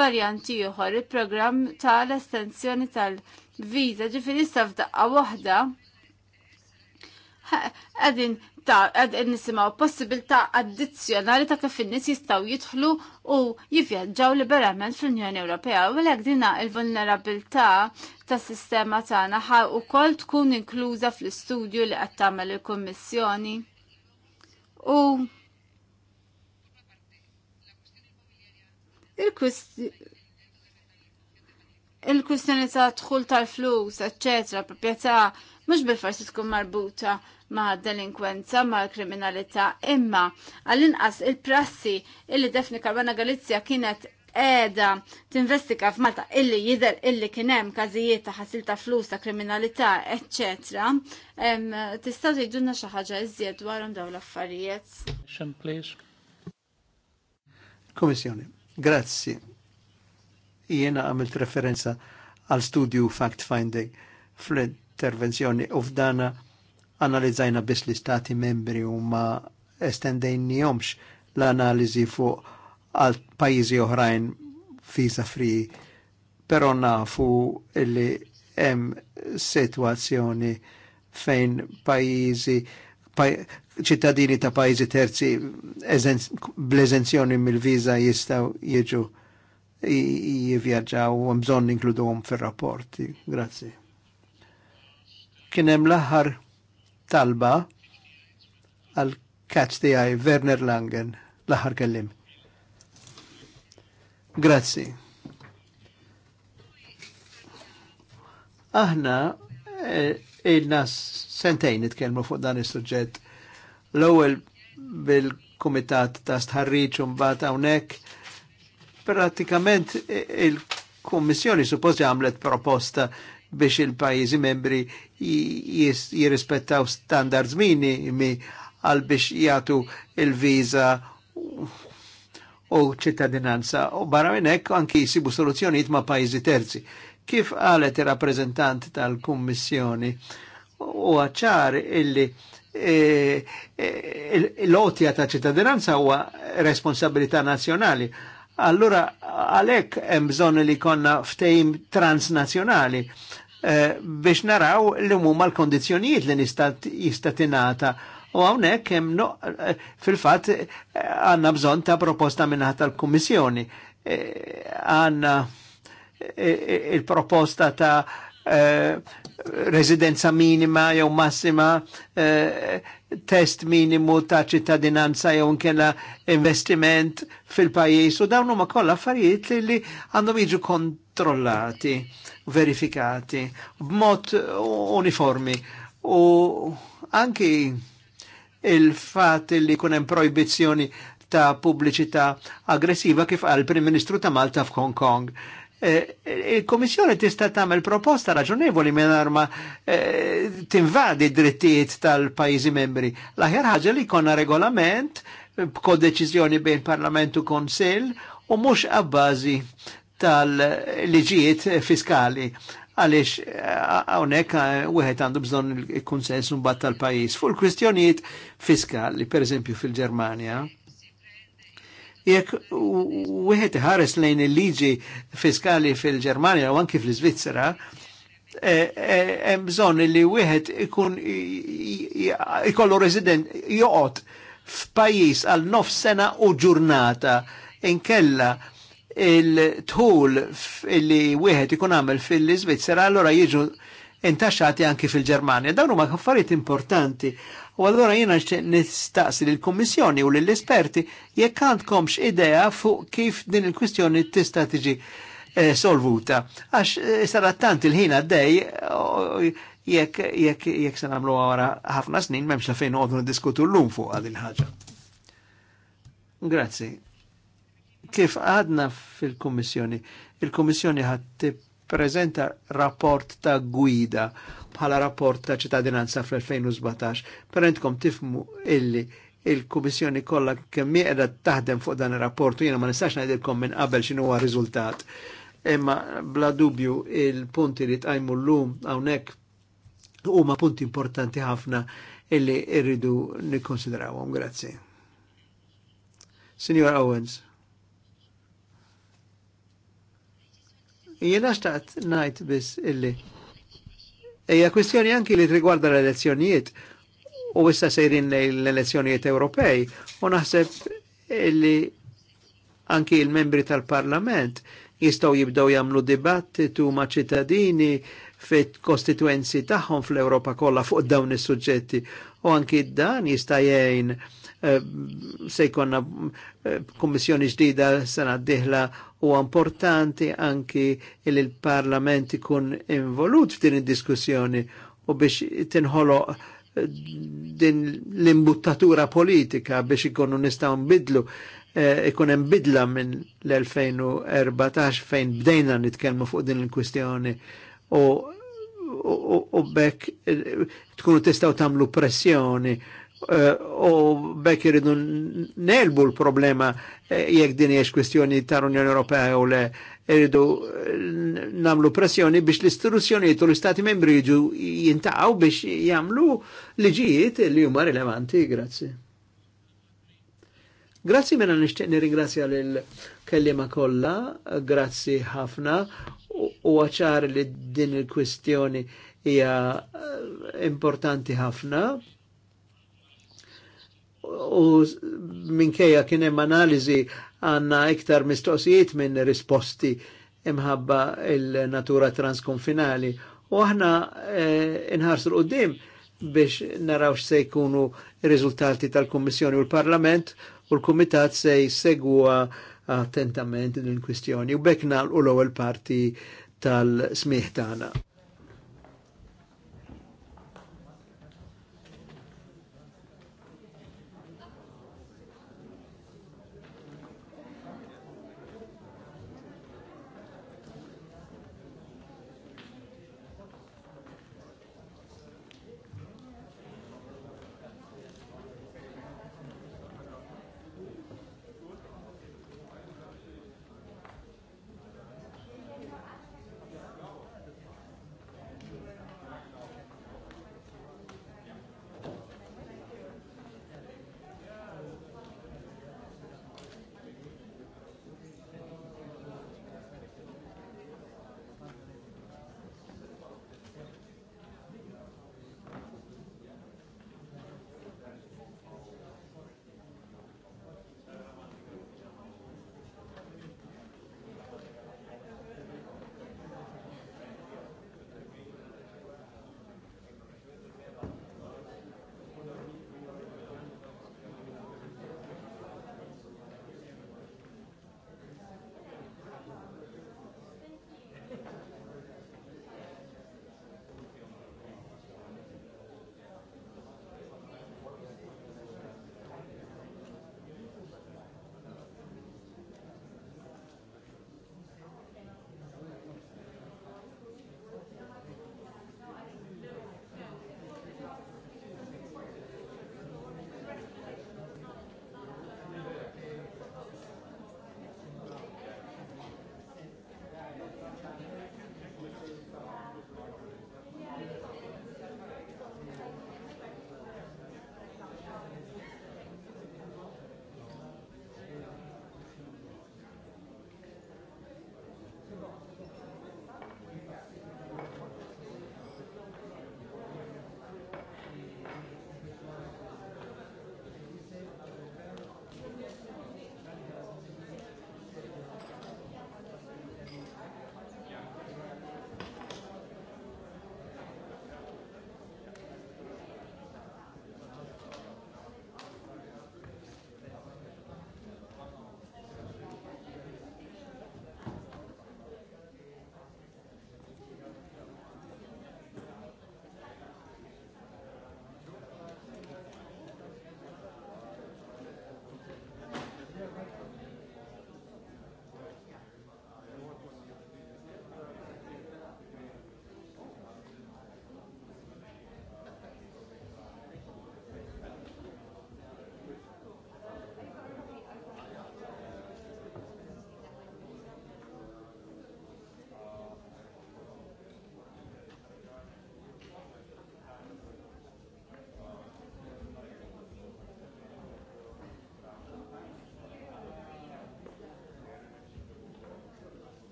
varjanti oħor il-programm tal-estensjoni tal-viża ġifieri issa f'daqqa waħda għadin ta' għadin nisimaw possibilta' addizjonali ta' kif in-nies jistgħu jidħlu u jivvjaġġaw liberament fl-Unjoni Ewropea u għalhekk dina il-vulnerabilità ta' sistema tagħna u ukoll tkun inkluża fl-istudju li qed tagħmel il-Kummissjoni. U il kustjoni il-kwistjoni ta' dħul tal-flus, eccetera, proprjetà mhux bil-forsi tkun marbuta ma' delinkwenza, ma' kriminalità, imma għall-inqas il-prassi illi Defni Karwana Galizja kienet edha tinvestiga f'Malta illi jidher illi kien hemm każijiet ta' ħasil ta' flus ta' kriminalità, eċċetra. Tistgħu tgħidulna xi ħaġa iżjed dwarhom dawn l-affarijiet. Komissjoni, grazzi. Jiena għamilt referenza għal studju Fact Finding intervenzjoni u f'dana analizzajna biss li stati membri u ma estendejnijomx l-analizi fuq għal pajizi oħrajn visa free, pero nafu illi hemm situazzjoni fejn pajizi ċittadini ta' pajizi terzi bl-eżenzjoni mill-viza jistaw jieġu jivjaġaw u bżon inkluduhom fil-rapporti. Grazie kien hemm l-aħħar talba għal catch tiegħi Werner Langen l-aħħar kellim. Grazzi. Aħna eh, ilna sentejn nitkellmu fuq dan is-suġġett. L-ewwel bil-kumitat ta' stħarriġ u mbagħad hawnhekk pratikament il-Kummissjoni suppost għamlet proposta biex il-pajizi membri jirrispettaw standards minimi għal biex jgħatu il-viza u ċittadinanza u barra minnek anki jisibu soluzzjonijiet ma' pajizi terzi. Kif għalet il-rappresentant tal-Kummissjoni u għacċar illi e, e, l-otja ta' ċittadinanza huwa responsabilità nazjonali. Allura għalek hemm bżonn li konna ftejim transnazzjonali Eh, biex naraw li mumma l-kondizzjonijiet li nistat jistatinata. U għawnek, no, eh, fil fat eh, għanna bżon ta' proposta minna tal-Kummissjoni. Għanna il-proposta ta' residenza minima jew massima test minimu ta' ċittadinanza jew nkella investiment fil pajis u dawn huma kollha affarijiet li għandhom jiġu kontrollati, verifikati b'mod uniformi u anki il-fat li kun hemm ta' pubbliċità aggressiva kif għal Prim Ministru ta' Malta f'Hong Kong Eh, eh, il-Komissjoni tista' tagħmel proposta raġunevoli mingħajr ma eh, tinvadi d-drittijiet tal-pajjiżi membri. L-aħjar ħaġa li jkollna regolament b'kodeċiżjoni bejn Parlament u Konsill u mhux abbażi tal-liġijiet fiskali għaliex hawnhekk wieħed għandu bżonn il-konsens mbagħad tal-pajjiż Fu l kwistjonijiet fiskali, per eżempju fil-Ġermanja Jekk wieħed ħares lejn il-liġi fiskali fil-Ġermanja u anki fl-Iżvizzera, e, e, hemm bżonn li wieħed ikun ikollu resident joqgħod f'pajjiż għal nof sena u ġurnata inkella il-tħul li wieħed ikun għamel fil-Iżvizzera allora jiġu intaxxati anki fil-Ġermanja. Dawn huma affarijiet importanti U għallora jena nistaqsi l-Kommissjoni u l-esperti jekk għandkomx idea fuq kif din il-kwistjoni tista' tiġi eh, solvuta. Għax eh, sarra tant il-ħin għaddej eh, jekk jekk jekk se nagħmlu wara ħafna snin m'hemmx la fejn għodu diskutu llum fuq għad il-ħaġa. Grazzi. Kif għadna fil-Kommissjoni, il-Kommissjoni ħattib prezenta rapport ta' gwida bħala rapport ta' ċittadinanza fl-2017. Perentkom tifmu illi il-Kummissjoni kollha kemm qiegħda taħdem fuq dan ir-rapport u jiena ma nistax ngħidilkom minn qabel x'inhu huwa riżultat. Imma bla dubju il-punti li tqajmu llum hawnhekk huma punti importanti ħafna illi irridu nikkonsidrawhom. Grazzi. Signor Owens. Jena xtaqt najt biss illi. Eja kwestjoni anki li trigwarda l-elezzjonijiet u issa sejrin l-elezzjonijiet Ewropej u naħseb illi anki il-membri tal-parlament jistaw jibdow jamlu dibattitu ma' ċittadini fit kostituenzi tagħhom fl-Ewropa kollha fuq dawn is-suġġetti u anki dan jista' jgħin Eh, se jkonna eh, kommissjoni ġdida sena diħla u importanti anki il-parlament ikun involut f'din id-diskussjoni u biex tinħoloq eh, din l-imbuttatura politika biex ikonu nistaw nbidlu ikun hemm bidla minn l-2014 fejn bdejna nitkellmu fuq din il-kwistjoni u bekk tkunu tistaw tamlu pressjoni u eh, bekk iridu nelbu l-problema eh, jekk din hiex kwestjoni tal-Unjoni Ewropea u le iridu eh, namlu pressjoni biex l-istituzzjonijiet u l-Istati membri jiġu jintaqgħu biex jagħmlu liġijiet li huma rilevanti. Grazzi. Grazzi minna mela nishtiq nirringrazzja lil kellima kollha, grazzi ħafna u għaċar li din il-kwistjoni hija importanti ħafna u minkejja kien hemm analiżi għandna iktar mistoqsijiet minn risposti imħabba il-natura transkonfinali. U aħna eh, inħarsu l-qoddim biex naraw se jkunu riżultati tal-Kummissjoni u l-Parlament u l-Kumitat se jsegwa attentament din il-kwistjoni u bekna l-ewwel parti tal-smieħ tagħna.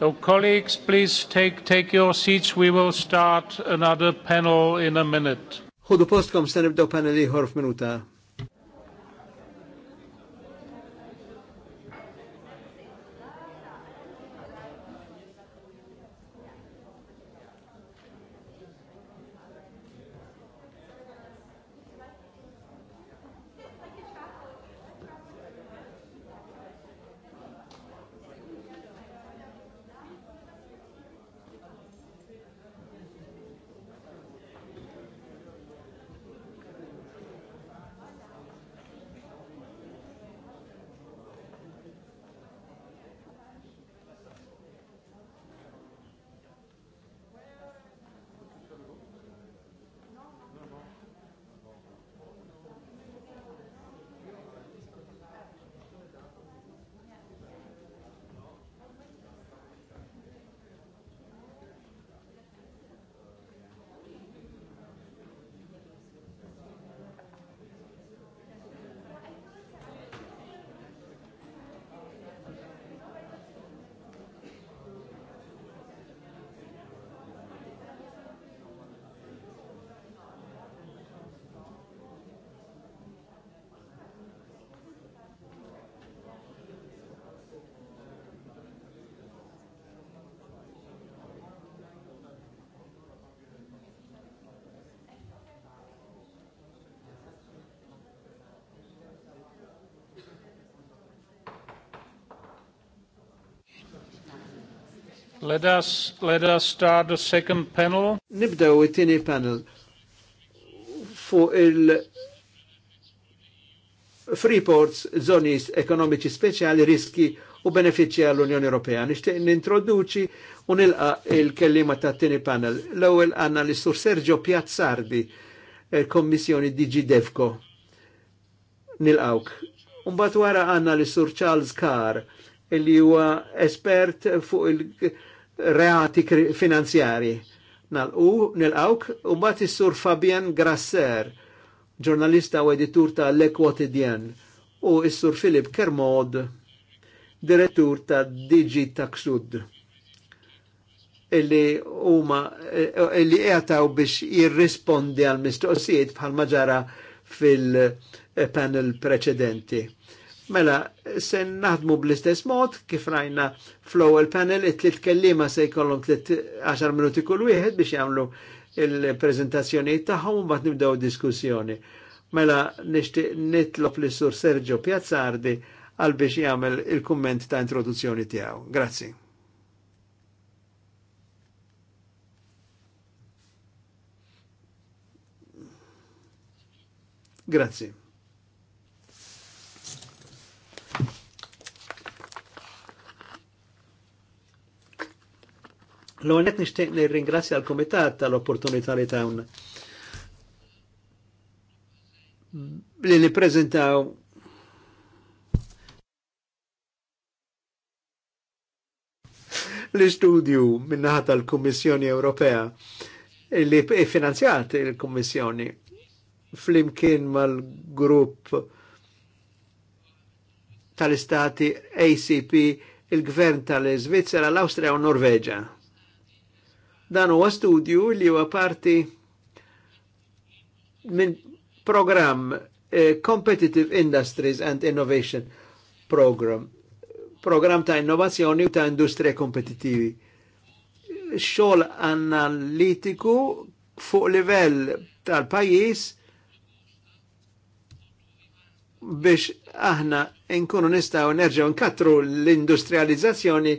So colleagues, please take, take your seats. We will start another panel in a minute. Ħudu post kom nibdew panel ieħor f'minuta. Let us, let us start the second panel. Nibdew it-tieni panel fuq il Freeports, zonis ekonomiċi speċjali, riski u benefiċi għall-Unjoni Ewropea. Nixtieq nintroduċi u nilqa il-kellima ta' tieni panel. L-ewwel għandna l-istur Sergio Piazzardi, eh, kommissjoni Digi Devco. Nilqawk. Umbagħad wara għandna l-istur Charles Carr, li huwa espert fuq il- reati finanzjari. Nal-u, nil-awk, u sur Fabien Grasser, ġurnalista u editur ta' Le Quotidien, u issur sur Filip Kermod, direttur ta' Digi Taksud illi huma illi qiegħtaw biex jirrispondi għal mistoqsijiet bħal ma ġara fil-panel preċedenti. Mela, se naħdmu bl-istess mod, kif rajna flow il panel, it tlit kellima se jkollhom 10 minuti kull wieħed biex jagħmlu il-prezentazzjonijiet tagħhom u mbagħad nibdew diskussjoni. Mela nixtieq nitlob li sur Sergio Piazzardi għal biex jagħmel il-kumment ta' introduzzjoni tiegħu. Grazzi. Grazzi. L-għonet nishtiq nir-ringrazzja l komitat tal-opportunità li tawn li li prezentaw l-istudju minnaħat tal komissjoni Ewropea li finanzjat il komissjoni fl-imkien mal-grupp tal-istati ACP, il-gvern tal-Svizzera, l-Austria u Norveġa. Dan huwa studju li huwa parti minn program eh, Competitive Industries and Innovation Program. Program ta' innovazzjoni u ta' industrija kompetitivi. Xol analitiku fuq livell tal-pajis biex aħna nkunu nistaw nerġgħu nkatru l-industrializzazzjoni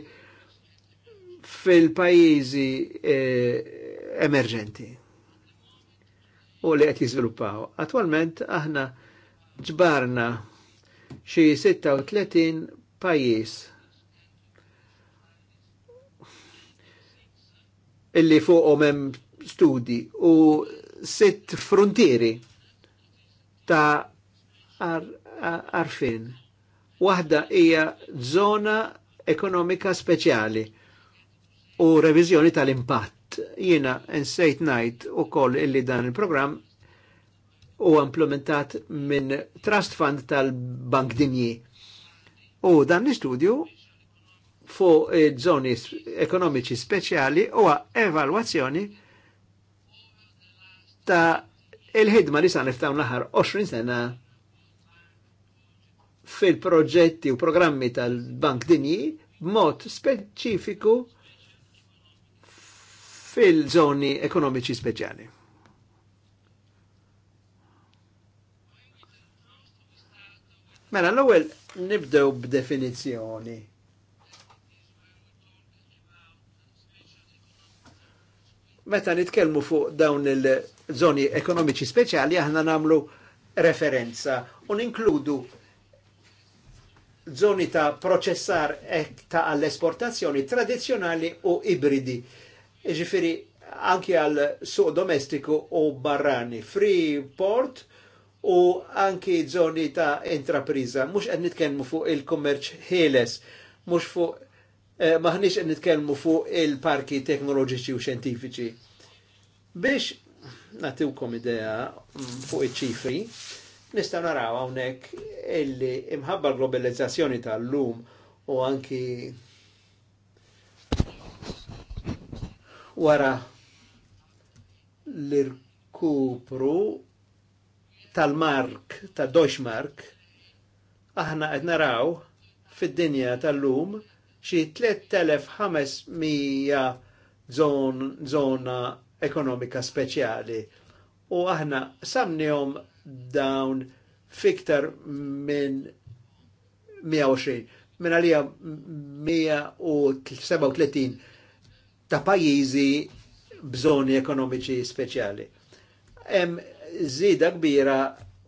fil-pajizi eh, emerġenti u li qed jiżviluppaw. Attualment aħna ġbarna xi 36 pajjiż illi fuqhom hemm studi u sitt frontieri ta' arfin. Waħda hija zona ekonomika speċjali u revizjoni tal-impatt. Jiena nsejt najt u koll illi dan il-program u implementat minn Trust Fund tal-Bank Dinji. U dan l-istudju fuq zoni ekonomiċi speċjali u evalwazzjoni ta' il-ħidma li sa' niftaw naħar 20 sena fil-proġetti u programmi tal-Bank Dinji b'mod speċifiku fil-żoni ekonomiċi speċjali. Mela, l-ewwel nibdew b'definizzjoni. Meta nitkellmu fuq dawn il-żoni ekonomiċi speċjali aħna nagħmlu referenza u ninkludu żoni ta' proċessar e- ta' għall-esportazzjoni tradizzjonali u ibridi iġifiri anki għal suq domestiku u barrani, free port u anki zoni ta' intrapriza. Mux għed nitkelmu fuq il-kommerċ ħeles, mux fuq eh, maħnix għed nitkelmu fuq il-parki teknoloġiċi u xentifiċi. Biex natiwkom idea mm, fuq iċ-ċifri, nistaw naraw hawnhekk illi imħabba globalizzazzjoni tal-lum u anki wara l-irkupru tal-mark, ta' Deutschmark, Mark, aħna qed naraw fid-dinja tal-lum xi 3500 zon, zona ekonomika speċjali u aħna samnihom dawn fiktar minn 120 minn għalija 137 ta' pajjiżi bżoni ekonomiċi speċjali. Hemm żieda kbira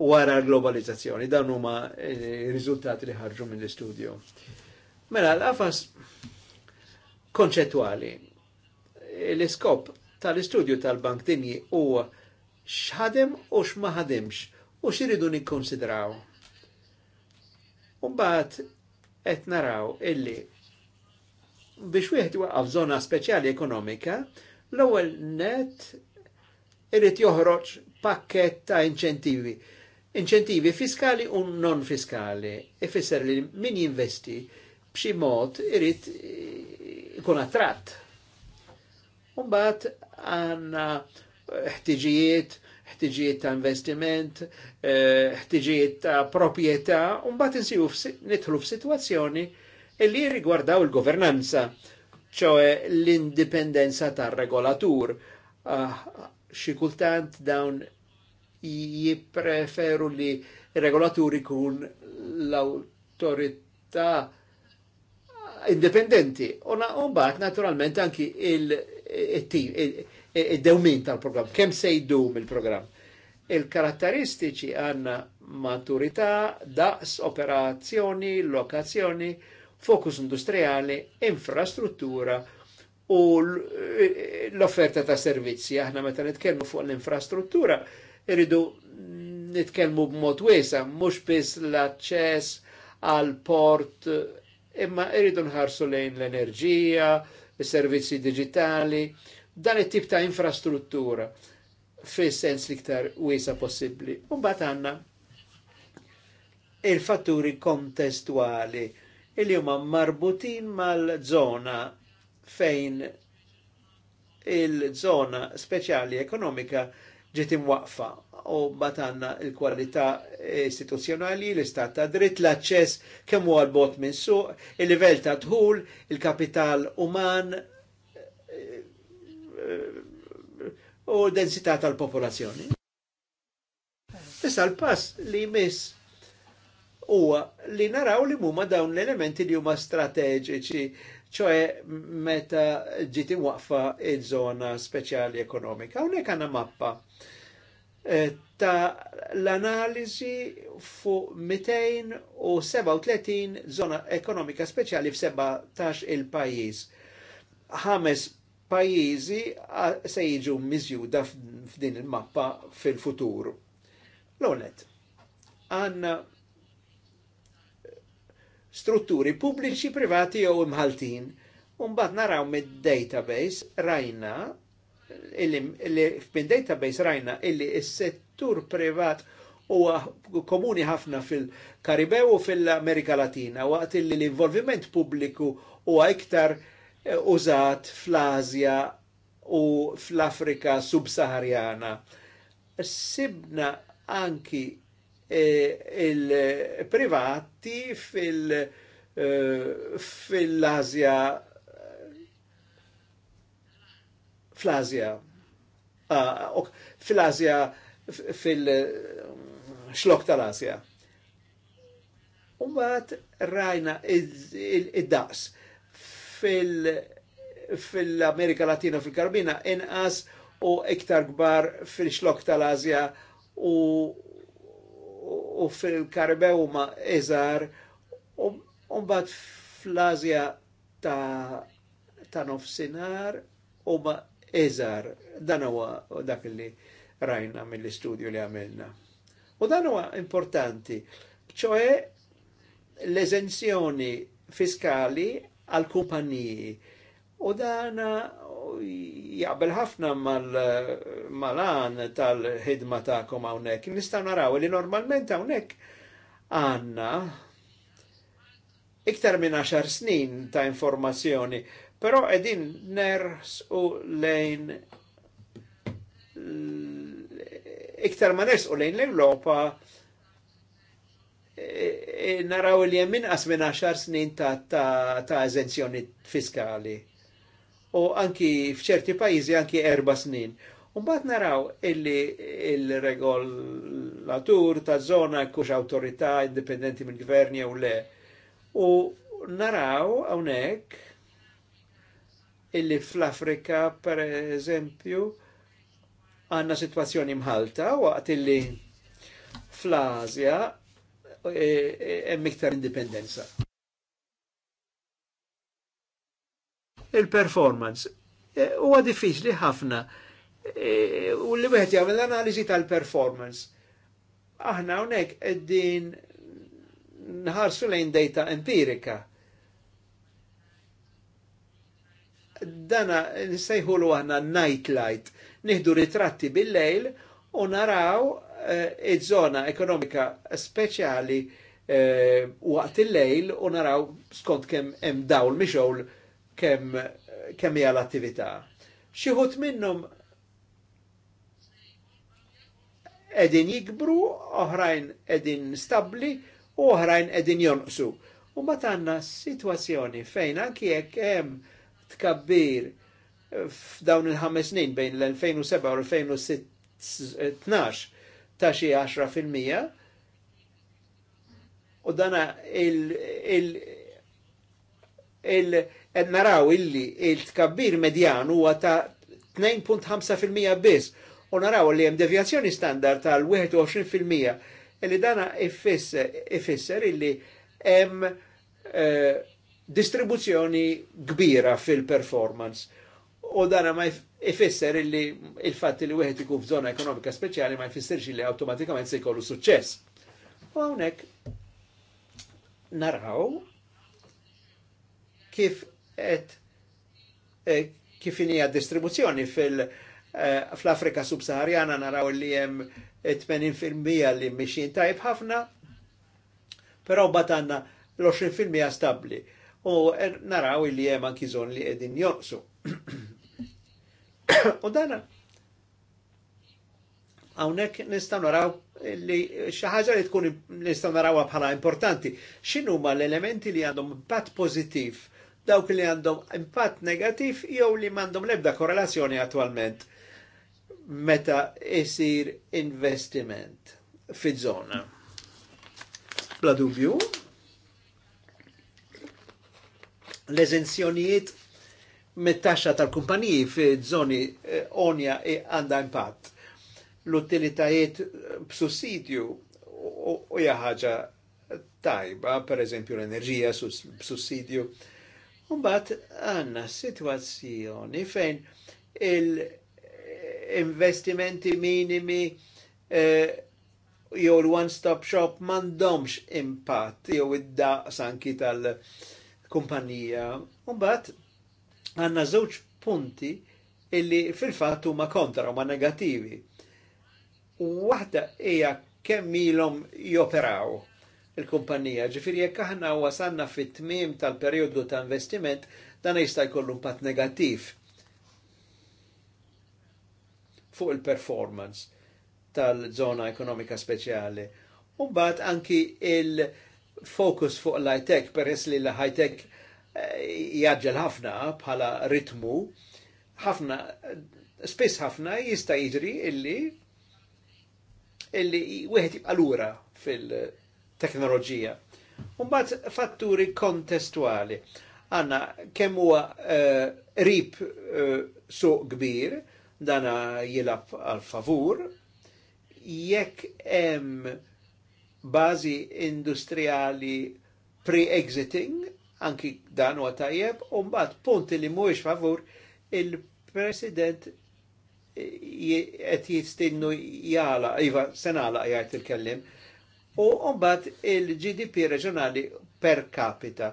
wara l-globalizzazzjoni, dan huma r eh, riżultati li ħarġu mill-istudju. Mela l-qafas konċettwali, l-iskop tal-istudju tal-Bank Dinji huwa x'ħadem u xmaħadimx u x'iridu nikkonsidraw. Umbagħad qed naraw illi biex wieħed waqaf zona speċjali ekonomika, l-ewwel net irid joħroġ pakket ta' inċentivi. Inċentivi fiskali u non fiskali. Ifisser li min jinvesti b'xi mod irid ikun attratt. Umbat għandna eh, ħtiġijiet, ħtiġijiet ta' investiment, eh, ħtiġijiet ta' propieta, mbagħad nsibu nitħlu f'sitwazzjoni li rigwardaw il-governanza, ċoħe l-indipendenza tar-regolatur. xikultant ah, Xi kultant dawn jipreferu li regolatur ikun l-autorità indipendenti. Unbat, naturalment, anki il-dewmin tal-program. Kem se jdum il-program? Il-karatteristiċi għanna maturità, daqs, operazzjoni, lokazzjoni, fokus industriali infrastruttura u l-offerta ta' servizzi. Aħna meta nitkellmu fuq l-infrastruttura, irridu nitkellmu b'mod wiesa, mhux biss l-aċċess għal port, imma irridu nħarsu lejn l-enerġija, servizzi digitali, dan it-tip ta' infrastruttura fi sens liktar wiesa possibbli. Umbat għanna il-fatturi kontestuali illi huma marbutin mal-żona fejn il-żona speċjali ekonomika ġiet imwaqfa u batanna il-kwalità istituzzjonali, l-istat ta' dritt, l-aċċess kemm huwa l-bot minn suq, il-livell ta' dħul, il-kapital uman u d-densità tal-popolazzjoni. Issa l-pass li jmiss huwa li naraw li huma dawn l-elementi li huma strateġiċi, ċoħe meta ġiet waqfa il-żona speċjali ekonomika. Hawnhekk għandna mappa eh, ta' l-analiżi fuq 237 zona ekonomika speċjali f-17 il-pajjiż. Ħames pajjiżi se jiġu miżjuda f'din il-mappa fil-futur. L-onet, għanna strutturi pubbliċi, privati jew imħaltin. Umbat naraw mid-database rajna, illi mid-database rajna illi s-settur privat huwa komuni ħafna fil-Karibew u fil-Amerika Latina, waqt illi l-involviment pubbliku huwa iktar eh, użat fl-Azja u fl-Afrika subsaharjana. Sibna anki Eh, il-privati eh, ah, fil-Azja fil azja fil-Azja fil-xlok tal-Azja. Umbat rajna id-daqs fil-Amerika Latina fil-Karbina inqas u iktar gbar fil-xlok tal-Azja u u fil-Karibew ma eżar u mbagħad fl-Azja ta' ta' nofsinhar u ma eżar dan huwa dak li rajna mill-istudju li għamilna. U dan huwa importanti, ċoe l-eżenzjoni fiskali għal kumpaniji. U dana jaqbel ħafna mal-an mal an tal ħidma ta' kom hawnhekk. Nistgħu naraw li normalment hawnhekk għandna iktar minn 10 snin ta' informazzjoni, però qegħdin ners u lejn iktar ma ners u lejn l europa e, e, naraw li jemmin inqas minn 10 snin ta eżenzjoni fiskali u anki fċerti pajjiżi anki erba snin. Umbat naraw illi il-regolatur ta' zona kux autorità indipendenti mill gvern jew le. U naraw hawnhekk illi fl-Afrika per eżempju għanna situazzjoni mħalta waqt illi fl-Azja e, e, hemm iktar indipendenza. il-performance. E, huwa diffiċli ħafna. E, u li wieħed jagħmel analiżi tal-performance. Aħna hawnhekk qegħdin nħarsu lejn data empirika. Dana nsejħulu aħna night light. Nieħdu ritratti bil-lejl u naraw e, iż-żona e, ekonomika speċjali waqt il-lejl u naraw skont kemm hemm dawl mixowl kemm kemm hija l-attività. Xi ħut minnhom qegħdin jikbru, oħrajn qegħdin stabbli u oħrajn qegħdin jonqsu. U ma tanna situazzjoni fejn anki jekk hemm tkabbir f'dawn il-ħames snin bejn l-2007 u l-2012 ta' xi 10 u dana il, il, il, il Et naraw illi il-tkabbir medjan huwa ta' 2.5% biss u naraw li hemm devjazzjoni standard tal-21% illi dana ifisser illi hemm eh, distribuzzjoni kbira fil-performance u dana ma ifisser illi il-fatt li wieħed ikun f'żona ekonomika speċjali ma jfissirx li awtomatikament se jkollu suċċess. U hawnhekk naraw kif et e, kif hija distribuzzjoni fil- e, fl-Afrika subsaharjana naraw li hemm 80% li mxin tajb ħafna, però batanna l-20% stabli. U e, naraw li jem anki zon li qegħdin jonsu. U dana hawnhekk nistgħu naraw li xi ħaġa li tkun nistgħu narawha bħala importanti. X'inhuma l-elementi li għandhom impatt pożittiv dawk li għandhom impatt negativ jew li mandhom l-ebda korrelazzjoni attualment meta isir investiment fi zona. Bla dubju, l-eżenzjonijiet mit-taxxa tal-kumpaniji fi zoni eh, onja e għanda impatt. L-utilitajiet b'sussidju u jaħħaġa tajba, per eżempju l-enerġija b'sussidju. Sus Umbat għanna situazzjoni fejn il-investimenti minimi eh, jew l-one-stop shop mandomx impatt jew id-daqs anki tal-kumpanija. Umbat għanna żewġ punti illi fil-fatt huma kontra huma negativi. Waħda hija kemm ilhom joperaw il-kumpanija. Ġifiri, jekk aħna wasanna fit-tmim tal-periodu ta' investiment, dan jista' jkollu impatt negattiv fuq il-performance tal-zona ekonomika speċjali. U bat anki il-fokus fuq l-high-tech, peress li l-high-tech eh, jaġġel ħafna bħala ritmu, ħafna, spiss ħafna jista' jiġri illi illi wieħed jibqa' lura fil- teknoloġija. Umbat fatturi kontestuali. Għanna kemm huwa uh, eh, rib uh, eh, suq kbir, dana jilab għal favur, jekk hemm bażi industrijali pre-exiting, anki dan huwa tajjeb, u mbagħad punti li mhuwiex favur il-President eh, qed jistinnu jala, iva senala jgħid il-kellim, u mbagħad il-GDP reġjonali per capita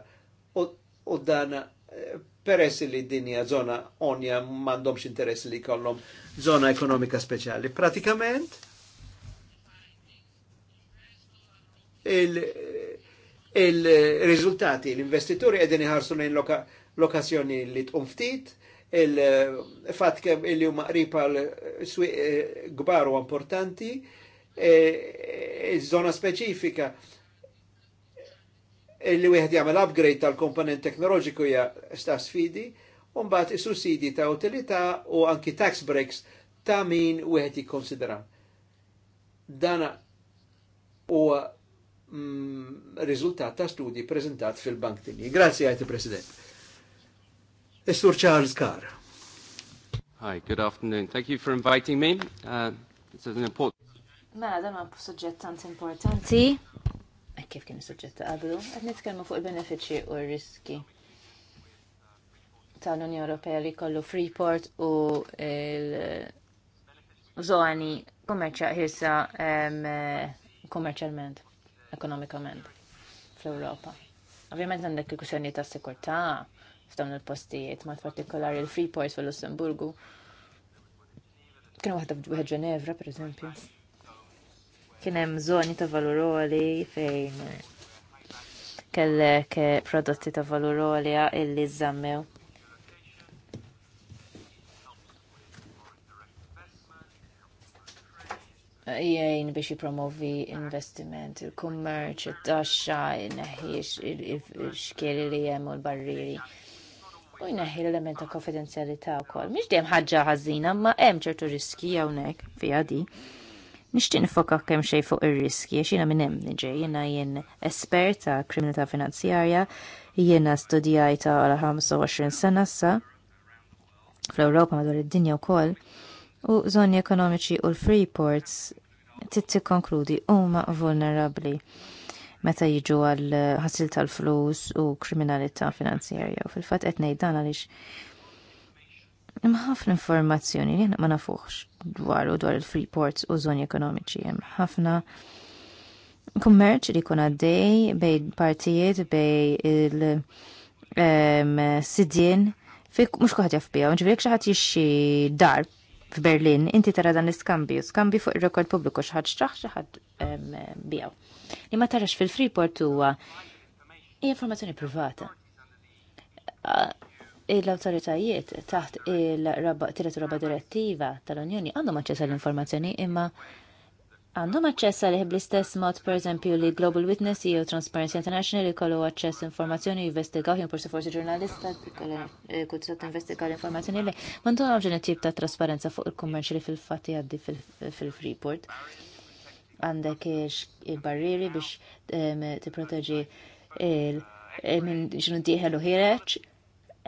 u dan eh, peress li dinja zona onja mandomx interess li kollom zona ekonomika speċjali. Pratikament, il-rizultati, il l-investituri edin iħarsu lejn lokazzjoni li tqum ftit, il-fat eh, kem il-li huma qrib għal eh, gbar u importanti, iż-żona e, e, speċifika e li wieħed jagħmel upgrade tal-komponent teknoloġiku hija sta sfidi, u mbagħad is-sussidi ta' utilità u anki tax breaks ta' min wieħed jikkonsidera. Dana u mm, riżultat ta' studji preżentat fil-Bank Tini. Grazzi għajti President. Is-Sur Charles Carr. Hi, good afternoon. Thank you for inviting me. Uh, this is an important Mela dan ma' suġġett tant importanti. Kif kien is-suġġett qablu? Qed nitkellmu fuq il-benefiċċji u r-riski tal-Unjoni Ewropea li kollu Freeport u l-żoni kummerċa ħirsa kummerċjalment, ekonomikament fl-Ewropa. Ovvjament għandek il kussjoni ta' sekurta f'dawn il-postijiet, ma' partikolari il-Freeport fil-Lussemburgu. Kienu waħda f'Ġenevra, per eżempju. Kien hemm żoni ta' valuroli fejn kellek eh, prodotti ta' valuroli illi żammew. jgħin biex jipromovi investiment, il-kummerċ, il-taxxa, il-neħiex, il-xkeli li jem u l-barriri. U jneħi l-element ta' konfidenzjalità u kol. Miex dem ħagġa ħazina, ma' hemm ċertu riski hawnhekk fija di. Nixtieq nifokak kemm xejn fuq ir-riski x'ina minnem nġej, hemm niġej, jiena espert ta' kriminalità finanzjarja, jiena studijajta għala 25 sena sa fl-Ewropa madwar id-dinja wkoll u zoni ekonomiċi u l-free ports titti konkludi huma vulnerabbli meta jiġu għal ħasil tal-flus u kriminalità finanzjarja u fil-fatt qed ngħid dan għaliex imma ħafna informazzjoni li ma nafuħx dwar u dwar il-free ports u zoni ekonomiċi hemm ħafna kummerċ li kun għaddej bej partijiet bej il-sidjen fik mux kuħat jafbija, vrek xaħat jixi dar f'Berlin, inti tara dan l-skambju, skambju fuq il-rekord publiku xaħat xaħat xaħat bijaw. Li ma tarax fil-Freeport huwa informazzjoni privata l-autoritajiet taħt il-tiret roba direttiva tal-Unjoni għandhom aċċess għall-informazzjoni imma għandhom aċċess għalih bl-istess mod pereżempju li Global Witness jew Transparency International jkollu aċċess informazzjoni investigaw jew forsi forsi ġurnalista eh, kull sott investiga l-informazzjoni li m'għandhomx din tip ta' trasparenza fuq il-kummerċ li fil fatti għaddi fil-Freeport. Għandek il-barriri biex ehm, t-proteġi il- eh, minn ġinu diħel u ħireċ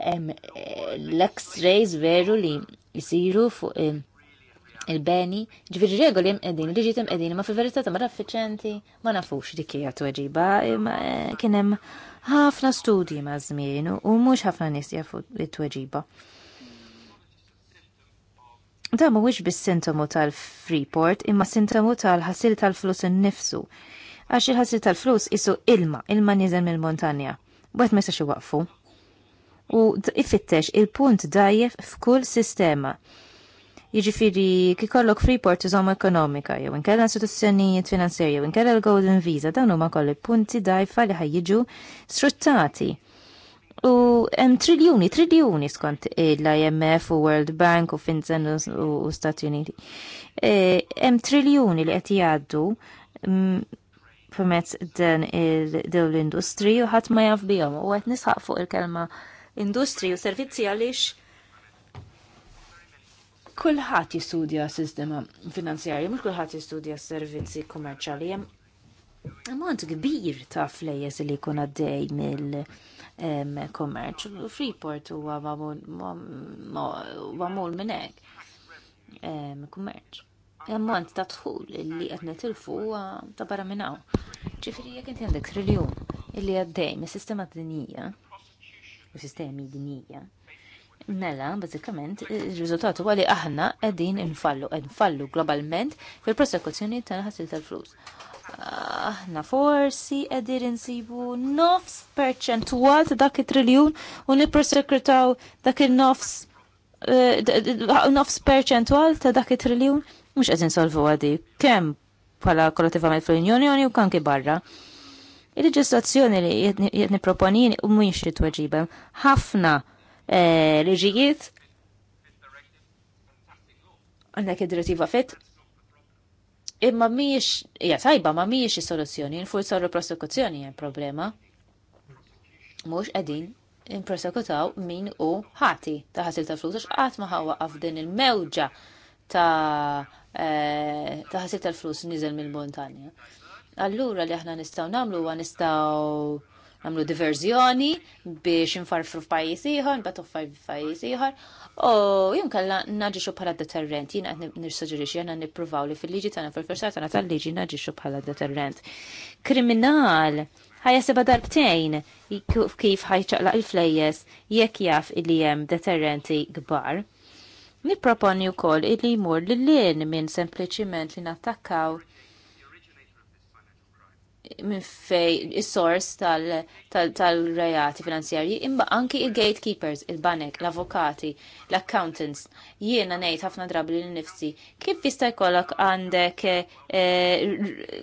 Eh, l-X-rays veru li jisiru fuq eh, il-beni, ġviri regoli mqedin, liġi mqedin, ma fi verità ta' marra effiċenti, ma nafux dik hija tweġiba, eh, kien hemm ħafna studji ma' żmien u mhux ħafna nis jafu it-tweġiba. Da mhuwiex bis-sintomu tal-Freeport imma sintomu tal-ħasil tal-flus innifsu. Għax il-ħasil tal-flus isu ilma, ilma nizem il montanja Bħet ma jistax waqfu u ifittex il-punt dajjef f'kull sistema. Jiġifieri kikollok Freeport iżom ekonomika, jew inkella istituzzjonijiet finanzjarji, jew inkella l-Golden Visa, dan huma kolli punti dajfa li ħajjiġu sfruttati. U hemm triljuni, triljuni skont l-IMF u World Bank u Finzen u Stati Uniti. E, hemm triljuni li qed jgħaddu mm, permezz dan il l-industri u ħadd ma jaf bihom u qed nisħaq fuq il-kelma industri u servizzi għaliex kulħadd jistudja sistema finanzjarja, mhux kullħat jistudja servizzi kummerċjali hemm kbir ta' flejjes li jkun għaddej mill-kummerċ. Freeport huwa għamul minn hekk kummerċ. ta' tħul li qed il-fu ta' barra minnaw. hawn. jek jekk inti għandek triljon li għaddej mis-sistema dinija u sistemi dinija. Mela, bazzikament, il-rizultat huwa li aħna qegħdin infallu, infallu globalment fil-prosekuzzjoni tal-ħasil tal-flus. Aħna forsi qegħdin insibu nofs perċentwal ta' dak it-triljun u nipprosekretaw dak il-nofs eh, nofs perċentwal ta' dak it-triljun mhux qegħdin insolvu għadi. Kemm bħala kollettivament fl-Unjoni u kanki barra. Il-leġislazzjoni li jett niproponini u mwix li tweġibem. ħafna eh, liġijiet għandek id-direttiva fit imma miex, ja tajba, ma miex il-soluzjoni, nfurza sorru prosekuzzjoni jen problema. Mux għedin improsekutaw min u ħati ta' ħasil ta' flus, għat maħawa għafdin il-mewġa ta' eh, ta' ħasil ta' flus nizel mill-montanja allura li aħna nistgħu namlu huwa nistgħu namlu diverzjoni biex nfarfru f'pajjiż ieħor, nbatu f'pajjiż ieħor, u jum kalla naġixu bħala deterrent, jien qed nissuġġerixxi jiena nippruvaw li fil-liġi tagħna fil-versat tagħna tal-liġi naġixu bħala deterrent. Kriminal ħajaseba darbtejn kif ħajċaqlaq il-flejjes jekk jaf li hemm deterrenti kbar. Nipproponi wkoll li jmur lil lien minn sempliċiment li nattakkaw minn fej is-sors tal-rejati finanzjarji imma anki il-gatekeepers, il-banek, l-avokati, l-accountants. Jiena ngħid ħafna drabi l nifsi kif jista' jkollok għandek eh,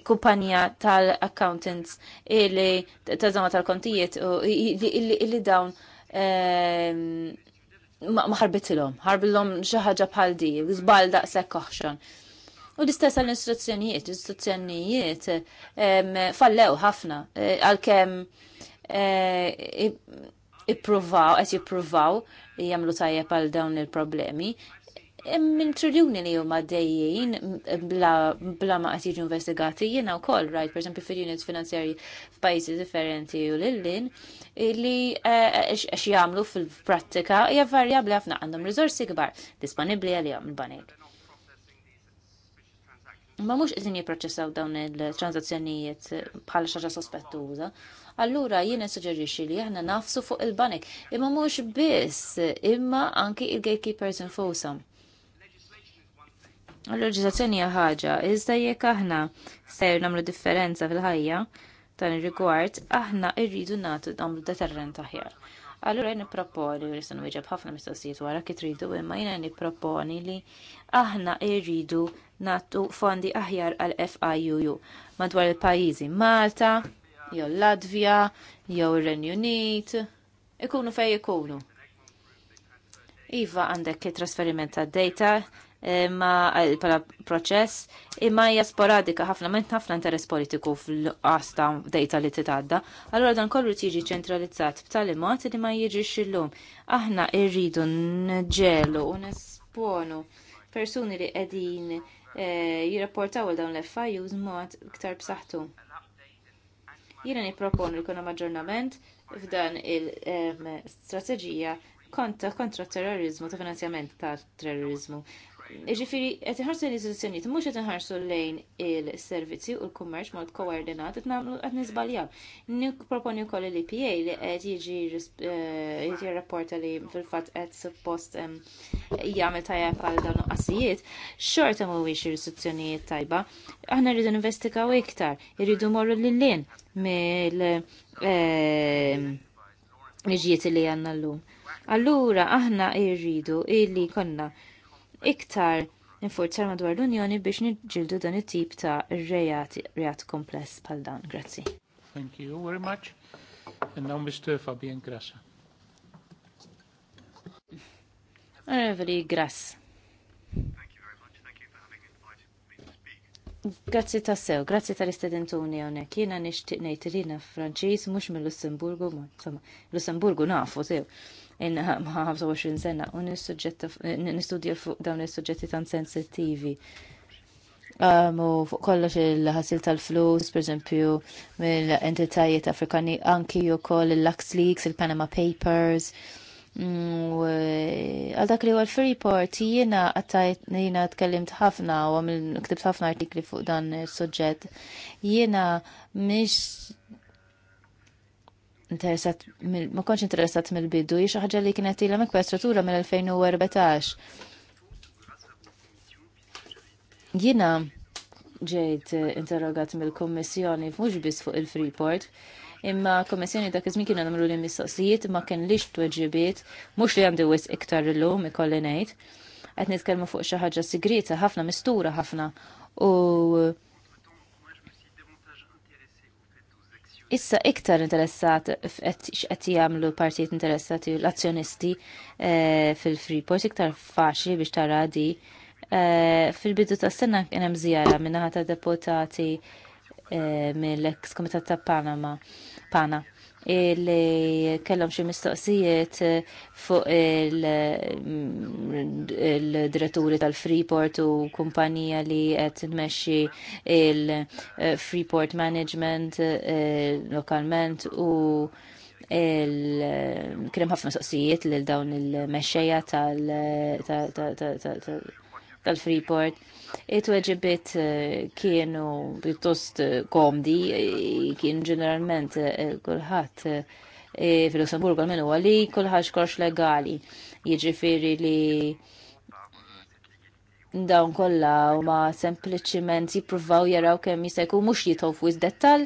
kumpanija tal-accountants illi tazama tal-kontijiet illi dawn ehm, ma ħarbitilhom, ħarbilhom xi ħaġa bħal di, żbal daqshekk oħxon U l-istess għal istituzzjonijiet istituzzjonijiet fallew ħafna e, għalkemm e, ippruvaw, qed jippruvaw jagħmlu tajjeb għal dawn il-problemi, minn triljuni li huma dejjin bla ma qed jiġu investigati jiena wkoll rajt esempio fil-units finanzjarji f'pajjiżi differenti u lillin li għax e, jagħmlu fil-prattika hija varjabbli ħafna għandhom riżorsi kbar disponibbli għalihom il-banek ma mux izin jiproċessaw dawn il-transazzjonijiet bħal xaġa sospettuża. Allura jiena suġġerixxi li aħna nafsu fuq il-banek, imma mhux biss, imma anki il-gatekeepers infushom. L-leġiżazzjoni hija ħaġa, iżda jekk aħna ser nagħmlu differenza fil-ħajja tan ir-rigward, aħna rridu nagħtu nagħmlu deterrent aħjar. Allura nipproponi u nistgħu uħiġab ħafna mistoqsijiet wara kif tridu imma jenni nipproponi li aħna irridu nattu fondi aħjar għal FIUU madwar il-pajjiżi Malta, jew Latvja, jew ir Unit, ikunu fejn ikunu. Iva għandek trasferiment ta' data, Eh, ma eh, pala proċess imma hija sporadika ħafna ment ħafna interess politiku fl-qasta dejta li titgħadda. Allura dan kollu tiġi ċentralizzat b'tali mod li ma jiġix illum. Aħna rridu nġelu u nesponu persuni li qegħdin eh, jirrapportaw għal dawn l-FIUs mod iktar b'saħħtu. Jiena nipproponu li kuna maġġornament f'dan il-strateġija ehm, kontra kontra terrorizmu ta' finanzjament tat terrorizmu. Ġifiri, qed iħarsu lejn iżoluzzjonijiet, mhux qed inħarsu lejn il-servizzi u l-kummerċ mod koordinat għet nagħmlu qed niżbaljaw. Nipproponi wkoll l-IPA li qed jiġi eh, jiġi rapporta li fil-fatt qed suppost jagħmel tajjeb għal dawn nuqqasijiet, xorta mhuwiex ir-istituzzjonijiet tajba. Aħna rridu u iktar, rridu morru lil-lin mill-ġiet li għandna llum. Allura aħna irridu illi konna iktar infurzar madwar l-Unjoni biex niġġieldu dan it-tip ta' rejat kompless bħal dan. Grazzi. Thank you very much. And now Mr. Fabien Grassa. Onorevoli Grass. Grazzi ta' sew, grazzi ta' l-istedentuni għonek. Jena nishtiq nejt li Franċiż, mux mill-Lussemburgu, ma' Lussemburgu nafu sew in 25 sena u eh, nistudja fuq dawn is-suġġetti tan sensittivi. u fuq kollox il-ħasil tal-flus, per esempio, mill-entitajiet Afrikani anki u koll il-Lux Leaks, il-Panama Papers, mm, eh, għal dak li għal Freeport jiena għattajt jiena tkellimt ħafna u għamil ktibt ħafna artikli fuq dan il-sujġet jiena mish interessat, ma konċ interessat mill-bidu, jiex ħaġa li kienet ilha mekwestratura mill-2014. Jina ġejt eh, interrogat mill-Kommissjoni mhux biss fuq il-Freeport, imma kommissjoni dak iż kien kienu nagħmlu li mistoqsijiet ma lix tweġibiet, mhux li għandi wis iktar illum ikolli ngħid. Qed nitkellmu fuq xi ħaġa sigrita ħafna mistura ħafna u issa iktar interessat x'qed jagħmlu partijiet interessati l-azzjonisti eh, fil-Freeport iktar faċli biex tara di. Eh, fil-bidu ta' sena kien hemm żjara naħa ta' deputati eh, mill-ex Komitat ta' Panama Pana li kellhom xi mistoqsijiet fuq il-diretturi tal-Freeport u kumpanija li qed tmexxi il-Freeport eh, Management eh, lokalment u eh, kien ħafna mistoqsijiet lil dawn il-mexxejja tal-Freeport it-weġibit eh, kienu piuttost eh, komdi, eh, kien ġeneralment kulħadd fil-Lussemburgu għalmenu għalli kulħadd xkorx legali. Jiġifieri li dawn kollha huma sempliċiment jippruvaw jaraw kemm jista' jkun mhux jitofu iż-dettall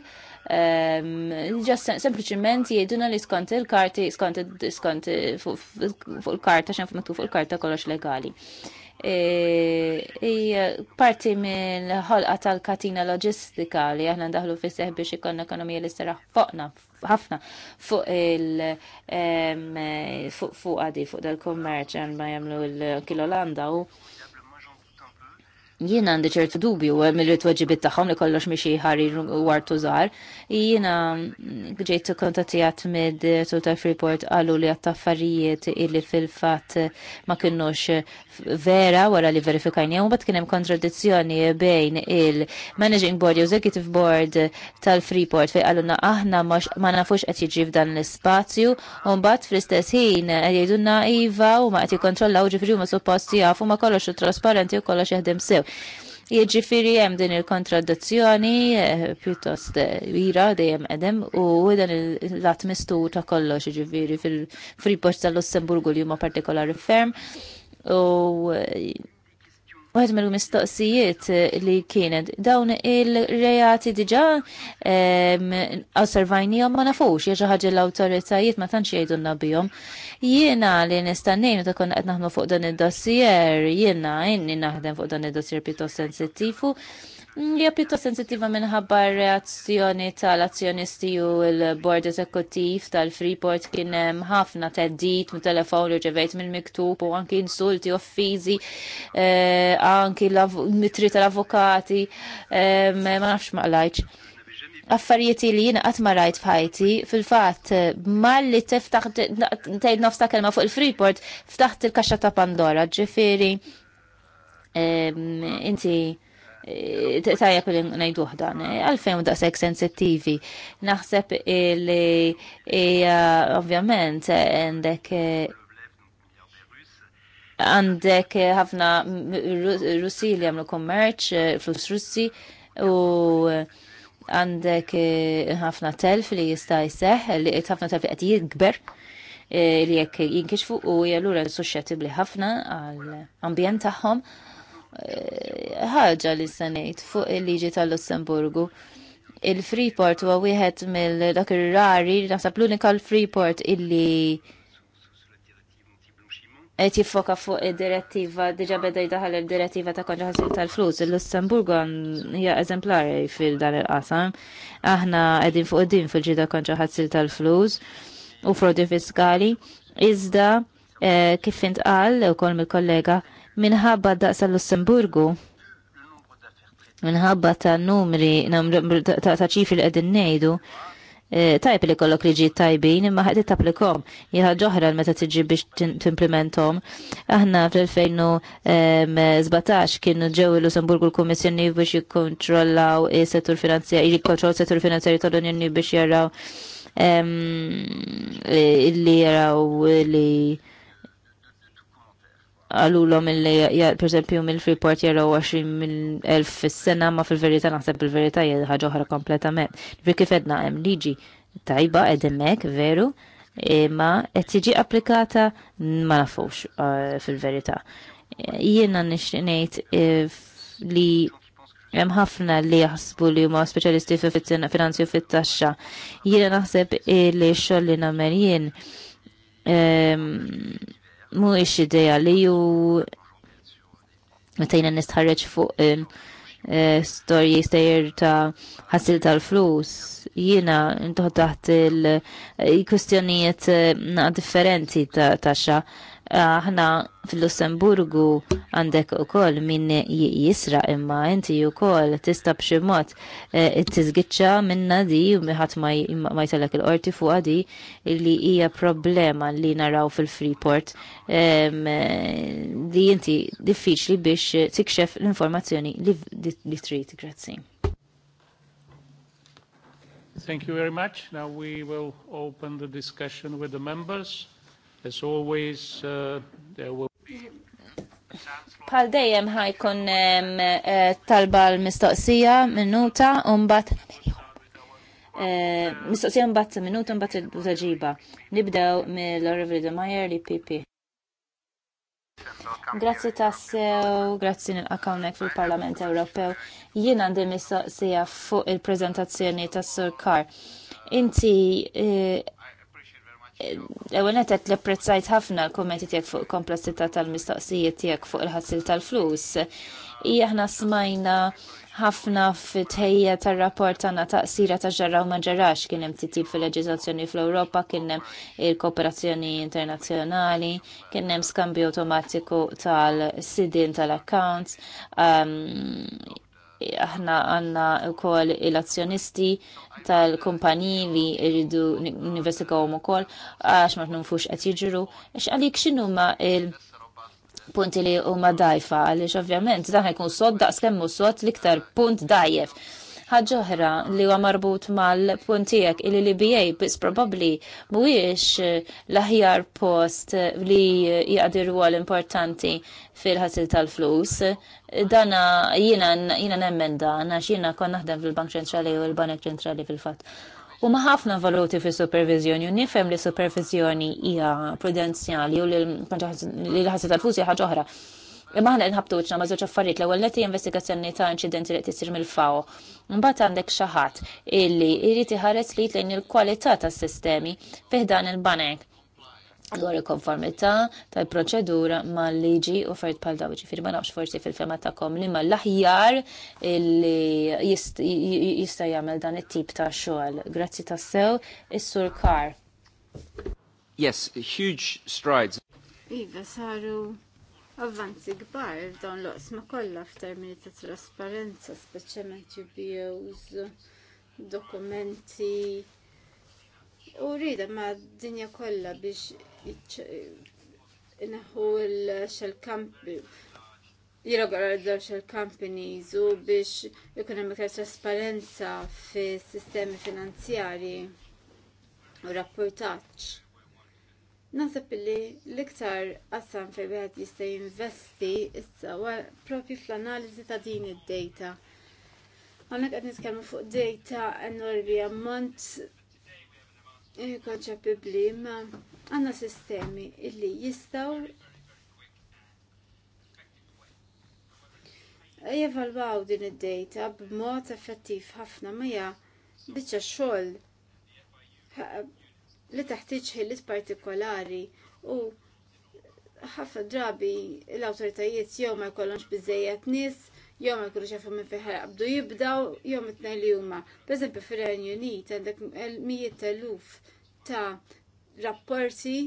ehm, ġast sempliciment jgħiduna li skont il-karti, skont il-karta, xan fuq il-karta kollox legali. Eh, hija parti mill-ħolqa tal-katina loġistika li aħna ndaħlu fis-seħ biex ikon ekonomija li seraħ foqna ħafna fuq il fuq fuq għadi fuq dal-kommerċ għan ma jamlu l-kilolanda u Jiena għandi ċertu dubju mill tweġibit tagħhom li kollox mixi ħari wartu żgħar. Jiena ġejt kontattijat mid Total Freeport qalu li għattaffarijiet illi fil-fatt ma kinnux vera wara li verifikajni u bat kien hemm kontradizzjoni bejn il-Managing Board Executive Board tal-Freeport fejn qalulna aħna ma nafux qed jiġri f'dan l-ispazju u mbagħad fl-istess ħin jgħidulna iva u ma qed jikkontrollaw ġifieri ma suppost jafu ma kollox trasparenti u kollox jahdem sew. Jiġifieri hemm din il-kontradizzjoni eh, pjuttost eh, ira dejjem edem u dan il-lat mistu ta' kollox jiġifieri fil Post tal-Lussemburgu li huma partikolari ferm u eh, Għed mill mistoqsijiet eh, li kienet, dawn il-rejati diġa ehm, osservajnijom ma nafux, jieġa ħagġi l-autoritajiet ma tanċi jgħidu nabijom. Jiena li nistannejn u konna qed naħdmu fuq dan id dossier jiena inni naħdem fuq dan id dossier pjuttost sensittifu. Ja pjuttost sensitiva minħabba reazzjoni tal-azzjonisti u l-bord eżekuttiv tal-Freeport kien hemm ħafna teddit minn telefon li ġevejt mill-miktub u anki insulti offiżi eh, anki mitri tal-avukati eh, ma nafx maqlajċ. Affarijiet li jiena qatt ma rajt f'ħajti, fil-fatt malli tiftaħ tgħid nofsa kelma fuq il-Freeport ftaħt il-kaxxa ta' Pandora, ġifieri inti Eh, tajab li najduħ dan, eh, għalfejn da sek sensittivi. Naħseb li eh, ovvjament għandek għandek ħafna Russi li għamlu kommerċ, flus Russi u għandek ħafna telf li jista' seħ, li ħafna telf li qed jikber li jekk jinkixfu u jallura suscettibli ħafna għall ambjent tagħhom ħaġa li sanejt fuq il-liġi tal-Lussemburgu. Il-Freeport huwa wieħed mill-dak ir-rari naħseb l-unika l-Freeport illi qed jiffoka fuq id-direttiva diġà beda jdaħal id-direttiva ta' kontra tal-flus. Il-Lussemburgu hija eżemplari fil-dan il-qasam. Aħna qegħdin fuq din fil-ġida kontra ħasil tal-flus u frodi fiskali. Iżda eh, kif intqal ukoll mill-kollega minħabba daqs lussemburgu minħabba ta' numri ta' ċifri li qegħdin ngħidu e, tajb li kollok liġi tajbin imma ħed tapplikom jħad ġoħra meta tiġi biex timplementom. Aħna fl-2017 kienu ġew Lussemburgu l-Kummissjoni biex jikkontrollaw is-settur finanzjarju, jikkontroll settur finanzjarju tal-Unjoni biex jarraw illi jaraw li għalulhom illi perżempju mill-Freeport jaraw 20,000 fis-sena ma fil-verità naħseb il-verità hija ħaġa oħra kompletament. Ġifieri kif edna hemm liġi tajba qed veru, imma qed tiġi applikata ma nafux eh, fil-verità. Jiena nixtieq ngħid eh, li hemm ħafna li jaħsbu li huma speċjalisti fi finanzi u fit-taxxa. Jiena naħseb li x-xogħol li nagħmel jien ehm, mhuwiex idea li ju metajna nistħarreġ fuq e, storji stejjer ta' ħassil tal-flus. Jiena intuħ taħt il-kustjonijiet e, e, differenti ta' taxxa aħna fil-Lussemburgu għandek u kol minn jisra imma inti u kol tista b'xi mod e, tizgitxa minna di u miħat ma jtalek il-qorti fuqa di li hija problema li naraw fil-Freeport li e, inti diffiċli biex tikxef l-informazzjoni li trid. Grazzi. Thank you very much. Now we will open the discussion with the members. As always, uh, there will be... Pal dejjem ħajkun eh, talba l-mistoqsija minuta unbat eh, mistoqsija unbat minuta unbat il-taġiba. Nibdew mill rivri de Majer li PP. Grazzi tassew, grazzi nil-akawnek fil-Parlament Ewropew. Jien għandi mistoqsija fuq il-prezentazzjoni tas surkar Kar. Inti eh, Ewenet qed l-apprezzajt ħafna l-kommenti tiegħek fuq komplessità tal-mistoqsijiet tiegħek fuq il-ħassil tal-flus. Hija aħna smajna ħafna fit ħejja tar-rapport tagħna taqsira ta' ġarra u ma ġarax kien hemm titjib fil-leġiżlazzjoni fl-Ewropa, kien hemm il-kooperazzjoni internazzjonali, kien hemm skambju awtomatiku tal-sidin tal-accounts, um, aħna għanna u koll il-azzjonisti tal-kumpaniji li jridu nivestigawhom ukoll għax ma nfux qed jiġru. għax għalik xinu ma il-punti li huma dajfa għaliex ovvjament dan ħajkun sod daqs kemm sod l-iktar punt dajjef ħagġoħra li huwa marbut mal-puntijek il li ba bis probabli mhuwiex eh, l-aħjar post li jgħadir rwol importanti fil-ħasil tal-flus. Dana jiena jiena nemmen dan għax jiena kon naħdem fil-Bank Ċentrali u l-Banek Ċentrali fil-fatt. U ma ħafna valuti fi supervizjoni, u nifhem li supervizjoni hija prudenzjali u li l ħasil tal-flus hija ħaġa oħra. Imma ħana nħabtu ma' zoċ affarijiet l-ewwel neti investigazzjoni ta' inċidenti li tisir mill-faw. Mbagħad għandek xi ħadd illi jrid iħares li lejn il-kwalità tas-sistemi fih dan il-banek dwar il-konformità tal-proċedura mal-liġi u fert pal daw Firma ma nafx forsi fil-fema kom li ma l-aħjar li jista' jagħmel dan it-tip ta' xogħol. Grazzi tassew, is-sur Kar. Yes, huge strides. Iva, saru avvanzi kbar f'dawn l-oqsma kollha f'termini ta' trasparenza, speċjalment UBOs, dokumenti. U rida ma' dinja kollha biex inaħu l-shell kampi jirregolarizzar xel companies u biex ikun hemm iktar trasparenza fis sistemi finanzjarji u rapportaġġ Nasab li l-iktar qasam fejn wieħed jista' jinvesti issa propju fl-analiżi ta' din id-data. Hawnhekk qed niskemmu fuq data enormi ammont konċa ma għandna sistemi illi jistgħu jevalwaw din id-data b'mod effettiv ħafna ma hija biċċa xogħol li taħtieġ ħiliet partikolari u ħafna drabi l-awtoritajiet jew ma jkollhomx biżejjed nies, jew ma jkunux jafu minn fejn ħabdu jibdaw, jew mitnejn li huma. Pereżempju fir-Renju Unit għandek mijiet eluf ta' rapporti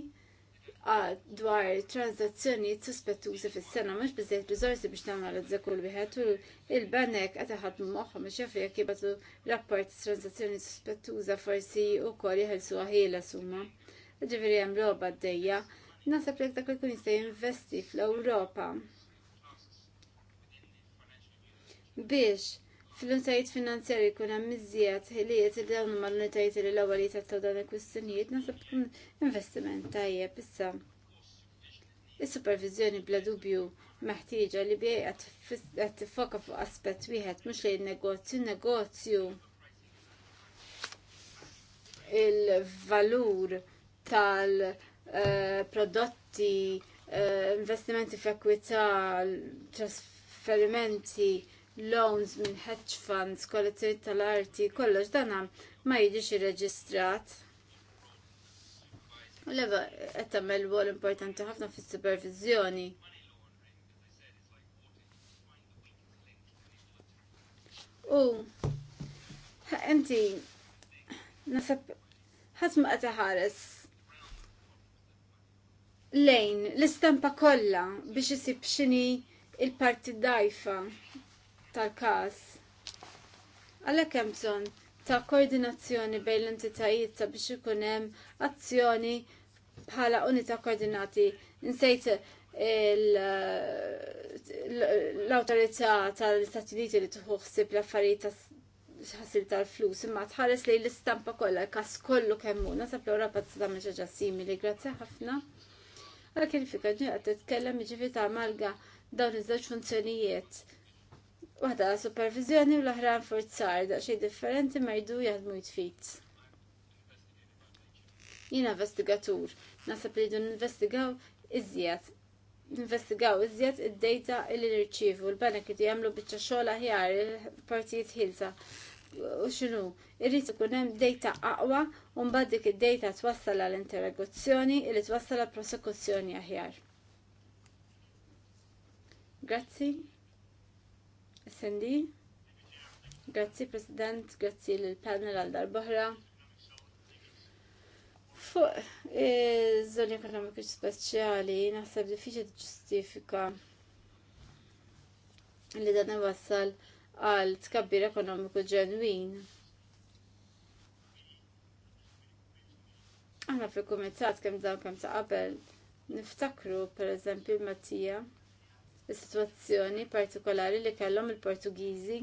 Ah, dwar transazzjoni t-suspettuzi fis-sena mhux bizzejt riżorsi biex tagħmel eżekul wieħed u il banek qed iħadmu moħħhom biex jafri għak jibgħatu rapport transazzjoni t-suspettuzi forsi wkoll jeħilsu ħila suma. Ġifieri hemm logħba għaddejja. Nasab li dak li kun jista' jinvesti fl-Ewropa biex fil-unitajiet finanzjari kun hemm iżjed ħiliet li dawn huma l-unitajiet li l-ewwel jitattaw dan il-kwistjonijiet naħseb tkun investiment tajjeb issa. Is-supervizjoni bla dubju meħtieġa li bej qed tiffoka fuq aspett wieħed mhux lejn negozju negozju il-valur tal-prodotti, eh, eh, investimenti f'ekwità, trasferimenti, loans minn hedge funds, kollezzjoni tal-arti, kollox dan ma jiġix irreġistrat. Leva, qed tagħmel wall importanti ħafna fis-supervizjoni. U inti nasab ħadd ma qed ħares. lejn l-istampa kollha biex jisib xini il-parti dajfa tal-każ. Għalhekk hemm bżonn ta' koordinazzjoni bejn l-entitajiet ta' biex ikun hemm azzjoni bħala unità koordinati. Insejt l-awtorità tal-Istati Uniti li ħsieb l-affarijiet ta' ħasil tal-flus imma tħares li l-istampa kollha kas kollu kemm hu nasab l-Ewropa tagħmel xi ħaġa simili. Grazzi ħafna. Għal kien fika ġejqa titkellem jiġifieri ta' malga dawn iż-żewġ funzjonijiet Waħda la supervizjoni u l-oħra forzar da xej differenti ma jdu jaħdmu jitfit. Jina investigatur, nasab li jdu investigaw iżjed investigaw iżjed id-data li nirċivu l-banek li jagħmlu biċċa xogħol aħjar il-partijiet ħilsa. U x'inhu, irrid ikun hemm data aqwa u mbagħad dik id-data twassal għal interrogazzjoni li twassal għal prosekuzzjoni aħjar. Grazzi. Sendi. Grazzi President, grazzi l-panel għal darbohra. Fuq iż-żoni e, ekonomiku speċjali naħseb diffiċli ġustifika li dan iwassal għal tkabbir ekonomiku ġenwin. Aħna fil kumitat kemm dawn kemm ta' qabel niftakru pereżempju l Mattija is-sitwazzjoni partikolari li kellhom il-Portugiżi.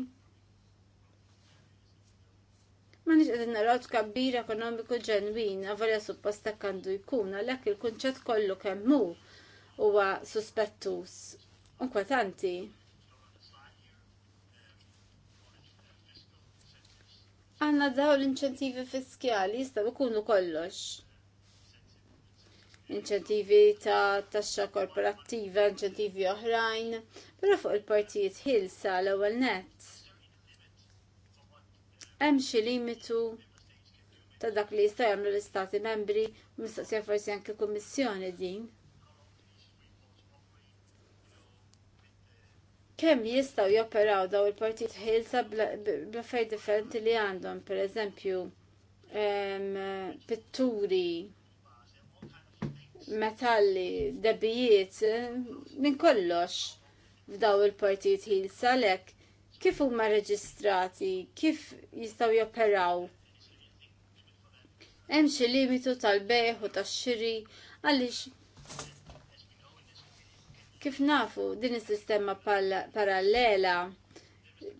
Ma nix qegħdin naraw tkabbir ekonomiku ġenwin avolja suppost kandu jkun għalhekk il-kunċett kollu kemm hu huwa suspettus u kwatanti. Għanna daw l-inċentivi fiskjali jistaw ikunu kollox inċentivi ta' taxxa korporattiva, inċentivi oħrajn, però fuq il-partijiet ħilsa l-ewwel nett. Hemm xi limitu ta' dak li jista' jagħmlu l-istati membri u mistoqsija forsi anke kummissjoni din. Kemm jistgħu joperaw daw il-partijiet ħilsa b'affarijiet differenti li għandhom, pereżempju pitturi metalli, debijiet, minn kollox f'daw il-partijiet ħilsa salek kif huma reġistrati, kif jistgħu jopperaw. Hemm xi limitu tal-bejħ u tax-xiri għaliex kif nafu din is-sistema parallela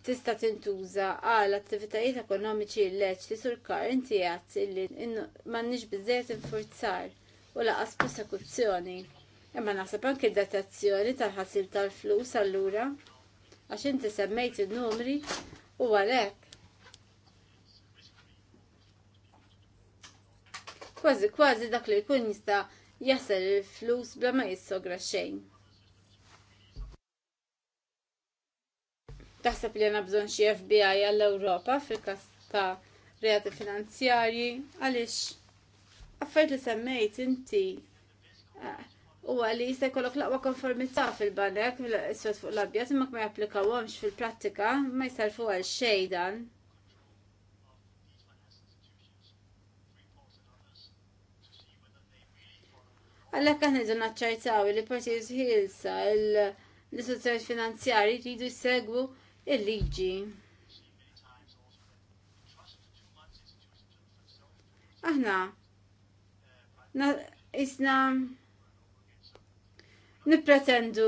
tista' tintuża għal attivitajiet ekonomiċi illeċli sur surkar inti għadd li m'għandniex biżejjed infurzar u laqas prosekuzzjoni. Imma naħseb d-datazzjoni tal-ħasil tal-flus allura għax inti semmejt il-numri u għalek. Kważi kważi dak li jkun jista' jasal il-flus bla ma jissogra xejn. Taħseb li għana bżon xie FBI għall-Europa fil-kas ta' reati finanzjarji għalix Affert li semmejt inti eh, u għalli jista' jkollok laqwa konformita fil-banek s-sot fuq l-abjad imma ma japplikawhomx fil-prattika ma jsalfu għal xejdan Għallek Għalhekk aħna ġu naċċertaw li partijiet jizhilsa l-istituzzjoni finanzjari jridu jsegwu il-liġi. Aħna Isna nipretendu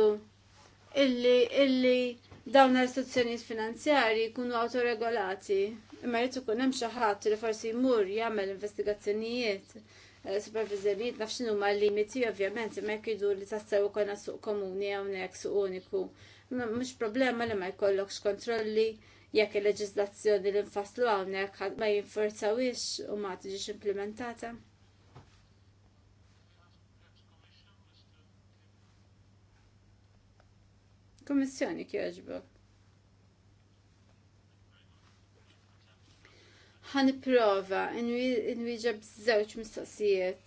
illi illi dawn l-istituzzjonijiet finanzjarji jkunu autoregolati. Imma jrid ikun hemm xi ħadd li forsi jmur jagħmel investigazzjonijiet eh, supervizjonijiet naf x'inhu ma limiti ovvjament imma jekk li tassew ukoll suq komuni hawnhekk suq uniku. Mhux problema li ma jkollokx kontrolli jekk il-leġiżlazzjoni li nfasslu hawnhekk ma jinforzawix u ma tiġix implementata. Kommissjoni kjoġbok. ħan prova inwiġa b'żewġ mistoqsijiet.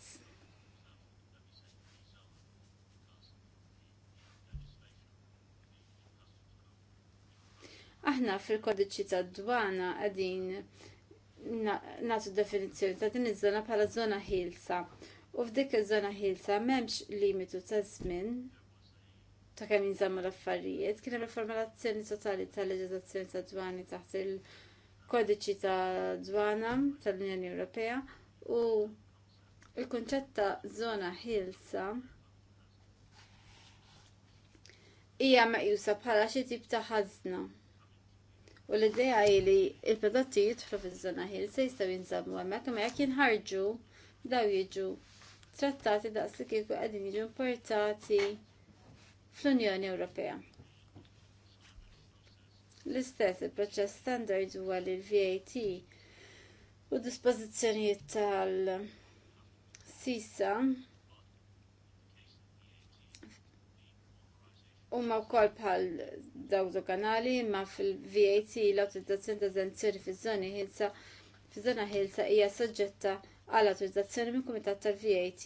Aħna fil-kodiċi ta' dwana għadin natu definizjoni ta' din iż-żona bħala żona ħilsa. U f'dik iż-żona ħilsa m'hemmx limitu ta' żmien ta' kemm jinżammu l-affarijiet, kien hemm riformulazzjoni totali tal-leġiżlazzjoni ta' dwani taħt il-kodiċi ta' dwana tal-Unjoni Ewropea u il-kunċett ta' żona ħilsa hija meqjusa bħala xi tip ta' ħażna. U l-idea hi li l-prodotti jidħlu fiż-żona ħilsa jistgħu jinżammu hemmhekk imma jekk jinħarġu daw jiġu trattati daqs li kieku qegħdin jiġu importati fl-Unjoni Ewropea. L-istess il-proċess standard huwa li l-VAT u dispożizzjonijiet tal-sisa huma wkoll bħal daw kanali, imma fil-VAT l-awtorizzazzjoni ta' żenzjoni fiż-żoni ħilsa fiż-żona ħilsa hija soġġetta għal awtorizzazzjoni minn kumitat tal-VAT.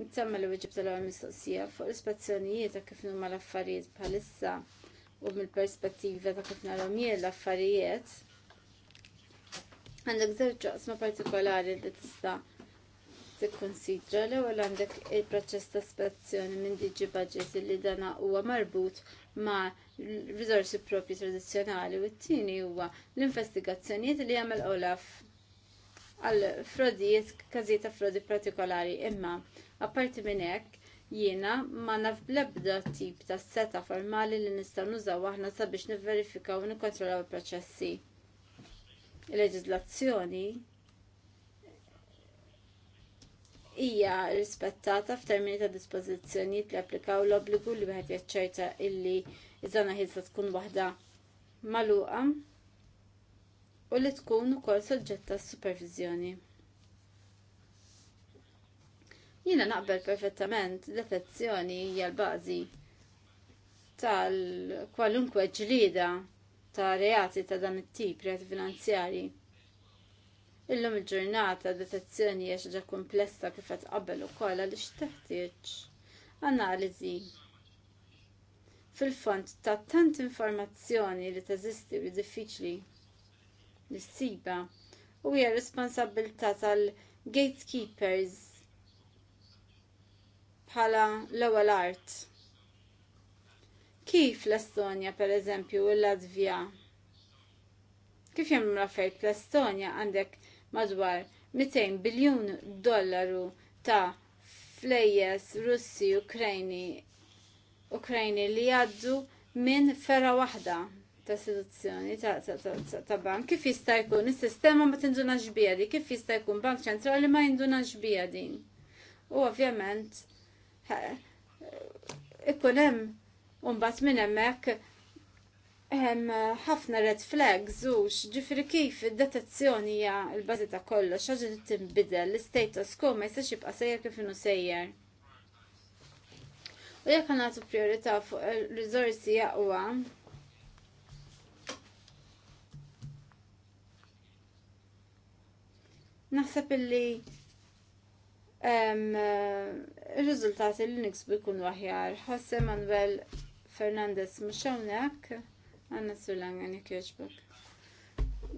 Nittamma li weġib tal-għal mistoqsija fuq l spazzjonijiet ta' kif numa l-affarijiet bħalissa u mill-perspettiva ta' kif narom jien l-affarijiet. Għandek żewġ ġoqsma partikolari li tista' tikkonsidra l ewwel għandek il-proċess ta' spazzjoni minn diġi budget li dana huwa marbut ma' riżorsi propri tradizzjonali u t-tieni huwa l-investigazzjonijiet li jagħmel Olaf għal frodijiet, każijiet ta' frodi partikolari. Imma, apparti minn hekk, jiena ma naf l ebda tip ta' seta formali li nistgħu nużaw aħna sabiex nivverifikaw u nikkontrollaw il-proċessi. Il-leġiżlazzjoni hija rispettata f'termini ta' dispożizzjonijiet li applikaw l-obbligu li wieħed jaċċerta illi iż-żona ħilsa tkun waħda magħluqa u li tkun ukoll soġġetta s-supervizjoni. Jiena naqbel perfettament l-effezzjoni hija l-bażi tal-kwalunkwe ġlida ta' reati ta' dan it-tip reati finanzjari. Illum il-ġurnata detezzjoni hija xaġa komplessa kif qed qabel ukoll għaliex teħtieġ analiżi. Fil-fond ta' tant informazzjoni li teżisti u diffiċli l u hija responsabilità tal-gatekeepers bħala l-ewwel art. Kif l-Estonja pereżempju u l-Latvja? Kif jemm raffejt l-Estonja għandek madwar 200 biljun dollaru ta' flejjes Russi Ukrajni Ukrajni li jgħaddu minn fera waħda ta' istituzzjoni ta' bank, kif jista' jkun is-sistema ma tindunax biedi, kif jista' jkun bank ċentrali ma jindunax din. U ovvjament ikun hemm imbagħad minn hemmhekk hemm ħafna red flags u ġifri kif id-detezzjoni hija l-bażi ta' kollox xaġa tinbidel l-status quo ma jistax jibqa' sejjer kif inhu sejjer. U jekk nagħtu priorità fuq il-riżorsi jaqwa, Naħseb illi il-riżultati li niksbu jkunu aħjar. Jose Manuel Fernandez mhux għanna s-sulang għan jogħġbok.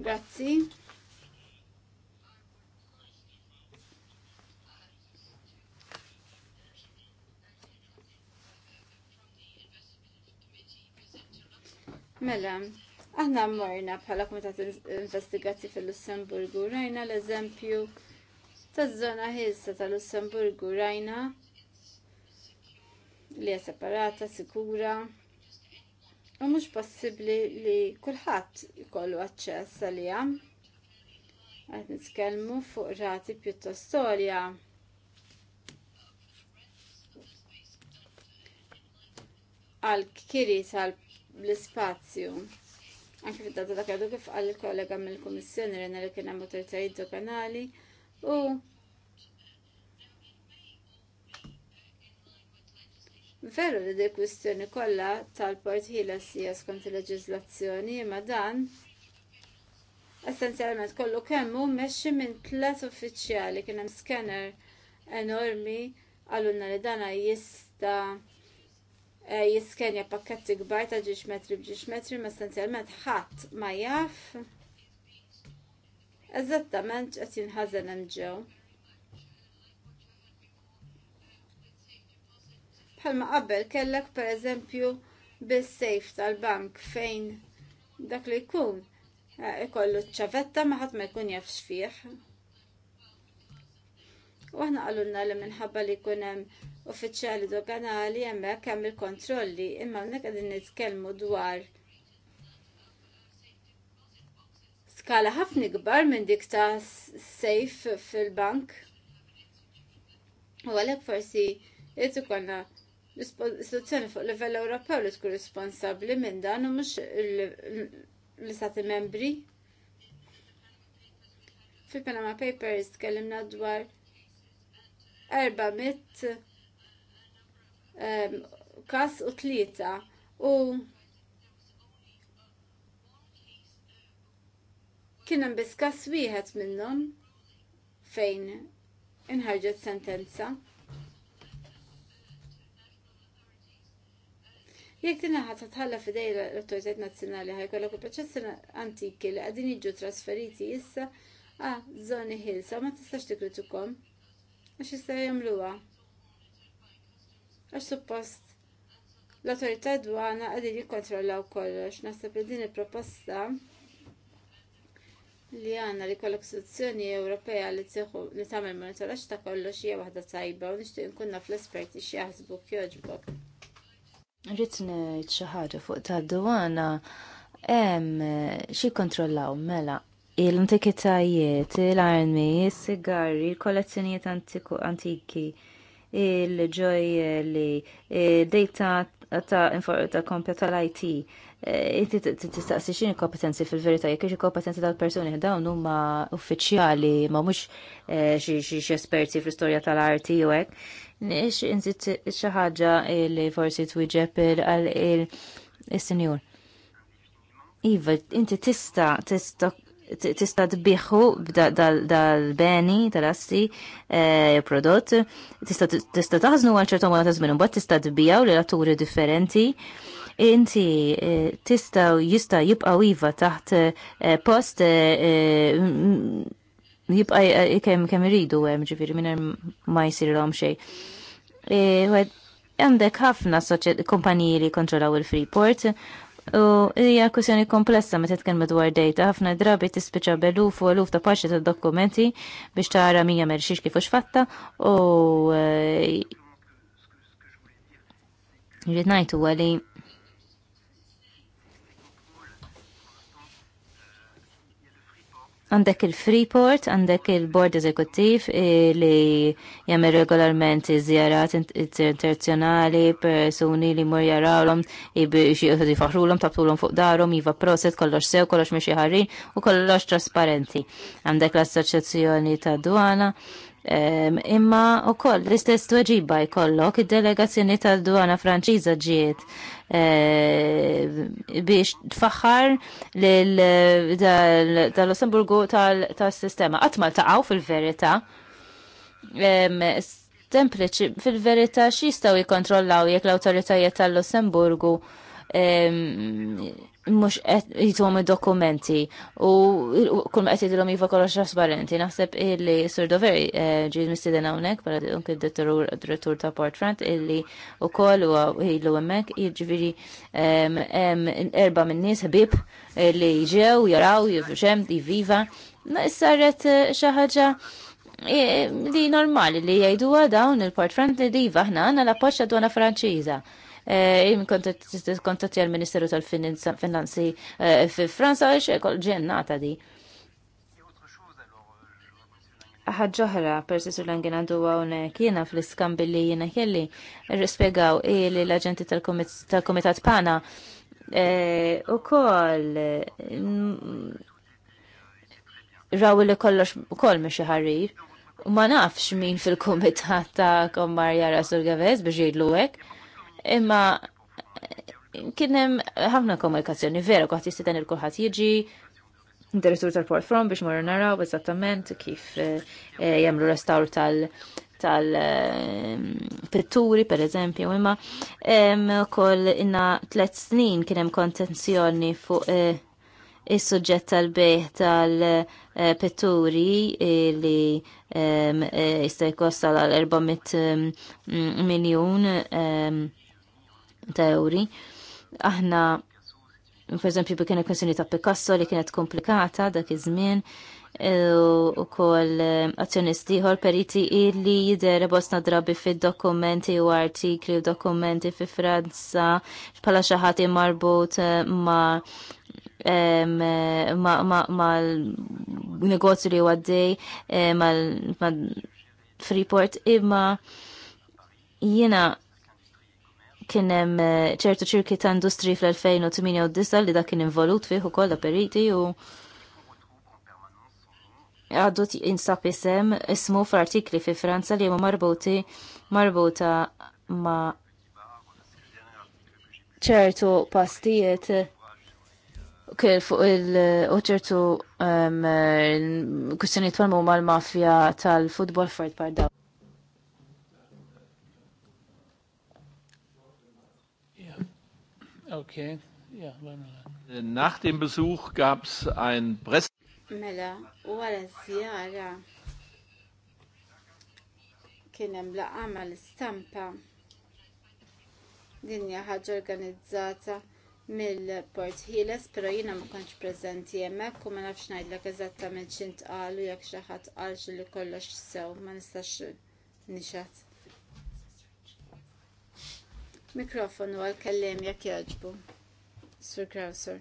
Grazzi. Mela, Aħna mmorna bħala kumitat investigati fil-Lussemburgu, rajna l-eżempju taż-żona ħilsa tal-Lussemburgu, rajna li hija separata, sikura, u mhux possibbli li kulħadd jkollu aċċess għalija. Qed nitkellmu fuq rati pjuttost storja. Għal kiri tal spazju ispazju Anke fid-data dak għadu kif għal kollega mill-Kummissjoni rena li kien hemm autoritajiet kanali u Veru li di kwistjoni kollha tal-port hila sijas kont il-leġiżlazzjoni imma dan essenzjalment kollu kemmu meċi minn tlet uffiċjali kien hemm scanner enormi għallunna li dana jista' Eh, jiskenja pakketti kbar ta' ġiex metri b'ġiex metri ma' essenzjalment ħadd ma jaf eżattament qed jinħażen hemm ġew. Bħalma qabel kellek pereżempju bis-sejf tal-bank fejn dak li jkun eh, ikollu ċavetta ma ħadd ma jkun jaf x'fih. U aħna qalulna li minħabba li jkun hemm uffiċjali doganali hemmhekk hemm il-kontrolli imma hawnhekk qegħdin nitkellmu dwar skala ħafna kbar minn dik ta' sejf fil-bank. U għalhekk forsi jrid l istituzzjoni fuq livell Ewropew li tkun responsabbli minn dan u mhux l-istati membri. Fil-Panama Papers tkellimna dwar 400 kas u tlieta u kien hemm biss każ wieħed minnhom fejn inħarġet sentenza. Jek din ħat tħalla fidej l-autoritet nazzjonali ħajkollok il-proċessi antiki li għadin jiġu trasferiti issa għa zoni ħilsa ma tistax tikritukom għax jista' jagħmluha għax suppost l-autorità dwana għadin jikkontrollaw kollox. Nasab li din il-proposta li għanna li kollok soluzzjoni Ewropea li tseħu li tagħmel monitorax ta' kollox hija waħda tajba u nixtieq nkun fl esperti xi jaħsbu jogħġbok. Rrid ngħid xi ħaġa fuq tad-dwana hemm xi kontrollaw mela l-antikitajiet, il armi is-sigari, il-kollezzjonijiet antiki, il-ġoj li eh, data ta' ta' kompja tal-IT. Eh, inti tistaqsi xin kompetenzi fil verita jekk xie kompetenzi tal-persuni dawn huma uffiċjali ma mhux eh, xie esperti fl-istorja tal-arti u hekk. Nix inżit xi ħaġa li forsi twieġeb għal il-sinjur. Iva, inti tista, tista tista' tbiħħu dal-beni, tal-assi, eh, prodott, tista' taħżnu għal ċertu ma ta' żmien, imbagħad tista' tbijaw lil atturi differenti. Inti eh, tista' jista' jibqa' iva taħt eh, post jibqa' kemm kemm iridu hemm ġifieri minn ma jsirilhom xejn. Għandek ħafna kompaniji li kontrollaw il-Freeport, U hija kwestjoni komplessa meta tkellem dwar data, ħafna drabi tispiċċa beluf u eluf ta' paċi ta' dokumenti biex tara jagħmel merxiex kif hux fatta u eh, ġiet ngħid huwa li Għandek il-Freeport, għandek il-Bord Eżekuttiv eh, li jagħmel regolarment żjarat internazzjonali, persuni li mur jarawhom biex jifaħrulhom, tabtulhom fuq darhom, jiva proset kollox sew, kollox mexi ħarrin u kollox trasparenti. Għandek l-Assoċjazzjoni ta' Dwana Imma u koll l-istess tweġiba jkollok id-delegazzjoni tal-dwana Franċiża ġiet eh, biex tfaħħar tal-Lussemburgu tal-sistema. Għatmal taqaw fil-verita templiċi fil-verita xistaw jikontrollaw jekk l-autoritajiet tal-Lussemburgu mux jitom dokumenti u kull ma qed jidilhom jiva kollox trasparenti. Naħseb illi Sur Doveri eh, ġi mistiden hawnhekk bħala d-dunk d dittur ta' Portrant illi wkoll huwa ilu hemmhekk jiġifieri erba' min-nies ħbib li ġew jaraw jifhem jiviva. Sarret eh, xi ħaġa eh, li normali li jajdu dawn il portfront li diva ħna għandna l-appoċċa għana Franċiża Eh, jim kontatti għal-Ministeru tal-Finanzi eh, fi Franza għax kol ġennata di. ħagġoħra persi sur l-angin għandu għawnek jena fl-iskambi li jina kelli rispegaw il l-agenti tal-komitat pana eh, u koll mm, raw li kollox koll mi ħarrir ma nafx min fil-komitat ta' kommar jara sur Gavez biex jidluwek imma kienem ħafna komunikazzjoni vera kwaħt jistidan il-kulħat jiġi, direttur tal-portfrom biex morru naraw eżattament kif eh, eh, jemlu restawr tal- tal-pitturi, eh, per eżempju, imma kol inna tlet snin kienem kontenzjoni fuq il-sujġett tal-beħ tal-pitturi li jista' jkosta l-400 mm, miljon ta' euri. Aħna, per eżempju, bi kienet kwestjoni ta' Picasso li kienet komplikata dak iż-żmien u kol eh, azzjonisti ħor periti illi jidher bosna drabi fid dokumenti u artikli u dokumenti fi Franza x'pala xi ħadd marbut eh, eh, ma' mal-negozju li għaddej, ma freeport imma jina kien hemm eh, ċertu ċirki ta' industri fl-2008 li dak kien involut fih ukoll periti u għaddu insab isem ismu f'artikli fi Franza li huma marbuti marbuta ma' ċertu pastijiet kif fuq il-ċertu um, eh, kustjoni tal-mumma l-mafja tal-futbol fard par daw. Okay, ja, yeah, äh, Nach dem Besuch gab es ein Press... Mela, u għala zjara kienem laqa mal-istampa dinja ħaġa organizzata mill-Port Hiles, pero jina ma kontx prezenti jemmek u ma nafx najdlek eżattament xint qalu jekk xaħat qalx li kollox sew, ma nistax nixat. Mikrofonu għal-kellim jekk jaġbu. Sir Krauser.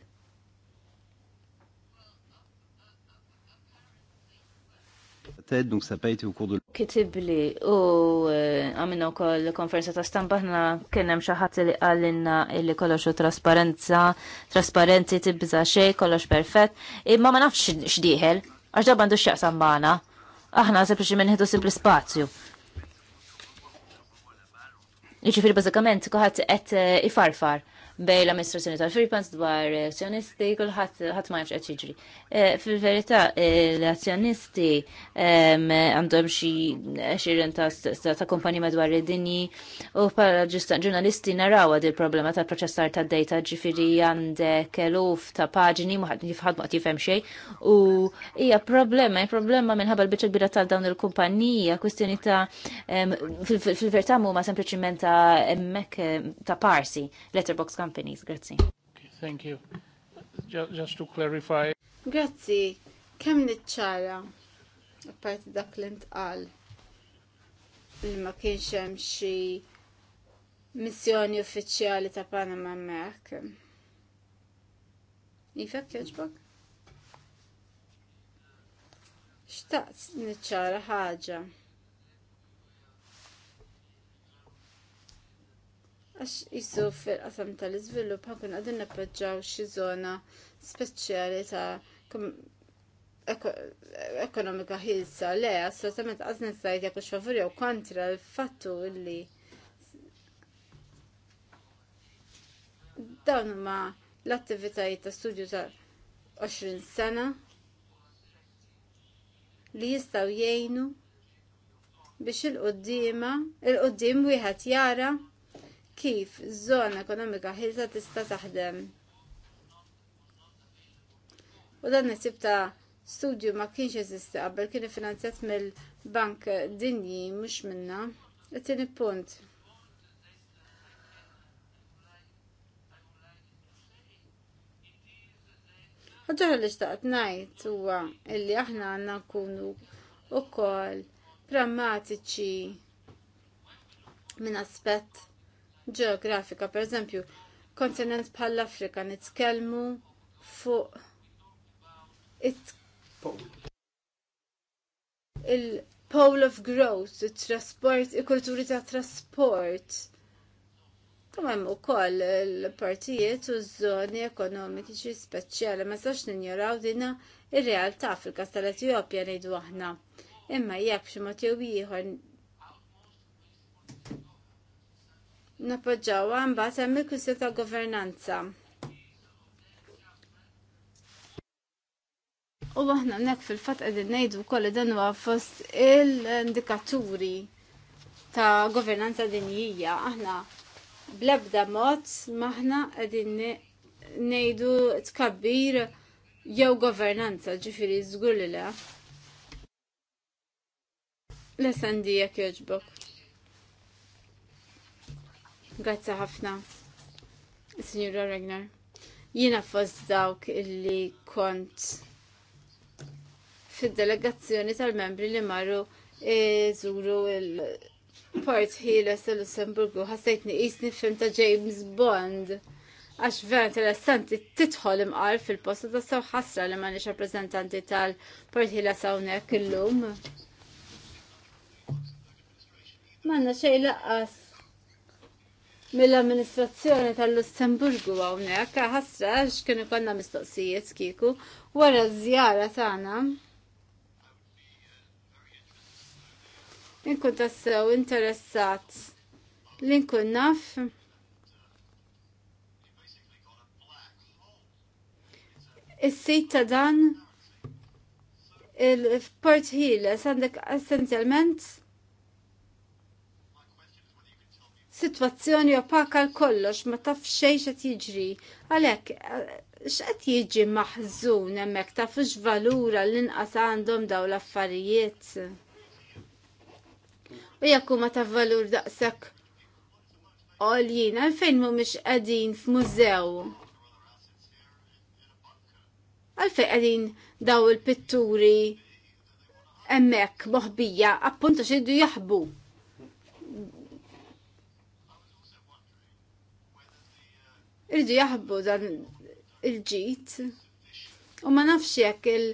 Ted, donc ça n'a Kitibli, u eh, għamina u koll konferenza ta' stampa ħna kienem xaħat li għallinna illi kollox trasparenza, trasparenti tibza xej, kollox perfett, imma ma nafx xdiħel, għax dabandu xjaqsam maħna, aħna sempliċi minnħidu simpli spazju. Iċifir bazzikament kuħat għet ifarfar bej l-amministrazzjoni tal-Freepans dwar azzjonisti, kullħat ħadd ma jafx qed jiġri. Eh, fil-verità eh, l-azzjonisti ehm, għandhom xi xirin ta' kompani madwar id-dinji u bħala ġurnalisti naraw għad il-problema ta' proċessar ta' data ġifiri għandek uf ta' paġni muħad nifħad muqt jifhem xejn u hija problema, hija problema minħabba l-biċċa kbira tal dawn il-kumpanija, kwistjoni ta' ehm, fil mu huma sempliciment ta' emmek ta' parsi, letterbox companies. Grazzi. Thank you. Just to clarify. Grazzi. Kemm niċċara? Apparti dak li ntqal li ma kienx hemm xi missjoni uffiċjali ta' Panama Mek. Ifek iva, jogħġbok? Xtaqt niċċara ħaġa. għax jissu fil-qasam tal-izvillup ħakun għadin nappoġġaw xi zona speċjali ta' ekonomika ħilsa le assolutament għazna sajt jakux favori u kontra l-fattu illi dawn huma l-attivitajiet ta' studju ta' 20 sena li jistaw jgħinu biex il-qoddima, il-qoddim wieħed jara kif żona ekonomika ħilsa tista' taħdem. U dan nisib ta' studju ma kienx jeżisti qabel kien finanzjat mill-Bank Dinji mhux minna. It'tieni tieni punt. Ħaġa li xtaqt ngħid huwa illi aħna għandna nkunu wkoll prammatiċi minn aspett ġeografika, per eżempju, kontinent bħall afrika nitkellmu fuq it il-pole of growth, il-trasport, il-kulturi ta' trasport. Tamam u koll il-partijiet u z-zoni ekonomiċi speċjali ma sax ninjoraw dina il-realta Afrika tal-Etjopja nejdu aħna. Imma jekk xi mod jew ieħor Nappoġġaw ah, mbagħad hemm il-kwistjoni ta' governanza. U aħna nek fil-fatt qegħdin ngħidu wkoll dan huwa fost il-indikaturi ta' governanza dinjija. Aħna blabda mod maħna qegħdin ngħidu tkabbir jew governanza ġifieri żgur li le. L-SND jekk Grazzi ħafna, Signora Regner. Jina fost dawk illi kont fil-delegazzjoni tal-membri li marru zuru il-Port Hilles l-Lussemburgu ħassajtni jisni film ta' James Bond għax vera interessanti titħol imqar fil-posta ta' saw ħasra li ma' nix rappresentanti tal-Port Hilles hawnhekk illum. Manna xej laqqas mill-amministrazzjoni tal-Lussemburgu hawnhekk ħasra għax kien ikollna mistoqsijiet kieku wara żjara tagħna. Inkun tassew interessat li nkun naf Is-sit ta' dan il-Port Hill għandek essenzjalment situazzjoni opaka l-kollox ma taf xej xa jiġri. Għalek, xa jiġi maħżun emmek taf valura l-inqas għandhom daw l-affarijiet. U jekku ma taf valur daqsak għoljina għalfejn mu mux għadin f'mużew. Għalfejn għadin daw il-pitturi emmek moħbija, appunto xiddu jaħbu. irridu jaħbu dan il-ġit u ma nafx jekk il-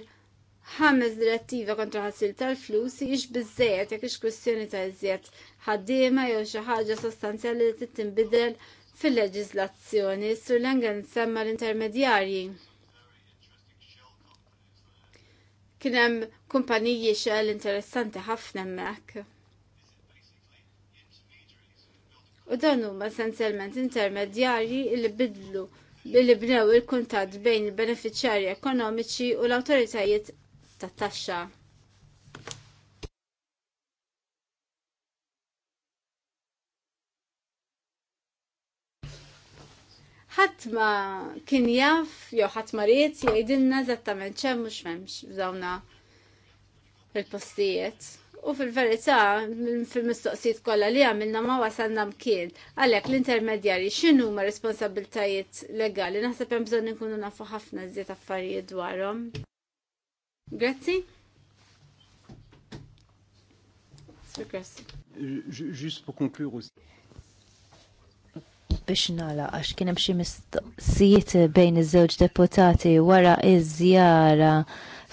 ħames direttiva kontra ħassil tal-flus jiex bizzejet jekk ix kwestjoni ta' jizzejet ħaddiema jew xi ħaġa sostanzjali li trid tinbidel fil-leġiżlazzjoni sur l-engel semma l-intermedjarji. Kien hemm kumpaniji xel interessanti ħafna hemmhekk. U dan huma essenzjalment intermedjarji li bidlu li bnew il-kuntatt bejn il-beneficjarji ekonomiċi u l-awtoritajiet tat-taxxa. ħadd ma kien jaf jew ħadd ma ried jgħidilna eżattament xemm mhux m'hemmx f'dawna il-postijiet. U fil-verità, fil-mistoqsijiet kollha li għamilna ma wasalna mkien. Għalhekk l-intermedjari x'inhu ma responsabiltajiet legali naħseb hemm bżonn inkunu nafu ħafna żiet affarijiet dwarhom. Grazzi. Just pour conclure aussi. Biex nala, għax kienem xie mistoqsijiet bejn iż-żewġ deputati wara iż-żjara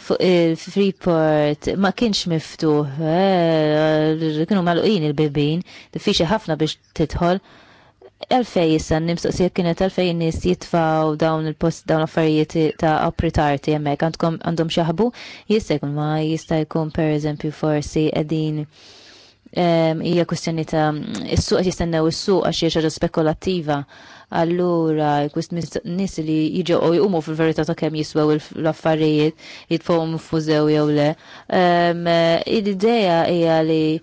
fuq il-Freeport ma kienx miftuħ, eh, kienu maluqin il-bibin, diffiċi ħafna biex titħol. Għalfej jissa nimstoqsija kienet għalfej nis jitfaw dawn il-post dawn affarijiet ta' apritarti jemmek għandhom xaħbu jista' jkun ma jista' jkun per eżempju forsi għedin ehm, hija kustjoni ta' s suq jistennew is-suq għax hija spekulattiva allura kust nis li jiġu u jqumu fil verita ta' kemm jiswew l-affarijiet jitfawhom fużew jew le. L-idea hija li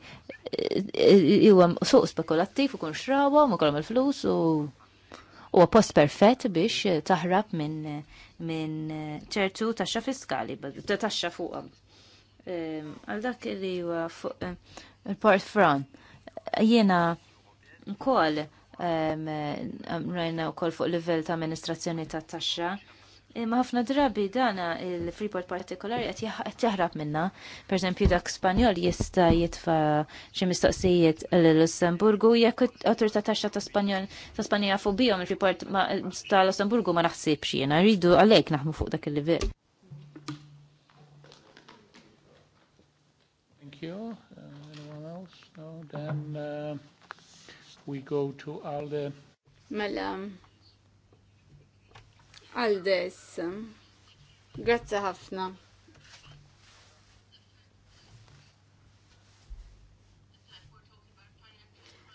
eh, huwa suq spekulattiv kun xrawa ma kolom il-flus u huwa post perfett biex taħrab minn minn ċertu taxxa fiskali, taxxa fuqhom. Għal dak li huwa fuq eh, il-Port Fran. Jiena nkoll rajna wkoll fuq level ta' amministrazzjoni ta' taxxa. Ma ħafna drabi dana il-Freeport partikolari qed jaħrab minna. esempio, dak Spanjol jista' jitfa xi mistoqsijiet l-Lussemburgu jekk awtorità taxxa ta' Spanjol ta' Spanja fuq bihom il-Freeport ta' Lussemburgu ma naħsibx jiena rridu għalek naħmu fuq dak il level Thank you. Uh, anyone else? No, then uh we go to Alde. Mela, Aldes, grazzi ħafna.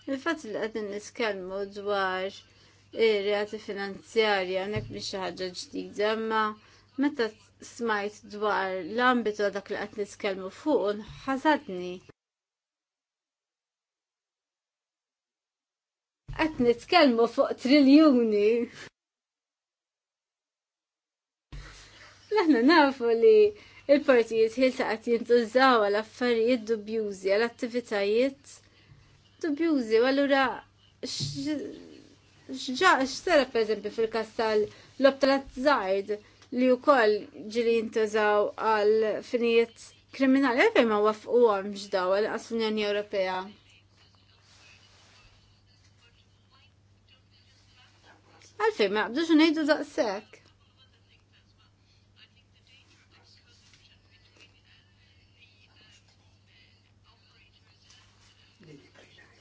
Il-fatt li għadin niskelmu dwar ir-reati finanzjarja nek biex ħaġa ġdida, ma meta smajt dwar l-ambitu dak li qed nitkellmu fuq ħasadni qed nitkellmu fuq triljuni. L Aħna nafu li il-partijiet ħilta qed jintużaw għal affarijiet dubjużi, għal attivitajiet dubjużi, u allura x'ġa x'sara pereżempju fil-każ tal-lob tal-azzard li wkoll ġili jintużaw għal finijiet kriminali għalfejn ma waffqu għamx daw għal Unjoni Ewropea. Għalfejn ma għabdux ngħidu daqshekk.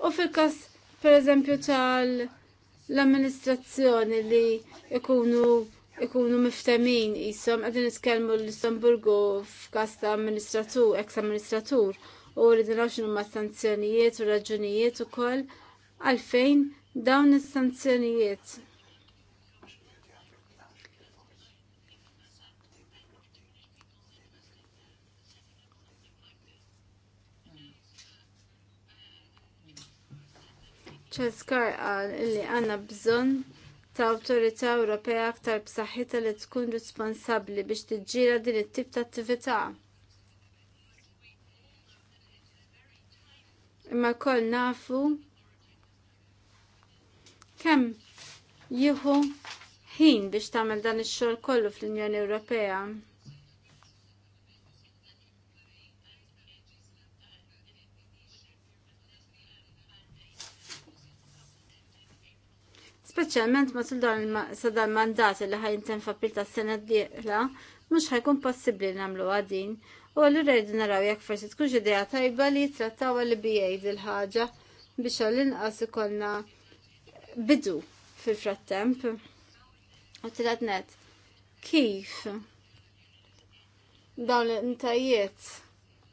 U fil-kas per eżempju tal l-amministrazzjoni li ikunu ikunu miftemin jisom għadin iskelmu l-Istanburgu f'kas ta' amministratur, ex-amministratur u li dinaw xinu ma' sanzjonijiet u raġunijiet u koll għalfejn dawn is-sanzjonijiet. Charles Carr qal li għandna bżonn ta' Awtorità Ewropea aktar b'saħħitha li tkun responsabbli biex tiġġiela din it-tip ta' attività. Imma wkoll nafu kemm jieħu ħin biex tagħmel dan ix-xogħol kollu fl-Unjoni Ewropea. Speċjalment ma sa dal mandat li ħajn f'April tas-sena d dieħla mhux ħajkun possibbli namlu għadin. U allura rridu naraw jekk forsi tkunx idea tajba li jittrattaw għalli bijaj dil-ħaġa biex għall-inqas ikollna bidu fil-frattemp. U tilat net, kif dawn l-intajiet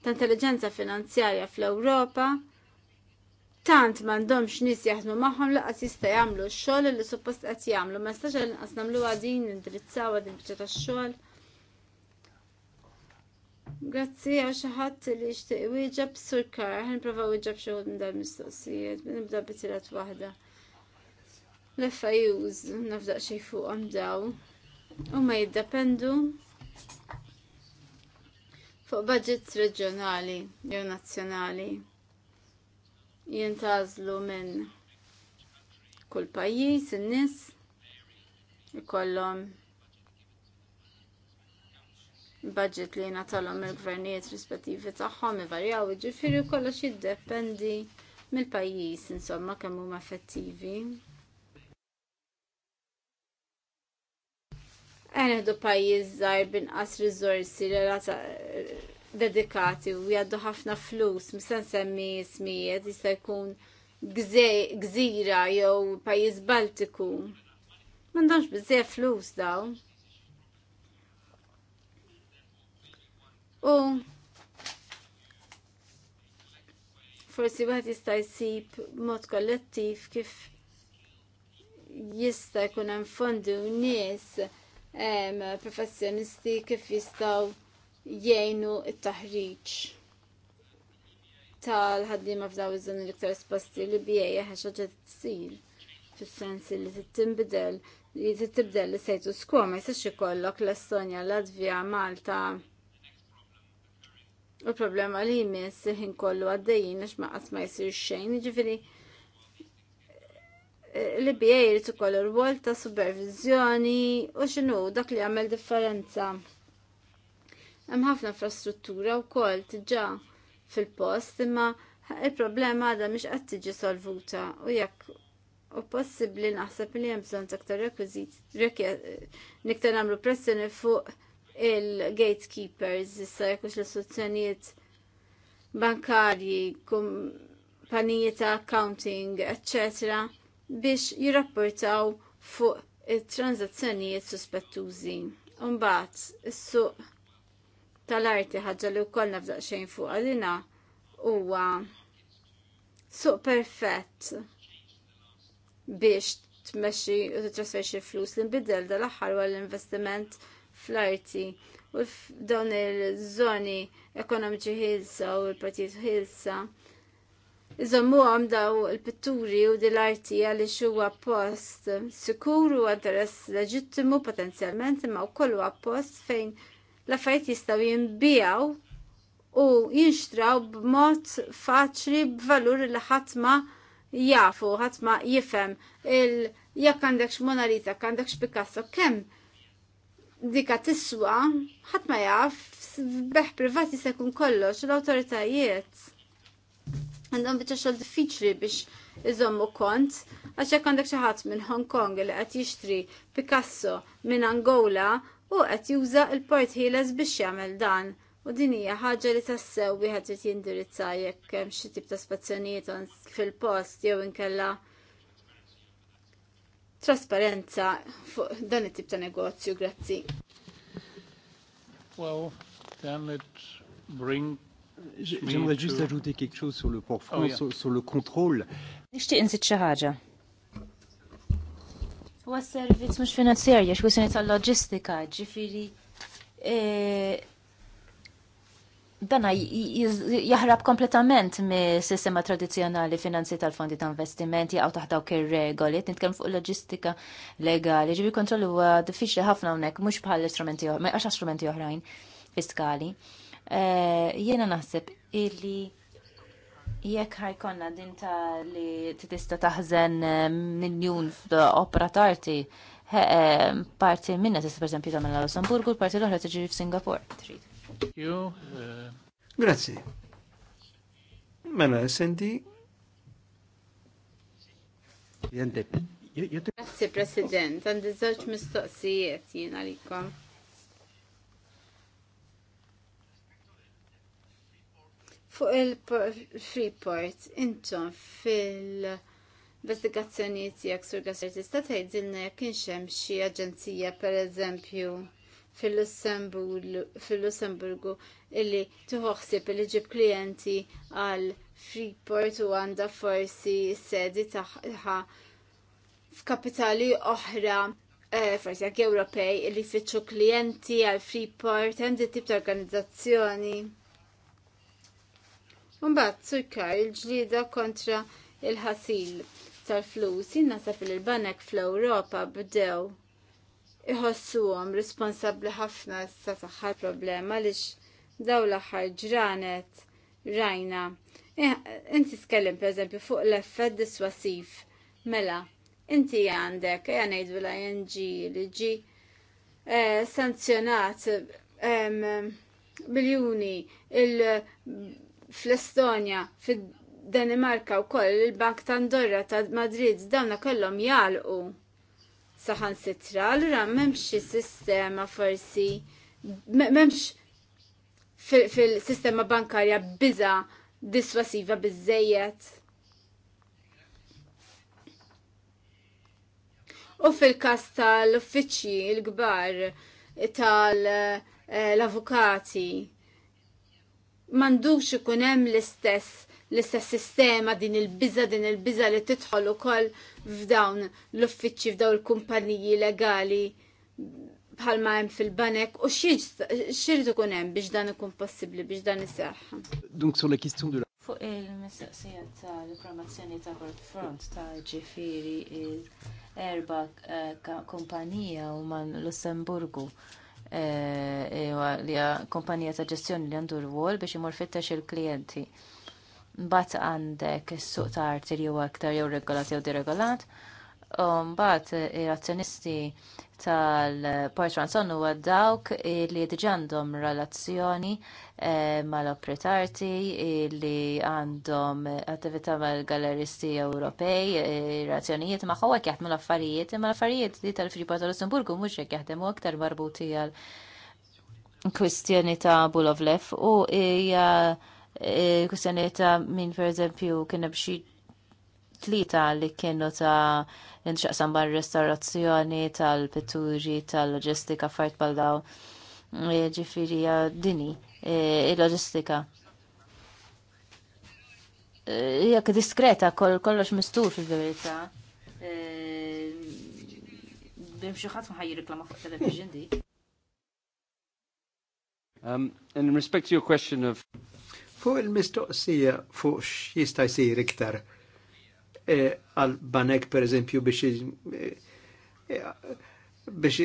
ta' intelligenza finanzjarja fl-Ewropa tant m'għandhomx nies jaħdmu magħhom laqas jista' jagħmlu x-xogħol li suppost qed jagħmlu, ma nistax inqas nagħmluha din nindirizzaw din biċċa tax-xogħol. Grazzi għaw xaħat li xtiq wieġeb surkar, ħan prova wieġeb xi minn dal-mistoqsijiet, nibda bitilat waħda. Leffa już, nafdaq xej fuqhom daw. U ma jiddependu fuq budgets reġjonali jew nazzjonali jintazlu minn kull pajjiż, in-nies ikollhom budget li natalhom il-gvernijiet rispettivi tagħhom ivarjaw jiġifieri kollox jiddependi mill-pajjiż insomma kemm huma effettivi. Għenħdu pajjiż żgħar binqas riżorsi dedikati u jaddu ħafna flus, misan semmi smijed, jista' jkun gżira jew pajjiż Baltiku. M'għandhomx biżej flus daw. U forsi wieħed jista' jsib mod kollettiv kif jista' jkun hemm fondi u nies professjonisti kif jistgħu jgħinu it-taħriġ tal-ħaddima f'daw iż-żon l-iktar sposti li bjeja ħaxa ġed tsir fis-sens li tittinbidel li tittibdel li sejtu skwa ma jistax ikollok l-Estonja, Latvija, Malta. U problema li jmiss ħin kollu għaddejjin għax ma qatt ma jsir xejn, ġifieri li bjeja jrid ikollu rwol ta' supervizjoni u x'inhu dak li għamel differenza. Hemm ħafna infrastruttura wkoll tiġà fil-post imma il-problema għadha mhix qed tiġi solvuta u jekk u possibbli naħseb li hemm bżonn aktar rekwiżit niktar nagħmlu pressjoni fuq il-gatekeepers issa jekk l-istituzzjonijiet bankarji, kumpaniji ta' accounting, etc. biex jirrapportaw fuq it-transazzjonijiet suspettużi. Umbat, is-suq tal-arti ħagġa li wkoll nafdaq xejn fuq għalina huwa suq perfett biex tmexxi u titrasferxi flus li nbidel dal-aħħar għal investiment fl-arti u f'dawn il-żoni ekonomiċi ħilsa u l-partijiet ħilsa. Iżommu għam daw il-pitturi u dil-arti għalli huwa post sikuru għadderess leġittimu potenzjalment imma u kollu post fejn l-affarijiet jistgħu jinbijaw u jinxtraw b'mod faċli b'valur li ħadd ma jafu, ħadd ma jifhem il jekk għandek monarita Lisa, għandek Picasso, kemm dika tiswa, ħadd ma jaf, beħ privat se jkun kollox, l-awtoritajiet għandhom biċċa xogħol diffiċli biex iżommu kont, għax jekk għandek xi ħadd minn Hong Kong li qed jixtri Picasso minn Angola u qed juża l-port ħieles biex jagħmel dan u din hija ħaġa li tassew wieħed irid jindirizza jekk hemm xi tip ta' spazzjonijiet fil-post jew inkella trasparenza fuq dan it-tip ta' negozju, grazzi. Well, then it bring J'aimerais juste ajouter quelque chose sur le oh, yeah. sur, sur le contrôle. Nixtieq insit xi ħaġa. Was servizz mhux finanzjarja x'wisni tal-loġistika, ġifieri e, dana jahrab kompletament mis sistema tradizjonali finanzi tal-fondi ta' investimenti għaw taħt dawk ir-regoli, nitkellem fuq loġistika legali, ġibi kontroll huwa diffiċli ħafna hawnhekk mhux bħal istrumenti ma għax strumenti oħrajn fiskali. E, jiena naħseb illi Jekk ħajkonna din ta' li t tista taħżen eh, minnjun f'opera arti, eh, parti minna t tista' per esempio tamen tagħmel Lussemburgu, parti l-oħra ohra tiġi f'Singapur. Eh, Grazie. Mela, senti. Grazie President, għandi żewġ mistoqsijiet jiena likom. fuq il-Freeport intom fil-investigazzjonijiet tiegħek sur gasser tista' tgħidilna jekk kienx hemm xi aġenzija pereżempju fil-Lussemburgu illi tħoħsib li ġib klijenti għal Freeport u għandha forsi sedi taħħa f'kapitali oħra eh, forsi għak Ewropej illi jfittxu klijenti għal Freeport hemm dit tip ta' organizzazzjoni. Mbagħad Turkar il-ġlieda kontra il-ħasil tal-flus jinnasab il-banek fl-Ewropa bdew iħossuhom responsabbli ħafna issa saħħa problema għaliex daw l-aħħar ġranet rajna. Eh, inti skellim eżempju fuq l-effett diswasiv mela inti għandek ejja ngħidu l-ING li ġi eh, sanzjonat biljuni il fl-Estonja, fil-Danimarka u koll il-Bank ta' Andorra ta' Madrid dawna kollom jalqu. Saħan sitra, allura memx sistema forsi, memx fil-sistema bankarja biza diswasiva bizzejiet. U fil-kas tal uffiċċji eh, l-gbar tal-avukati mandux ikun hemm l-istess l-istess sistema din il-biża din il-biża li tidħol ukoll f'dawn l-uffiċċji f'dawn il-kumpaniji legali bħalma hemm fil-banek u xirrid ikun hemm biex dan ikun possibbli biex dan iseħħ. Dunk sur la question de Fuq il-mistaqsija tal-informazzjoni ta' front ta' ġifiri il-erba eh, kumpanija u man Lussemburgu. Eh, eh, li kompanija ta' ġestjoni li għandu rwol biex imur fittex il-klijenti. Mbagħad għandek is-suq ta' arti li aktar jew regolat jew diregolat. Mbagħad il eh, azzjonisti tal-portranson huwa dawk li għandhom relazzjoni eh, mal-opretarti li għandhom attività mal-galleristi Ewropej, eh, relazzjonijiet ma' għawek jaħdmu l-affarijiet, imma l-affarijiet li tal-Fripa tal-Lussemburgu mux jek jaħdmu aktar marbuti għal kwistjoni ta' Bulovlev u hija eh, kwistjoni ta' min per eżempju kien hemm xi tlita li kienu ta' nxaqsam bar restaurazzjoni tal-pitturi, tal-loġistika, fart bal daw e, ġifiri dini, e, il-loġistika. E, Jek diskreta, kollox mistur fil-verita. Bimxieħat maħaj reklama fuq television di. Um, in respect to your question of... Fuq il-mistoqsija fuq x'jista' jsir iktar E, għal-banek per eżempju biex e, biex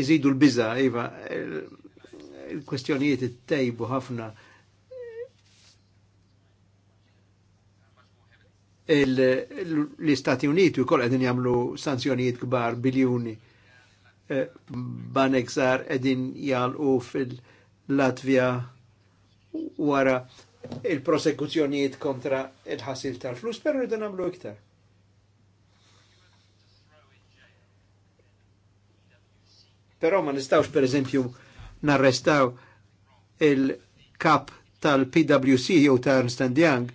iżidu l-biza, iva, il-kwestjonijiet it-tejbu ħafna. l-Istati Uniti u kol għedin jamlu sanzjonijiet kbar biljuni e, banek zar edin u fil-Latvija wara il-prosekuzzjonijiet kontra il-ħasil tal-flus, pero rridu nagħmlu iktar. Però ma nistawx per eżempju narrestaw il-kap tal-PWC jew ta' Ernst Young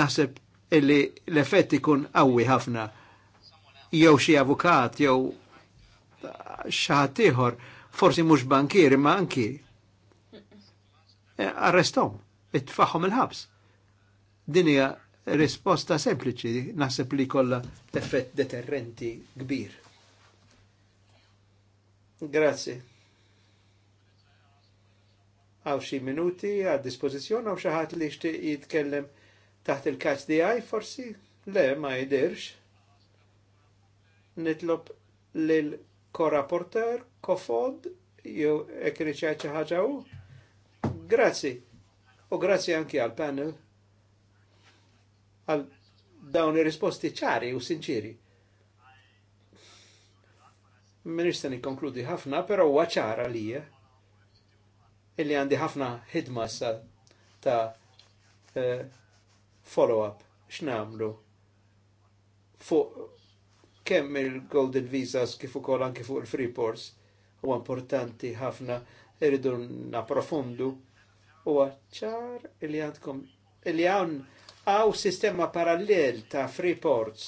naħseb illi l-effett ikun għawi ħafna jew xi avukat jew xaħat ieħor forsi mhux bankier imma anki arrestom, it-tfaħom il-ħabs. Dinija risposta sempliċi, naħseb li kolla effett deterrenti kbir. Grazie. Għaw xi minuti għad dispożizzjoni għaw xaħat li xtiq jitkellem taħt il-kaċ di għaj forsi? Le, ma jidirx. Nitlob lil korrapporter kofod jew ekriċa ħagħu? Grazzi. U grazzi anki għal panel għal dawn ir-risposti ċari u sinċiri. Minix se nikkonkludi ħafna, però huwa ċara lija illi għandi ħafna ħidma sa ta' eh, follow-up x'namlu fuq kemm il-Golden Visas kif ukoll anki fuq il-Freeports huwa importanti ħafna irridu naprofundu u għacċar li għandkom li għan għaw sistema parallel ta' free ports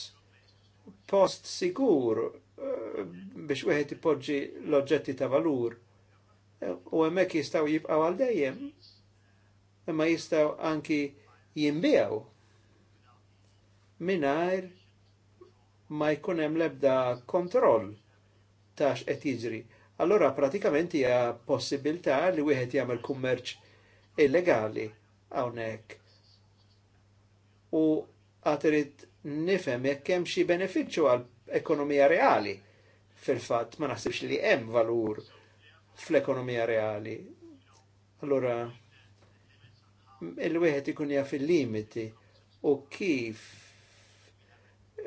post sigur eh, biex weħet ipoġġi l-oġġetti ta' valur eh, u hemmhekk jistgħu jibqgħu għal dejjem imma jistgħu anki jimbijaw mingħajr ma jkun hemm l-ebda kontroll ta' x'qed jiġri. Allora pratikament hija possibilità li wieħed jagħmel kummerċ illegali hawnhekk. U għatirid nifhem jekk hemm xi benefiċċju għal ekonomija reali. Fil-fatt ma naħsibx li hemm valur fl-ekonomija reali. Allura il-wieħed ikun jaf il-limiti u kif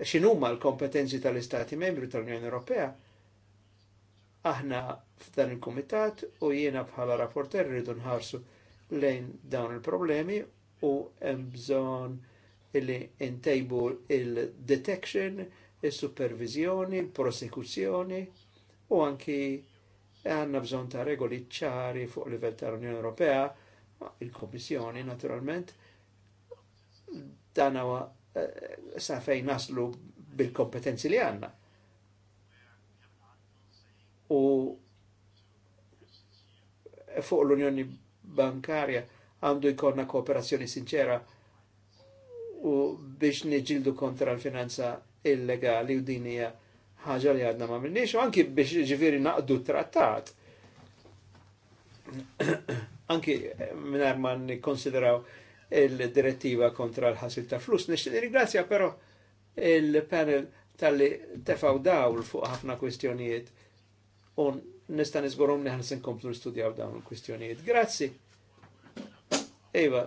x'inhuma l-kompetenzi tal-Istati Membri tal-Unjoni Ewropea aħna f'dan il-Kumitat u jiena bħala rapporter rridu nħarsu lejn dawn il-problemi u hemm bżonn illi intejbu il-detection, il-supervizjoni, il-prosekuzzjoni u anki għanna bżonn ta' regoli ċari fuq livell tal-Unjoni Ewropea, il-Kommissjoni naturalment, dan huwa eh, sa fejn naslu bil-kompetenzi li għanna. U fuq l-Unjoni bankarja għandu jkollna kooperazzjoni sinċera u biex niġildu kontra l-finanza illegali u dinija ħaġa li għadna ma minnix, u anki biex ġifiri naqdu trattat. anki minnar ma nikonsideraw il-direttiva kontra l-ħasil ta' flus. Nix ringrazzja però il-panel tal-li tefaw dawl fuq ħafna kwestjonijiet un nista' niżgurum neħan ħansin komplu nistudjaw dawn il-kwistjonijiet. Grazzi. Iva,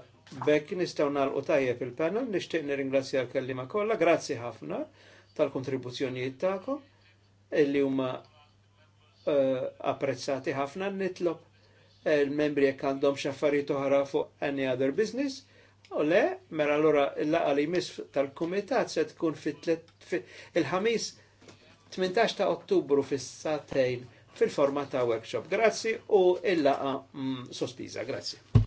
bekk nistgħu nagħlqu tajjeb il-panel, nixtieq nirringrazzja l-kellima kollha, grazzi ħafna tal-kontribuzzjonijiet tagħkom illi huma uh, apprezzati ħafna nitlob eh, il-membri jekk għandhom xaffariet oħra fuq any other business. U le, mera allura il-laqa li jmiss tal-kumitat se tkun fit-il-ħamis 18 ta' Ottubru fis-satejn fil format ta' workshop. Grazzi u illa mm, sospiża. Grazzi.